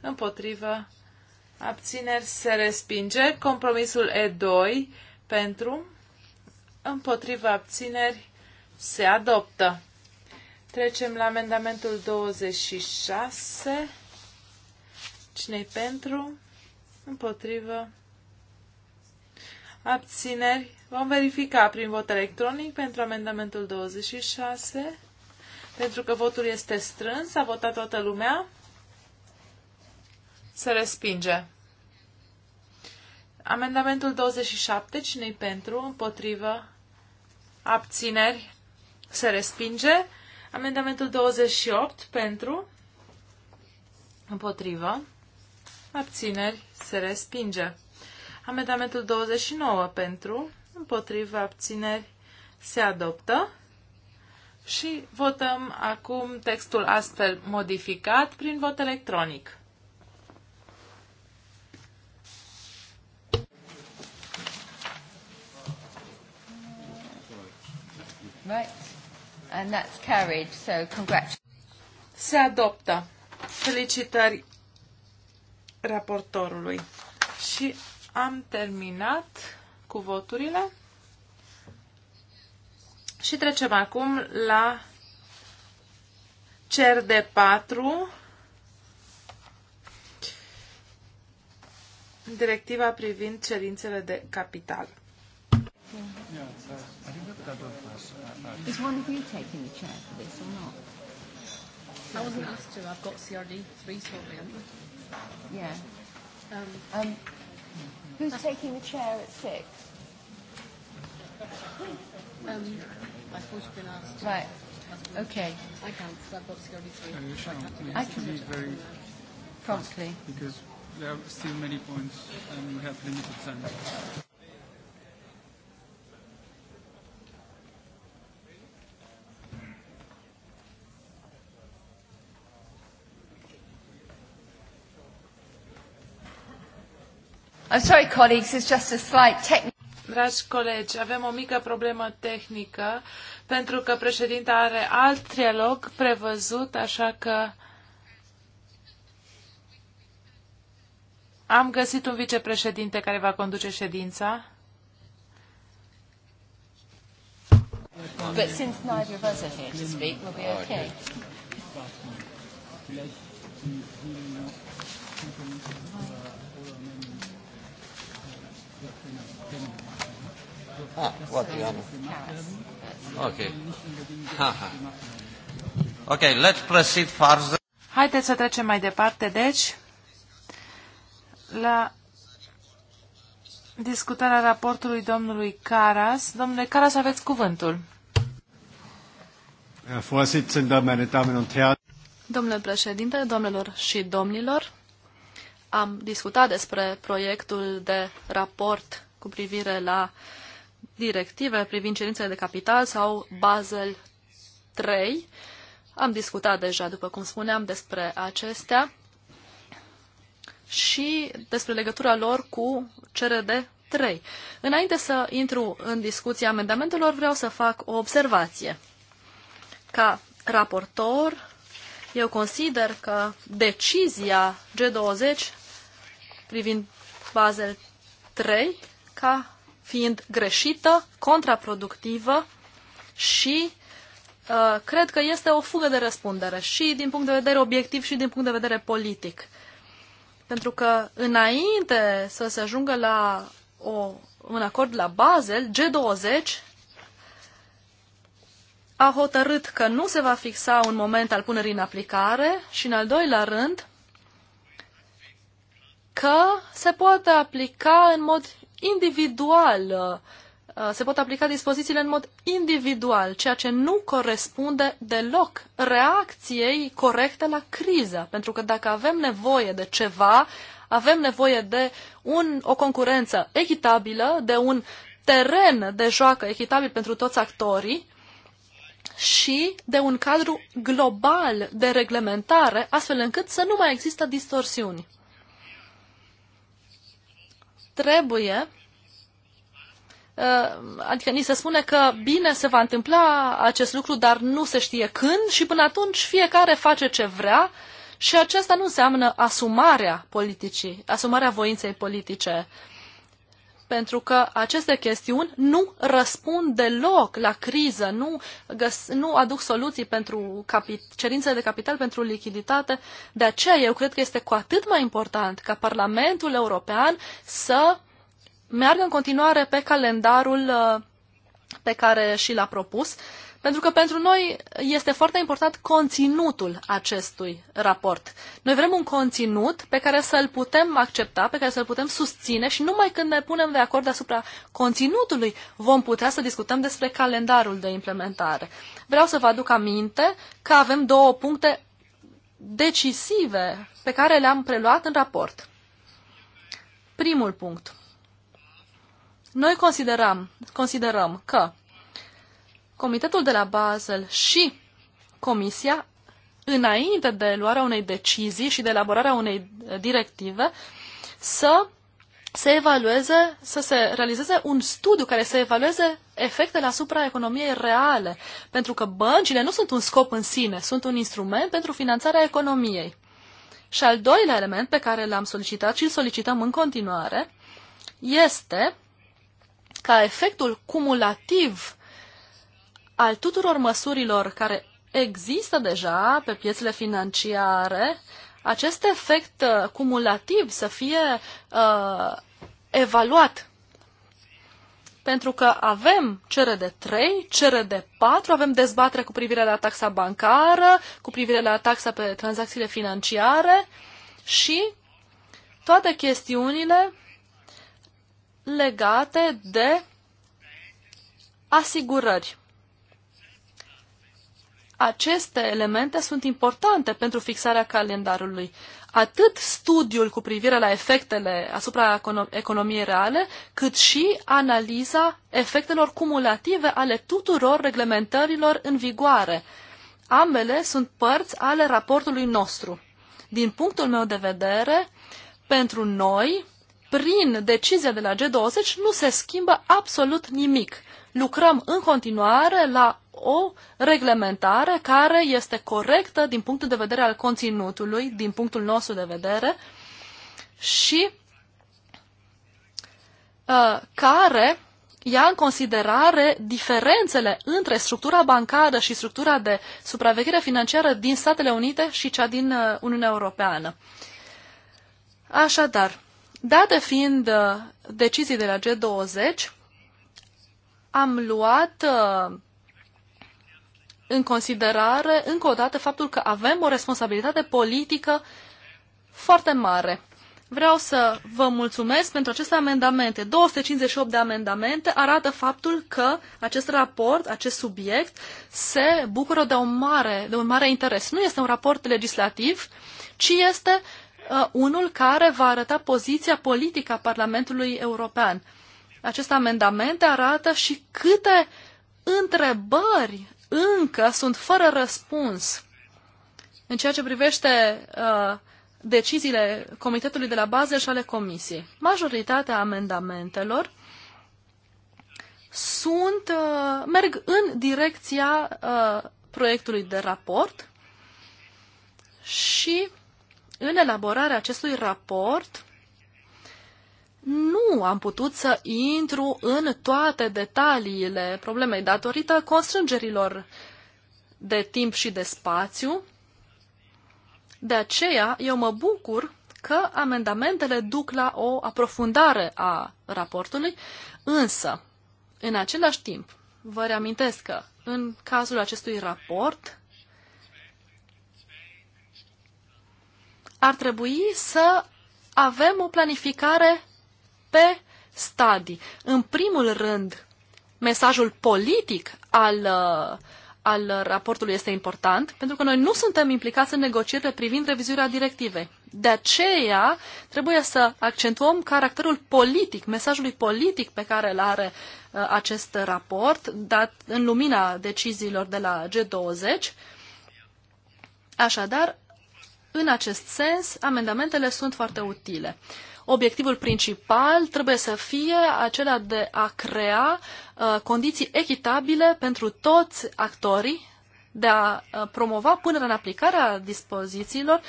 Împotrivă. Abțineri se respinge. Compromisul E2. Pentru. Împotrivă abțineri se adoptă. Trecem la amendamentul 26. cine e pentru? Împotrivă abțineri. Vom verifica prin vot electronic pentru amendamentul 26, pentru că votul este strâns, a votat toată lumea. Se respinge. Amendamentul 27, cine pentru, împotrivă, abțineri, se respinge. Amendamentul 28, pentru, împotrivă, abțineri, se respinge. Amendamentul 29 pentru, împotriva abțineri se adoptă. Și votăm acum textul astfel modificat prin vot electronic. Right. And that's carried, so congratulations. Se adoptă. Felicitări raportorului. Și am terminat cu voturile și trecem acum la cer de 4 directiva privind cerințele de capital. Is one of you taking the chair for this or not? I wasn't asked to. I've got CRD three, so yeah. Um, um, Who's taking the chair at six? Um, I've always been asked. Right. Okay. I can't, because I've got to go this way. I can be very promptly because there are still many points and we have limited time. I'm sorry, colleagues, it's just a slight technical... Dragi colegi, avem o mică problemă tehnică pentru că președinta are alt trilog prevăzut, așa că am găsit un vicepreședinte care va conduce ședința. But since neither of us are here to speak, we'll be oh, okay. okay. Ah, what you Okay. ok, let's proceed further. Haideți să trecem mai departe, deci, la discutarea raportului domnului Caras. Domnule Caras, aveți cuvântul. Domnule președinte, domnilor și domnilor, am discutat despre proiectul de raport cu privire la uh, directive privind cerințele de capital sau Basel III. Am discutat deja, după cum spuneam, despre acestea și despre legătura lor cu CRD 3. Înainte să intru în discuția amendamentelor, vreau să fac o observație. Ca raportor, eu consider că decizia G20 privind Basel 3 ca fiind greșită, contraproductivă și uh, cred că este o fugă de răspundere și din punct de vedere obiectiv și din punct de vedere politic. Pentru că înainte să se ajungă la o, un acord la Basel, G20 a hotărât că nu se va fixa un moment al punerii în aplicare și, în al doilea rând, că se poate aplica în mod individual, uh, se pot aplica dispozițiile în mod individual, ceea ce nu corespunde deloc reacției corecte la criză. Pentru că dacă avem nevoie de ceva, avem nevoie de un, o concurență echitabilă, de un teren de joacă echitabil pentru toți actorii, și de un cadru global de reglementare, astfel încât să nu mai există distorsiuni trebuie uh, adică ni se spune că bine se va întâmpla acest lucru, dar nu se știe când și până atunci fiecare face ce vrea și aceasta nu înseamnă asumarea politicii, asumarea voinței politice pentru că aceste chestiuni nu răspund deloc la criză, nu, găs- nu aduc soluții pentru capi- cerințe de capital, pentru lichiditate. De aceea eu cred că este cu atât mai important ca Parlamentul European să meargă în continuare pe calendarul uh, pe care și l-a propus pentru că pentru noi este foarte important conținutul acestui raport. Noi vrem un conținut pe care să-l putem accepta, pe care să-l putem susține și numai când ne punem de acord asupra conținutului vom putea să discutăm despre calendarul de implementare. Vreau să vă aduc aminte că avem două puncte decisive pe care le-am preluat în raport. Primul punct. Noi considerăm, considerăm că Comitetul de la Basel și Comisia, înainte de luarea unei decizii și de elaborarea unei directive, să se evalueze, să se realizeze un studiu care să evalueze efectele asupra economiei reale, pentru că băncile nu sunt un scop în sine, sunt un instrument pentru finanțarea economiei. Și al doilea element pe care l-am solicitat și îl solicităm în continuare este ca efectul cumulativ al tuturor măsurilor care există deja pe piețele financiare, acest efect uh, cumulativ să fie uh, evaluat. Pentru că avem cere de 3, cere de 4, avem dezbatere cu privire la taxa bancară, cu privire la taxa pe tranzacțiile financiare și toate chestiunile legate de asigurări aceste elemente sunt importante pentru fixarea calendarului. Atât studiul cu privire la efectele asupra economiei reale, cât și analiza efectelor cumulative ale tuturor reglementărilor în vigoare. Ambele sunt părți ale raportului nostru. Din punctul meu de vedere, pentru noi, prin decizia de la G20 nu se schimbă absolut nimic. Lucrăm în continuare la o reglementare care este corectă din punctul de vedere al conținutului, din punctul nostru de vedere și uh, care ia în considerare diferențele între structura bancară și structura de supraveghere financiară din Statele Unite și cea din uh, Uniunea Europeană. Așadar, date fiind uh, decizii de la G20, am luat uh, în considerare, încă o dată, faptul că avem o responsabilitate politică foarte mare. Vreau să vă mulțumesc pentru aceste amendamente. 258 de amendamente arată faptul că acest raport, acest subiect, se bucură de un mare, de un mare interes. Nu este un raport legislativ, ci este uh, unul care va arăta poziția politică a Parlamentului European. Aceste amendamente arată și câte întrebări încă sunt fără răspuns în ceea ce privește uh, deciziile Comitetului de la Bază și ale Comisiei. Majoritatea amendamentelor sunt, uh, merg în direcția uh, proiectului de raport și în elaborarea acestui raport nu am putut să intru în toate detaliile problemei datorită constrângerilor de timp și de spațiu. De aceea, eu mă bucur că amendamentele duc la o aprofundare a raportului, însă, în același timp, vă reamintesc că în cazul acestui raport ar trebui să avem o planificare pe stadii. În primul rând, mesajul politic al, uh, al raportului este important, pentru că noi nu suntem implicați în negocierile privind revizuirea directivei. De aceea, trebuie să accentuăm caracterul politic, mesajului politic pe care îl are uh, acest raport, dat în lumina deciziilor de la G20. Așadar, în acest sens, amendamentele sunt foarte utile. Uh, obiectivul principal trebuie să fie acela de a crea uh, condiții echitabile pentru toți actorii, de a uh, promova punerea în aplicare a dispozițiilor,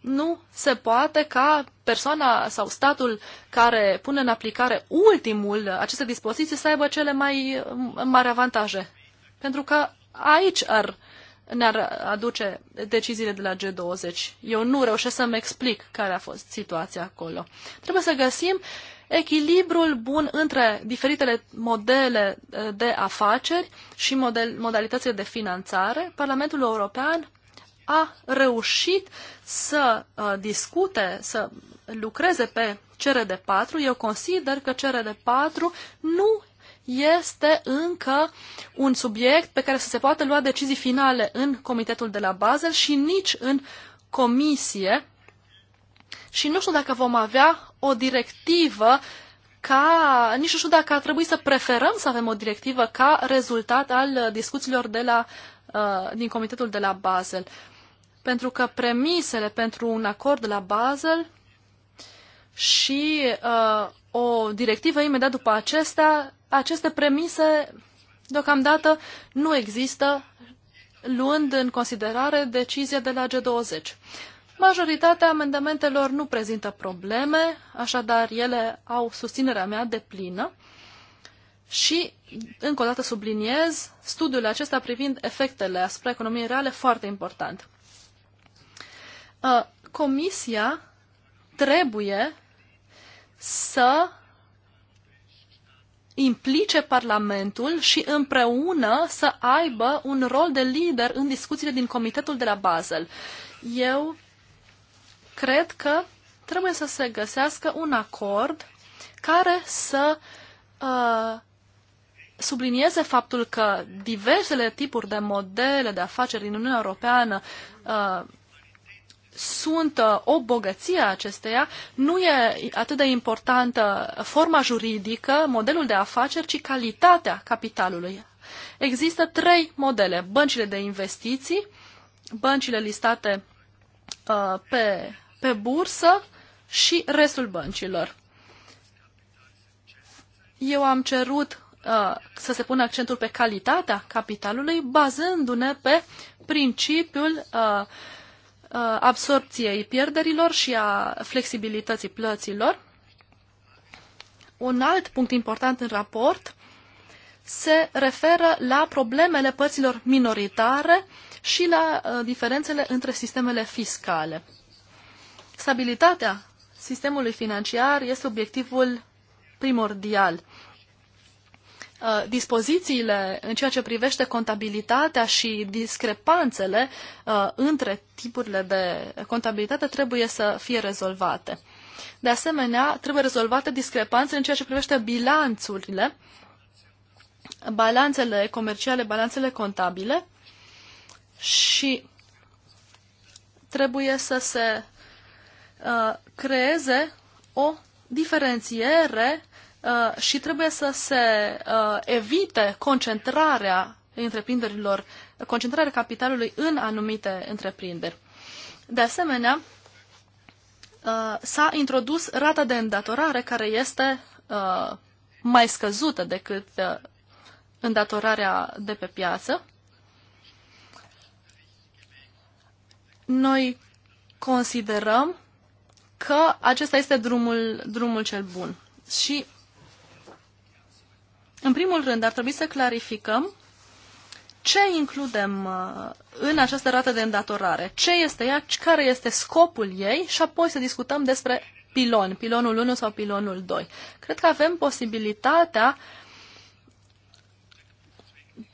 nu se poate ca persoana sau statul care pune în aplicare ultimul uh, aceste dispoziții să aibă cele mai uh, mari avantaje. Pentru că aici ar ne-ar aduce deciziile de la G20. Eu nu reușesc să-mi explic care a fost situația acolo. Trebuie să găsim echilibrul bun între diferitele modele eh, de afaceri și model, modalitățile de finanțare. Parlamentul European a reușit să uh, discute, să lucreze pe CRD4. Eu consider că CRD4 nu este încă un subiect pe care să se poată lua decizii finale în comitetul de la Basel și nici în comisie. Și nu știu dacă vom avea o directivă ca, nici nu știu dacă ar trebui să preferăm să avem o directivă ca rezultat al discuțiilor de la, uh, din comitetul de la Basel. Pentru că premisele pentru un acord de la Basel și uh, o directivă imediat după acesta aceste premise deocamdată nu există luând în considerare decizia de la G20. Majoritatea amendamentelor nu prezintă probleme, așadar ele au susținerea mea de plină și, încă o dată subliniez, studiul acesta privind efectele asupra economiei reale foarte important. Uh, comisia trebuie să implice Parlamentul și împreună să aibă un rol de lider în discuțiile din comitetul de la Basel. Eu cred că trebuie să se găsească un acord care să uh, sublinieze faptul că diversele tipuri de modele de afaceri din Uniunea Europeană uh, sunt uh, o bogăție a acesteia, nu e atât de importantă forma juridică, modelul de afaceri, ci calitatea capitalului. Există trei modele. Băncile de investiții, băncile listate uh, pe, pe bursă și restul băncilor. Eu am cerut uh, să se pună accentul pe calitatea capitalului, bazându-ne pe principiul uh, Uh, absorpției pierderilor și a flexibilității plăților. Un alt punct important în raport se referă la problemele părților minoritare și la uh, diferențele între sistemele fiscale. Stabilitatea sistemului financiar este obiectivul primordial Uh, dispozițiile în ceea ce privește contabilitatea și discrepanțele uh, între tipurile de contabilitate trebuie să fie rezolvate. De asemenea, trebuie rezolvate discrepanțele în ceea ce privește bilanțurile, balanțele comerciale, balanțele contabile și trebuie să se uh, creeze o diferențiere uh, și trebuie să se uh, evite concentrarea întreprinderilor, concentrarea capitalului în anumite întreprinderi. De asemenea, uh, s-a introdus rata de îndatorare care este uh, mai scăzută decât uh, îndatorarea de pe piață. Noi considerăm că acesta este drumul, drumul cel bun. Și în primul rând, ar trebui să clarificăm ce includem uh, în această rată de îndatorare, ce este ea, care este scopul ei și apoi să discutăm despre pilon, pilonul 1 sau pilonul 2. Cred că avem posibilitatea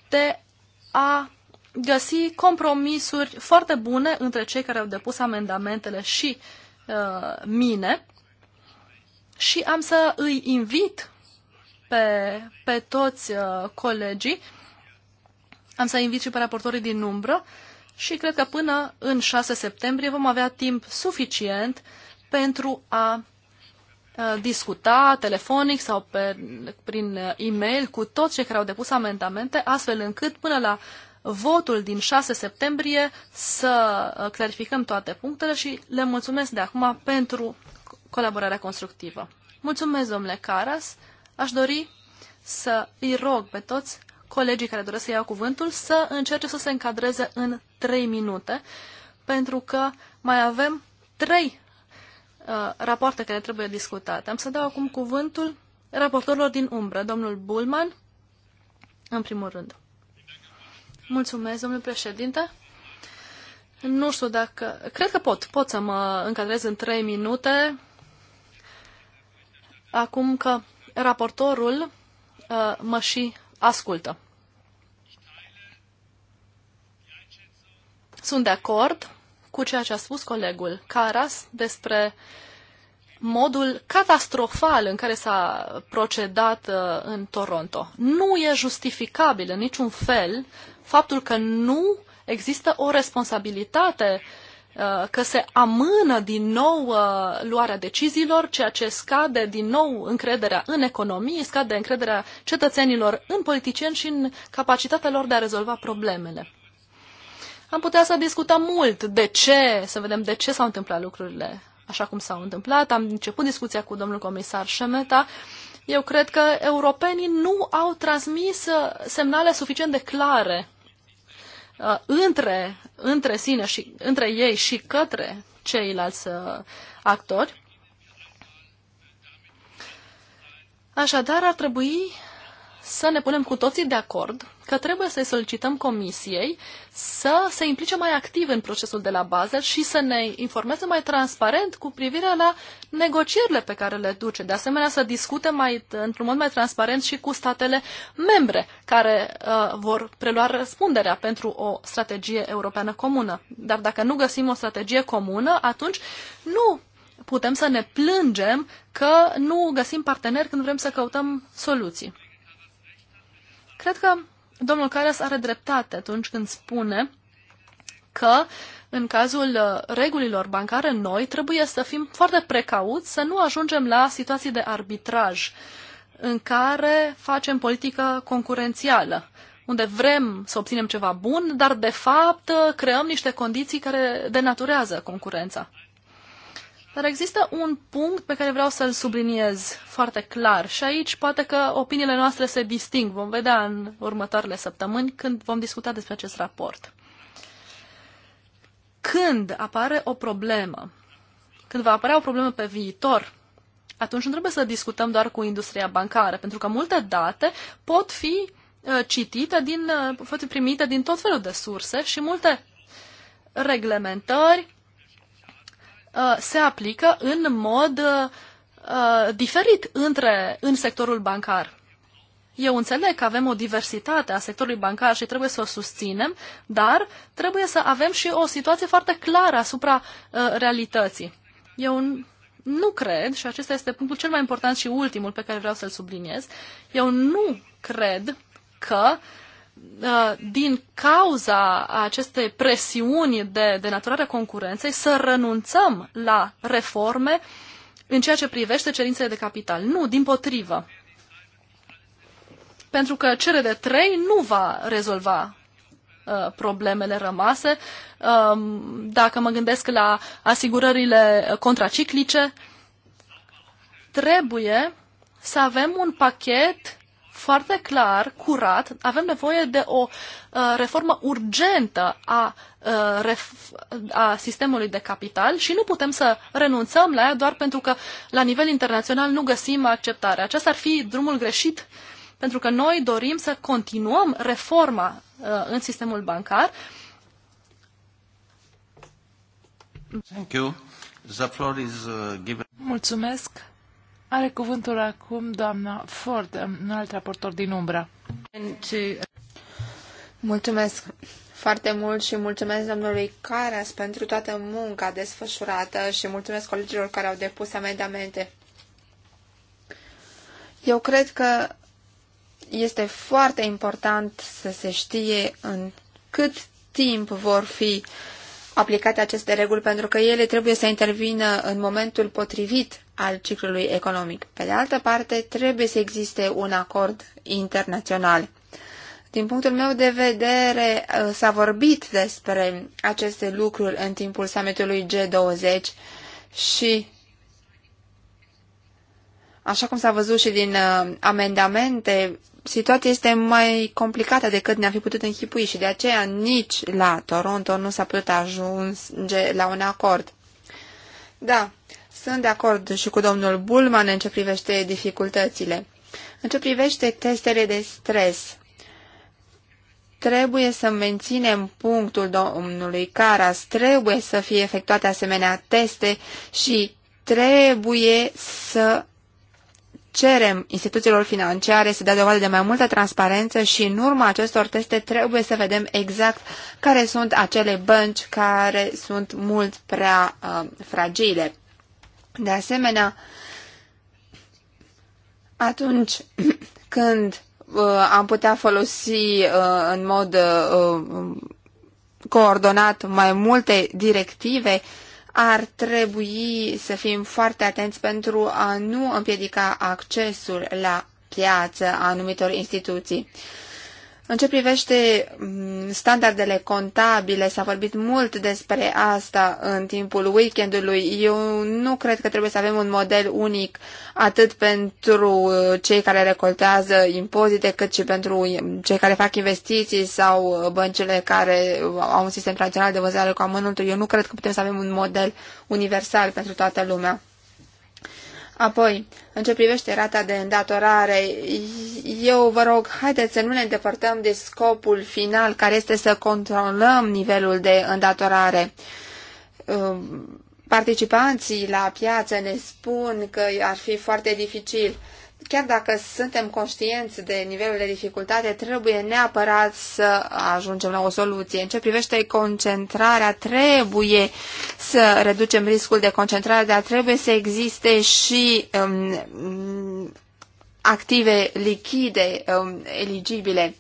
de a găsi compromisuri foarte bune între cei care au depus amendamentele și uh, mine și am să îi invit pe, pe toți uh, colegii. Am să invit și pe raportorii din umbră și cred că până în 6 septembrie vom avea timp suficient pentru a uh, discuta telefonic sau pe, prin e-mail cu toți cei care au depus amendamente, astfel încât până la votul din 6 septembrie să uh, clarificăm toate punctele și le mulțumesc de acum pentru colaborarea constructivă. Mulțumesc, domnule Caras. Aș dori să îi rog pe toți colegii care doresc să iau cuvântul să încerce să se încadreze în 3 minute, pentru că mai avem 3 uh, rapoarte care trebuie discutate. Am să dau acum cuvântul raportorilor din umbră, domnul Bulman, în primul rând. Mulțumesc, domnule președinte. Nu știu dacă... Cred că pot. Pot să mă încadrez în 3 minute. Acum că raportorul uh, mă și ascultă. Sunt de acord cu ceea ce a spus colegul Caras despre modul catastrofal în care s-a procedat uh, în Toronto. Nu e justificabil în niciun fel faptul că nu există o responsabilitate uh, Uh, că se amână din nou uh, luarea deciziilor, ceea ce scade din nou încrederea în economie, scade încrederea cetățenilor în politicieni și în capacitatea lor de a rezolva problemele. Am putea să discutăm mult de ce, să vedem de ce s-au întâmplat lucrurile așa cum s-au întâmplat. Am început discuția cu domnul comisar Șemeta. Eu cred că europenii nu au transmis uh, semnale suficient de clare uh, între, între sine și între ei și către ceilalți uh, actori. Așadar, ar trebui să ne punem cu toții de acord că trebuie să-i solicităm comisiei să se implice mai activ în procesul de la bază și să ne informeze mai transparent cu privire la negocierile pe care le duce. De asemenea, să discute mai, într-un mod mai transparent și cu statele membre care uh, vor prelua răspunderea pentru o strategie europeană comună. Dar dacă nu găsim o strategie comună, atunci nu putem să ne plângem că nu găsim parteneri când vrem să căutăm soluții. Cred că domnul Caras are dreptate atunci când spune că în cazul uh, regulilor bancare noi trebuie să fim foarte precauți să nu ajungem la situații de arbitraj în care facem politică concurențială, unde vrem să obținem ceva bun, dar de fapt uh, creăm niște condiții care denaturează concurența. Dar există un punct pe care vreau să-l subliniez foarte clar și aici poate că opiniile noastre se disting. Vom vedea în următoarele săptămâni când vom discuta despre acest raport. Când apare o problemă, când va apărea o problemă pe viitor, atunci nu trebuie să discutăm doar cu industria bancară, pentru că multe date pot fi uh, citite, din, uh, pot fi primite din tot felul de surse și multe reglementări Uh, se aplică în mod uh, uh, diferit între, în sectorul bancar. Eu înțeleg că avem o diversitate a sectorului bancar și trebuie să o susținem, dar trebuie să avem și o situație foarte clară asupra realității. Eu nu cred, și acesta este punctul cel mai important și ultimul pe care vreau să-l subliniez, eu nu cred că uh, Uh, din cauza acestei presiuni de, de naturarea concurenței, să renunțăm la reforme în ceea ce privește cerințele de capital. Nu, din potrivă. Pentru că CRD3 nu va rezolva uh, problemele rămase. Um, dacă mă gândesc la asigurările contraciclice, trebuie să avem un pachet foarte clar, curat. Avem nevoie de o uh, reformă urgentă a, uh, a sistemului de capital și nu putem să renunțăm la ea doar pentru că la nivel internațional nu găsim acceptare. Acesta ar fi drumul greșit pentru că noi dorim să continuăm reforma uh, în sistemul bancar. Thank you. The floor is, uh, given. Mulțumesc. Are cuvântul acum doamna Ford, un alt raportor din umbra. Mulțumesc foarte mult și mulțumesc domnului Caras pentru toată munca desfășurată și mulțumesc colegilor care au depus amendamente. Eu cred că este foarte important să se știe în cât timp vor fi aplicate aceste reguli, pentru că ele trebuie să intervină în momentul potrivit al ciclului economic. Pe de altă parte, trebuie să existe un acord internațional. Din punctul meu de vedere, uh, s-a vorbit despre aceste lucruri în timpul summitului G20 și, așa cum s-a văzut și din uh, amendamente, situația este mai complicată decât ne-am fi putut închipui și de aceea nici la Toronto nu s-a putut ajunge la un acord. Da, sunt de acord și cu domnul Bulman în ce privește dificultățile. În ce privește testele de stres, trebuie să menținem punctul domnului Caras, trebuie să fie efectuate asemenea teste și trebuie să cerem instituțiilor financiare să dea dovadă de mai multă transparență și în urma acestor teste trebuie să vedem exact care sunt acele bănci care sunt mult prea uh, fragile. De asemenea, atunci când uh, am putea folosi uh, în mod uh, coordonat mai multe directive, ar trebui să fim foarte atenți pentru a nu împiedica accesul la piață a anumitor instituții. Uh, în ce privește mm, standardele contabile, s-a vorbit mult despre asta în timpul weekendului. Eu nu cred că trebuie să avem un model unic atât pentru cei care recoltează impozite, cât și pentru cei care fac investiții sau băncile care au un sistem tradițional de vânzare cu amănuntul. Eu nu cred că putem să avem un model universal pentru toată lumea. Apoi, în ce privește rata de îndatorare, eu vă rog, haideți să nu ne îndepărtăm de scopul final, care este să controlăm nivelul de îndatorare. Um, participanții la piață ne spun că ar fi foarte dificil chiar dacă suntem conștienți de nivelul de dificultate, trebuie neapărat să ajungem la o soluție. În ce privește concentrarea, trebuie să reducem riscul de concentrare, dar trebuie să existe și um, active lichide um, eligibile.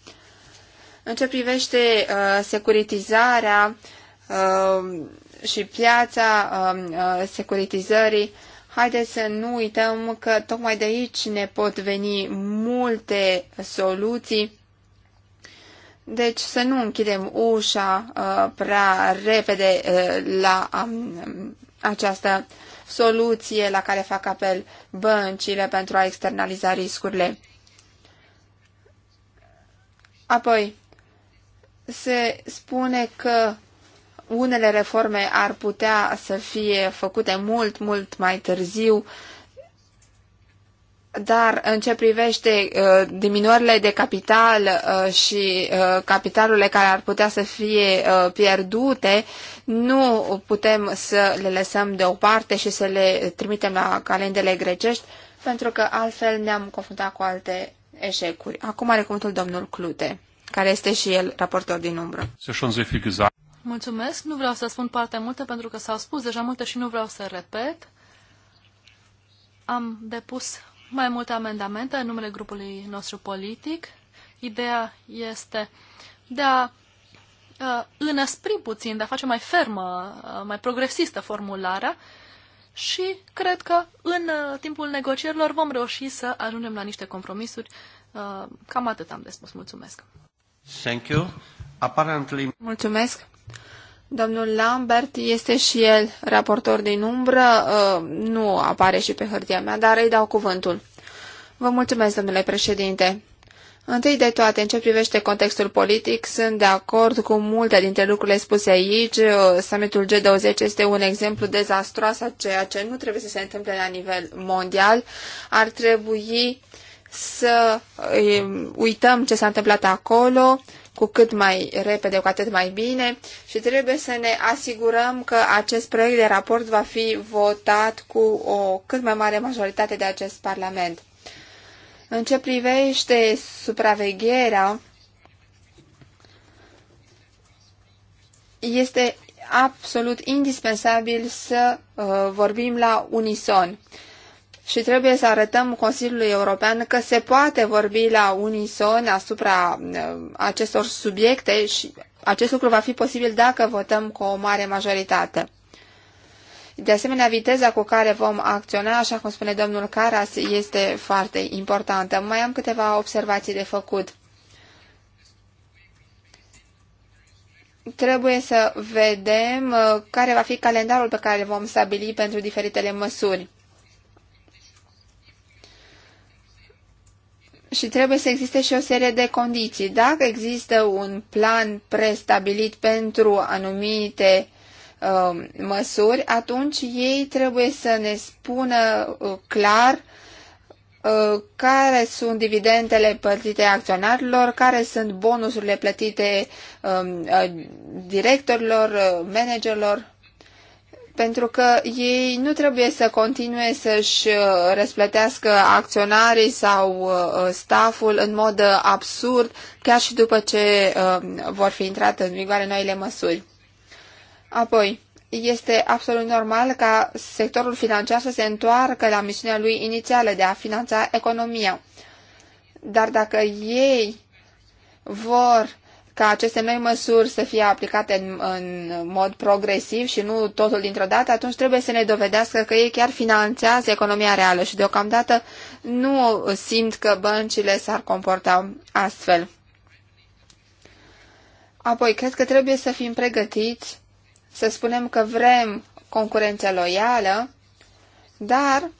În ce privește uh, securitizarea uh, și piața um, uh, securitizării, uh, Haideți să nu uităm că tocmai de aici ne pot veni multe soluții. Deci să nu închidem ușa uh, prea repede uh, la um, această soluție la care fac apel băncile pentru a externaliza riscurile. Apoi, se spune că unele reforme ar putea să fie făcute mult, mult mai târziu, dar în ce privește uh, diminuările de capital uh, și uh, capitalurile care ar putea să fie uh, pierdute, nu putem să le lăsăm deoparte și să le trimitem la calendele grecești, pentru că altfel ne-am confruntat cu alte eșecuri. Acum are cuvântul domnul Clute, care este și el raportor din umbră. Mulțumesc. Nu vreau să spun foarte multe pentru că s-au spus deja multe și nu vreau să repet. Am depus mai multe amendamente în numele grupului nostru politic. Ideea este de a uh, înăspri puțin, de a face mai fermă, uh, mai progresistă formularea și cred că în uh, timpul negocierilor vom reuși să ajungem la niște compromisuri. Uh, cam atât am de spus. Mulțumesc. Thank you. Apparently... Mulțumesc. Domnul Lambert este și el raportor din umbră, uh, nu apare și pe hârtia mea, dar îi dau cuvântul. Vă mulțumesc, domnule președinte. Întâi de toate, în ce privește contextul politic, sunt de acord cu multe dintre lucrurile spuse aici. Uh, summitul G20 este un exemplu dezastros a ceea ce nu trebuie să se întâmple la nivel mondial. Ar trebui să uh, uităm ce s-a întâmplat acolo cu cât mai repede, cu atât mai bine și trebuie să ne asigurăm că acest proiect de raport va fi votat cu o cât mai mare majoritate de acest Parlament. În ce privește supravegherea, este absolut indispensabil să uh, vorbim la unison. Uh, și trebuie să arătăm Consiliului European că se poate vorbi la unison asupra uh, acestor subiecte și acest lucru va fi posibil dacă votăm cu o mare majoritate. De asemenea, viteza cu care vom acționa, așa cum spune domnul Caras, este foarte importantă. Mai am câteva observații de făcut. Trebuie să vedem uh, care va fi calendarul pe care îl vom stabili pentru diferitele măsuri. și trebuie să existe și o serie de condiții. Dacă există un plan prestabilit pentru anumite uh, măsuri, atunci ei trebuie să ne spună uh, clar uh, care sunt dividendele plătite acționarilor, care sunt bonusurile plătite um, uh, directorilor, uh, managerilor pentru că ei nu trebuie să continue să-și uh, răsplătească acționarii sau uh, uh, staful în mod absurd, chiar și după ce um, vor fi intrate în vigoare noile măsuri. Apoi, este absolut normal ca sectorul financiar să se întoarcă la misiunea lui inițială de a finanța economia. Dar dacă ei vor ca aceste noi măsuri să fie aplicate în, în mod progresiv și nu totul dintr-o dată, atunci trebuie să ne dovedească că ei chiar finanțează economia reală și deocamdată nu simt că băncile s-ar comporta astfel. Apoi, cred că trebuie să fim pregătiți să spunem că vrem concurență loială, dar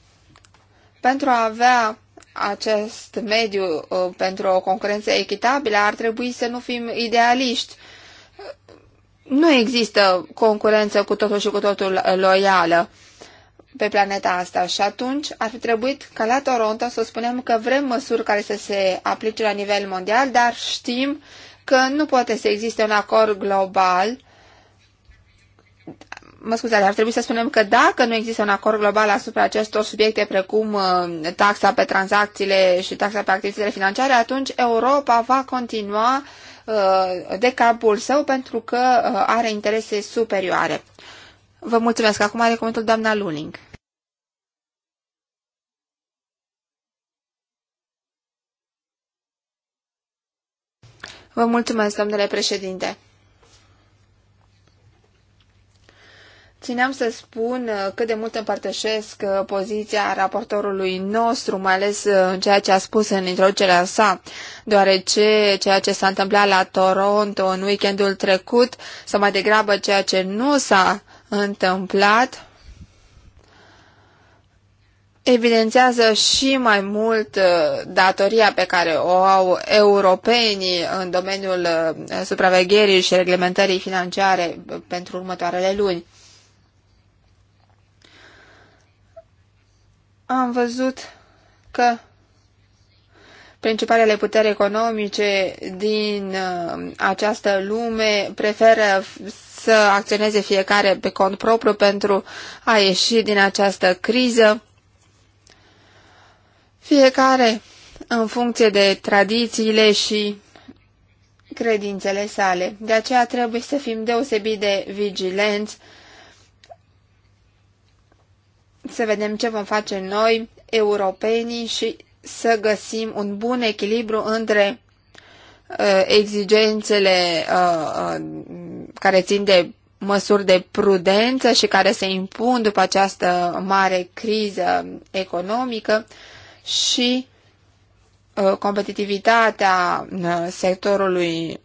pentru a avea acest mediu uh, pentru o concurență echitabilă, ar trebui să nu fim idealiști. Nu există concurență cu totul și cu totul loială pe planeta asta și atunci ar fi trebuit ca la Toronto să spunem că vrem măsuri care să se aplice la nivel mondial, dar știm că nu poate să existe un acord global mă scuzați, ar trebui să spunem că dacă nu există un acord global asupra acestor subiecte precum uh, taxa pe tranzacțiile și taxa pe activitățile financiare, atunci Europa va continua uh, de capul său pentru că uh, are interese superioare. Vă mulțumesc. Acum are cuvântul doamna Luning. Vă mulțumesc, domnule președinte. Țineam să spun uh, cât de mult împărtășesc uh, poziția raportorului nostru, mai ales uh, în ceea ce a spus în introducerea sa, deoarece ceea ce s-a întâmplat la Toronto în weekendul trecut, sau mai degrabă ceea ce nu s-a întâmplat, evidențează și mai mult datoria pe care o au europenii în domeniul supravegherii și reglementării financiare pentru următoarele luni. am văzut că principalele puteri economice din uh, această lume preferă să acționeze fiecare pe cont propriu pentru a ieși din această criză. Fiecare în funcție de tradițiile și credințele sale. De aceea trebuie să fim deosebit de vigilenți să vedem ce vom face noi, europenii, și să găsim un bun echilibru între uh, exigențele uh, uh, care țin de măsuri de prudență și care se impun după această mare criză economică și uh, competitivitatea uh, sectorului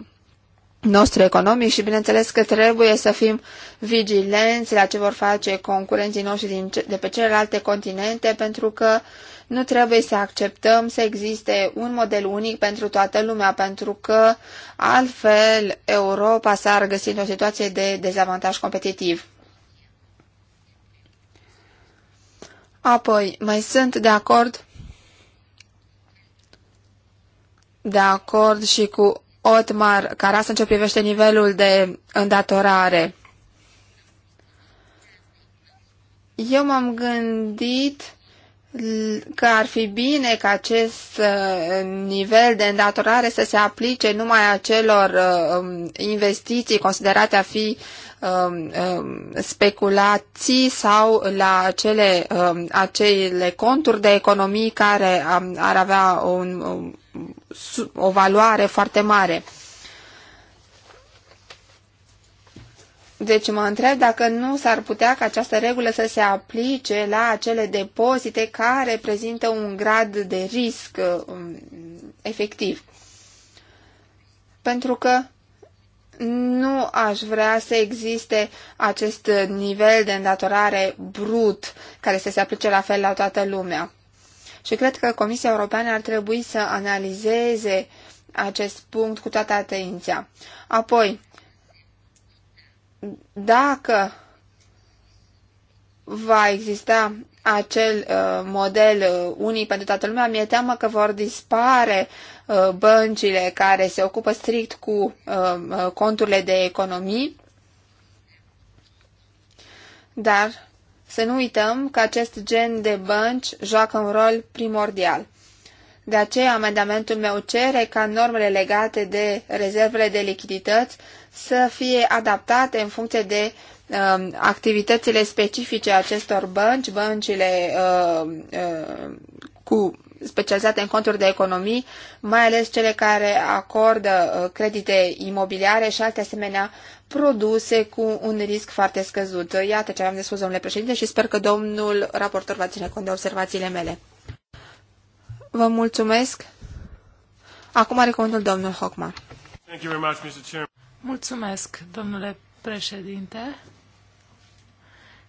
nostru economic și bineînțeles că trebuie să fim vigilenți la ce vor face concurenții noștri din, de pe celelalte continente pentru că nu trebuie să acceptăm să existe un model unic pentru toată lumea pentru că altfel Europa s-ar găsi în o situație de dezavantaj competitiv. Apoi, mai sunt de acord de acord și cu Otmar Caras în ce privește nivelul de îndatorare. Eu m-am gândit că ar fi bine ca acest uh, nivel de îndatorare să se aplice numai acelor uh, um, investiții considerate a fi um, um, speculații sau la acele, acele conturi de economii care ar avea un o valoare foarte mare. Deci mă întreb dacă nu s-ar putea ca această regulă să se aplice la acele depozite care prezintă un grad de risc um, efectiv. Pentru că nu aș vrea să existe acest nivel de îndatorare brut care să se aplice la fel la toată lumea. Și cred că Comisia Europeană ar trebui să analizeze acest punct cu toată atenția. Apoi, dacă va exista acel uh, model uh, unic pentru toată lumea, mi-e teamă că vor dispare uh, băncile care se ocupă strict cu uh, uh conturile de economii, dar să nu uităm că acest gen de bănci joacă un rol primordial. De aceea, amendamentul meu cere ca normele legate de rezervele de lichidități să fie adaptate în funcție de uh, activitățile specifice acestor bănci, băncile uh, uh, cu specializate în conturi de economii, mai ales cele care acordă uh, credite imobiliare și alte asemenea produse cu un risc foarte scăzut. Iată ce am de spus, domnule președinte, și sper că domnul raportor va ține cont de observațiile mele. Vă mulțumesc. Acum are cuvântul domnul Hockman. Mulțumesc, domnule președinte.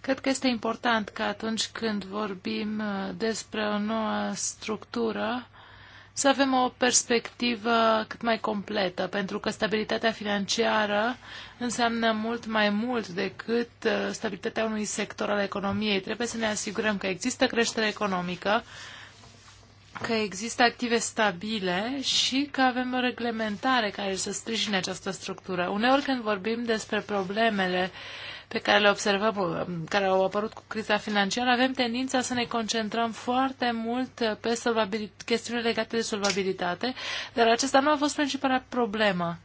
Cred că este important că atunci când vorbim uh, despre o nouă structură, să avem o perspectivă cât mai completă, pentru că stabilitatea financiară înseamnă mult mai mult decât uh, stabilitatea unui sector al economiei. Trebuie să ne asigurăm că există creștere economică, că există active stabile și că avem o reglementare care să sprijine această structură. Uneori când vorbim despre problemele uh, pe care le observăm, care au apărut cu criza financiară, avem tendința să ne concentrăm foarte mult pe chestiunile legate de solvabilitate, dar acesta nu a fost principala problemă.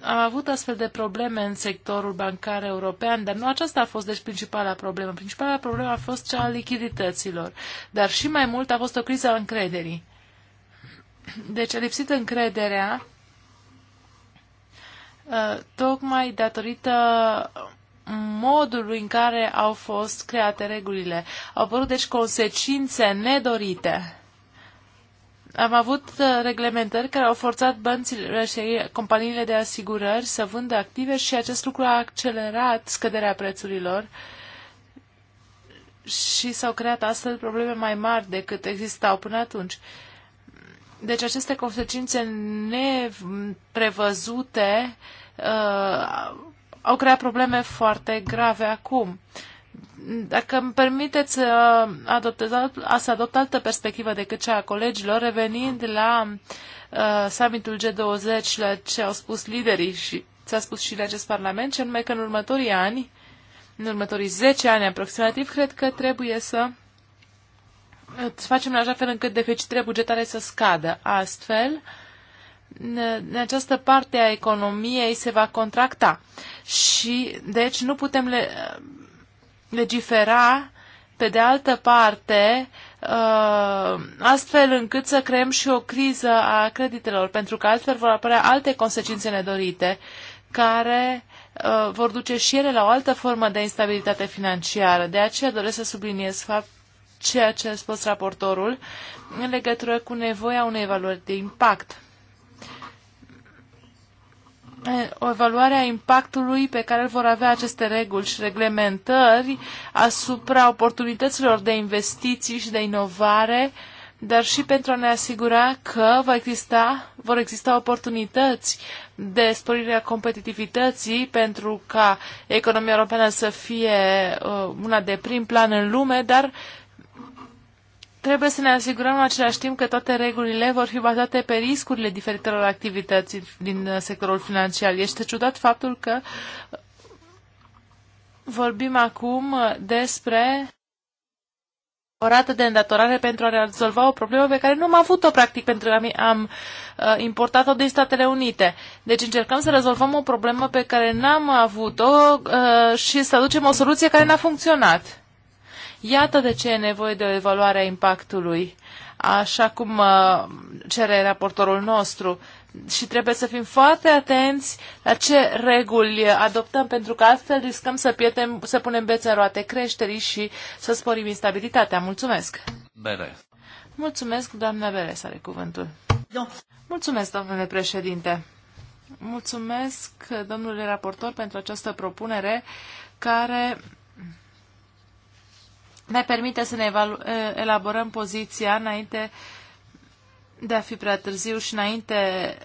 Am avut astfel de probleme în sectorul bancar european, dar nu aceasta a fost deci principala problemă. Principala problemă a fost cea a lichidităților, dar și mai mult a fost o criză a încrederii. Deci a lipsit încrederea uh, tocmai datorită modului în care au fost create regulile. Au apărut deci consecințe nedorite. Am avut uh, reglementări care au forțat bănțile și companiile de asigurări să vândă active și acest lucru a accelerat scăderea prețurilor și s-au creat astfel probleme mai mari decât existau până atunci. Deci aceste consecințe neprevăzute uh, au creat probleme foarte grave acum. Dacă îmi permiteți să uh, adoptez, adopt altă perspectivă decât cea a colegilor, revenind la uh, summitul G20, la ce au spus liderii și ți-a spus și la acest Parlament, și anume că în următorii ani, în următorii 10 ani aproximativ, cred că trebuie să uh, facem în așa fel încât deficitele bugetare să scadă. Astfel, uh, în această parte a economiei se va contracta. Și, deci, nu putem le, legifera, pe de altă parte, uh, astfel încât să creăm și o criză a creditelor, pentru că altfel vor apărea alte consecințe nedorite care uh, vor duce și ele la o altă formă de instabilitate financiară. De aceea doresc să subliniez fapt ceea ce a spus raportorul în legătură cu nevoia unei evaluări de impact o evaluare a impactului pe care îl vor avea aceste reguli și reglementări asupra oportunităților de investiții și de inovare, dar și pentru a ne asigura că va exista, vor exista oportunități de sporirea competitivității pentru ca economia europeană să fie uh, una de prim plan în lume, dar Trebuie să ne asigurăm în același timp că toate regulile vor fi bazate pe riscurile diferitelor activități din uh, sectorul financiar. Este ciudat faptul că uh, vorbim acum uh, despre o rată de îndatorare pentru a rezolva o problemă pe care nu am avut-o practic pentru că am importat-o din Statele Unite. Deci încercăm să rezolvăm o problemă pe care n-am avut-o și să aducem o soluție care n-a funcționat. Iată de ce e nevoie de o evaluare a impactului, așa cum uh, cere raportorul nostru și trebuie să fim foarte atenți la ce reguli adoptăm, pentru că altfel riscăm să, pietem, să punem bețe în roate creșterii și să sporim instabilitatea. Mulțumesc! Bere. Mulțumesc, doamna Bere, să are cuvântul. Do. Da. Mulțumesc, domnule președinte. Mulțumesc, domnule raportor, pentru această propunere care ne permite să ne elaborăm poziția înainte de a fi prea târziu și înainte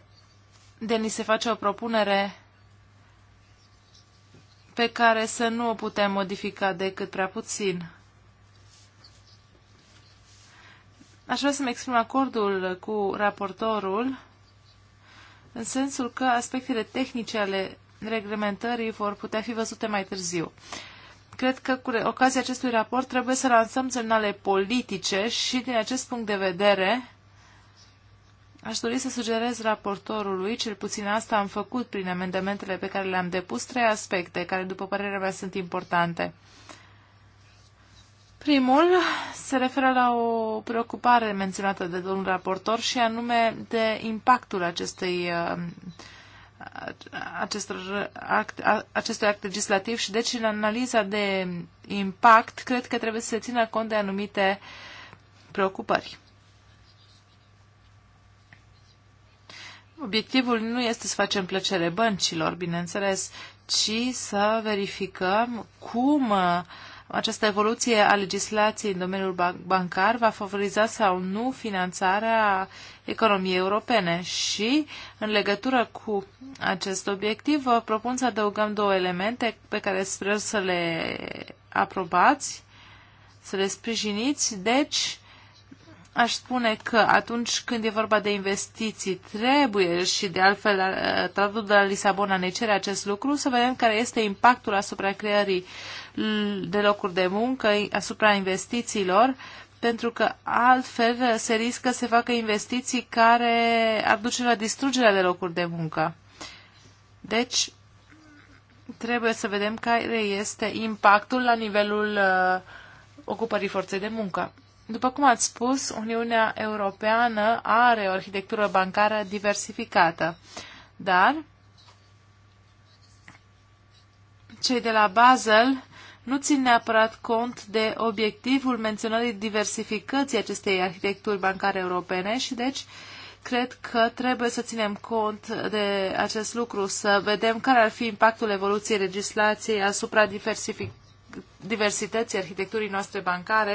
de ni se face o propunere pe care să nu o putem modifica decât prea puțin. Aș vrea să-mi exprim acordul cu raportorul în sensul că aspectele tehnice ale reglementării vor putea fi văzute mai târziu. Cred că cu ocazia acestui raport trebuie să lansăm semnale politice și din acest punct de vedere aș dori să sugerez raportorului, cel puțin asta am făcut prin amendamentele pe care le-am depus, trei aspecte care, după părerea mea, sunt importante. Primul se referă la o preocupare menționată de domnul raportor și anume de impactul acestei uh, acestor act, a, acestui act legislativ și deci în analiza de impact cred că trebuie să se țină cont de anumite preocupări. Obiectivul nu este să facem plăcere băncilor, bineînțeles, ci să verificăm cum uh, această evoluție a legislației în domeniul bancar va favoriza sau nu finanțarea economiei europene și, în legătură cu acest obiectiv, vă propun să adăugăm două elemente pe care sper să le aprobați, să le sprijiniți. Deci, aș spune că atunci când e vorba de investiții, trebuie și de altfel ă, tratatul de la Lisabona ne cere acest lucru, să vedem care este impactul asupra creării de locuri de muncă, asupra investițiilor, pentru că altfel se riscă să facă investiții care ar duce la distrugerea de locuri de muncă. Deci, trebuie să vedem care este impactul la nivelul uh, ocupării forței de muncă. După cum ați spus, Uniunea Europeană are o arhitectură bancară diversificată, dar cei de la Basel nu țin neapărat cont de obiectivul menționării diversificății acestei arhitecturi bancare europene și deci cred că trebuie să ținem cont de acest lucru, să vedem care ar fi impactul evoluției legislației asupra diversific- diversității arhitecturii noastre bancare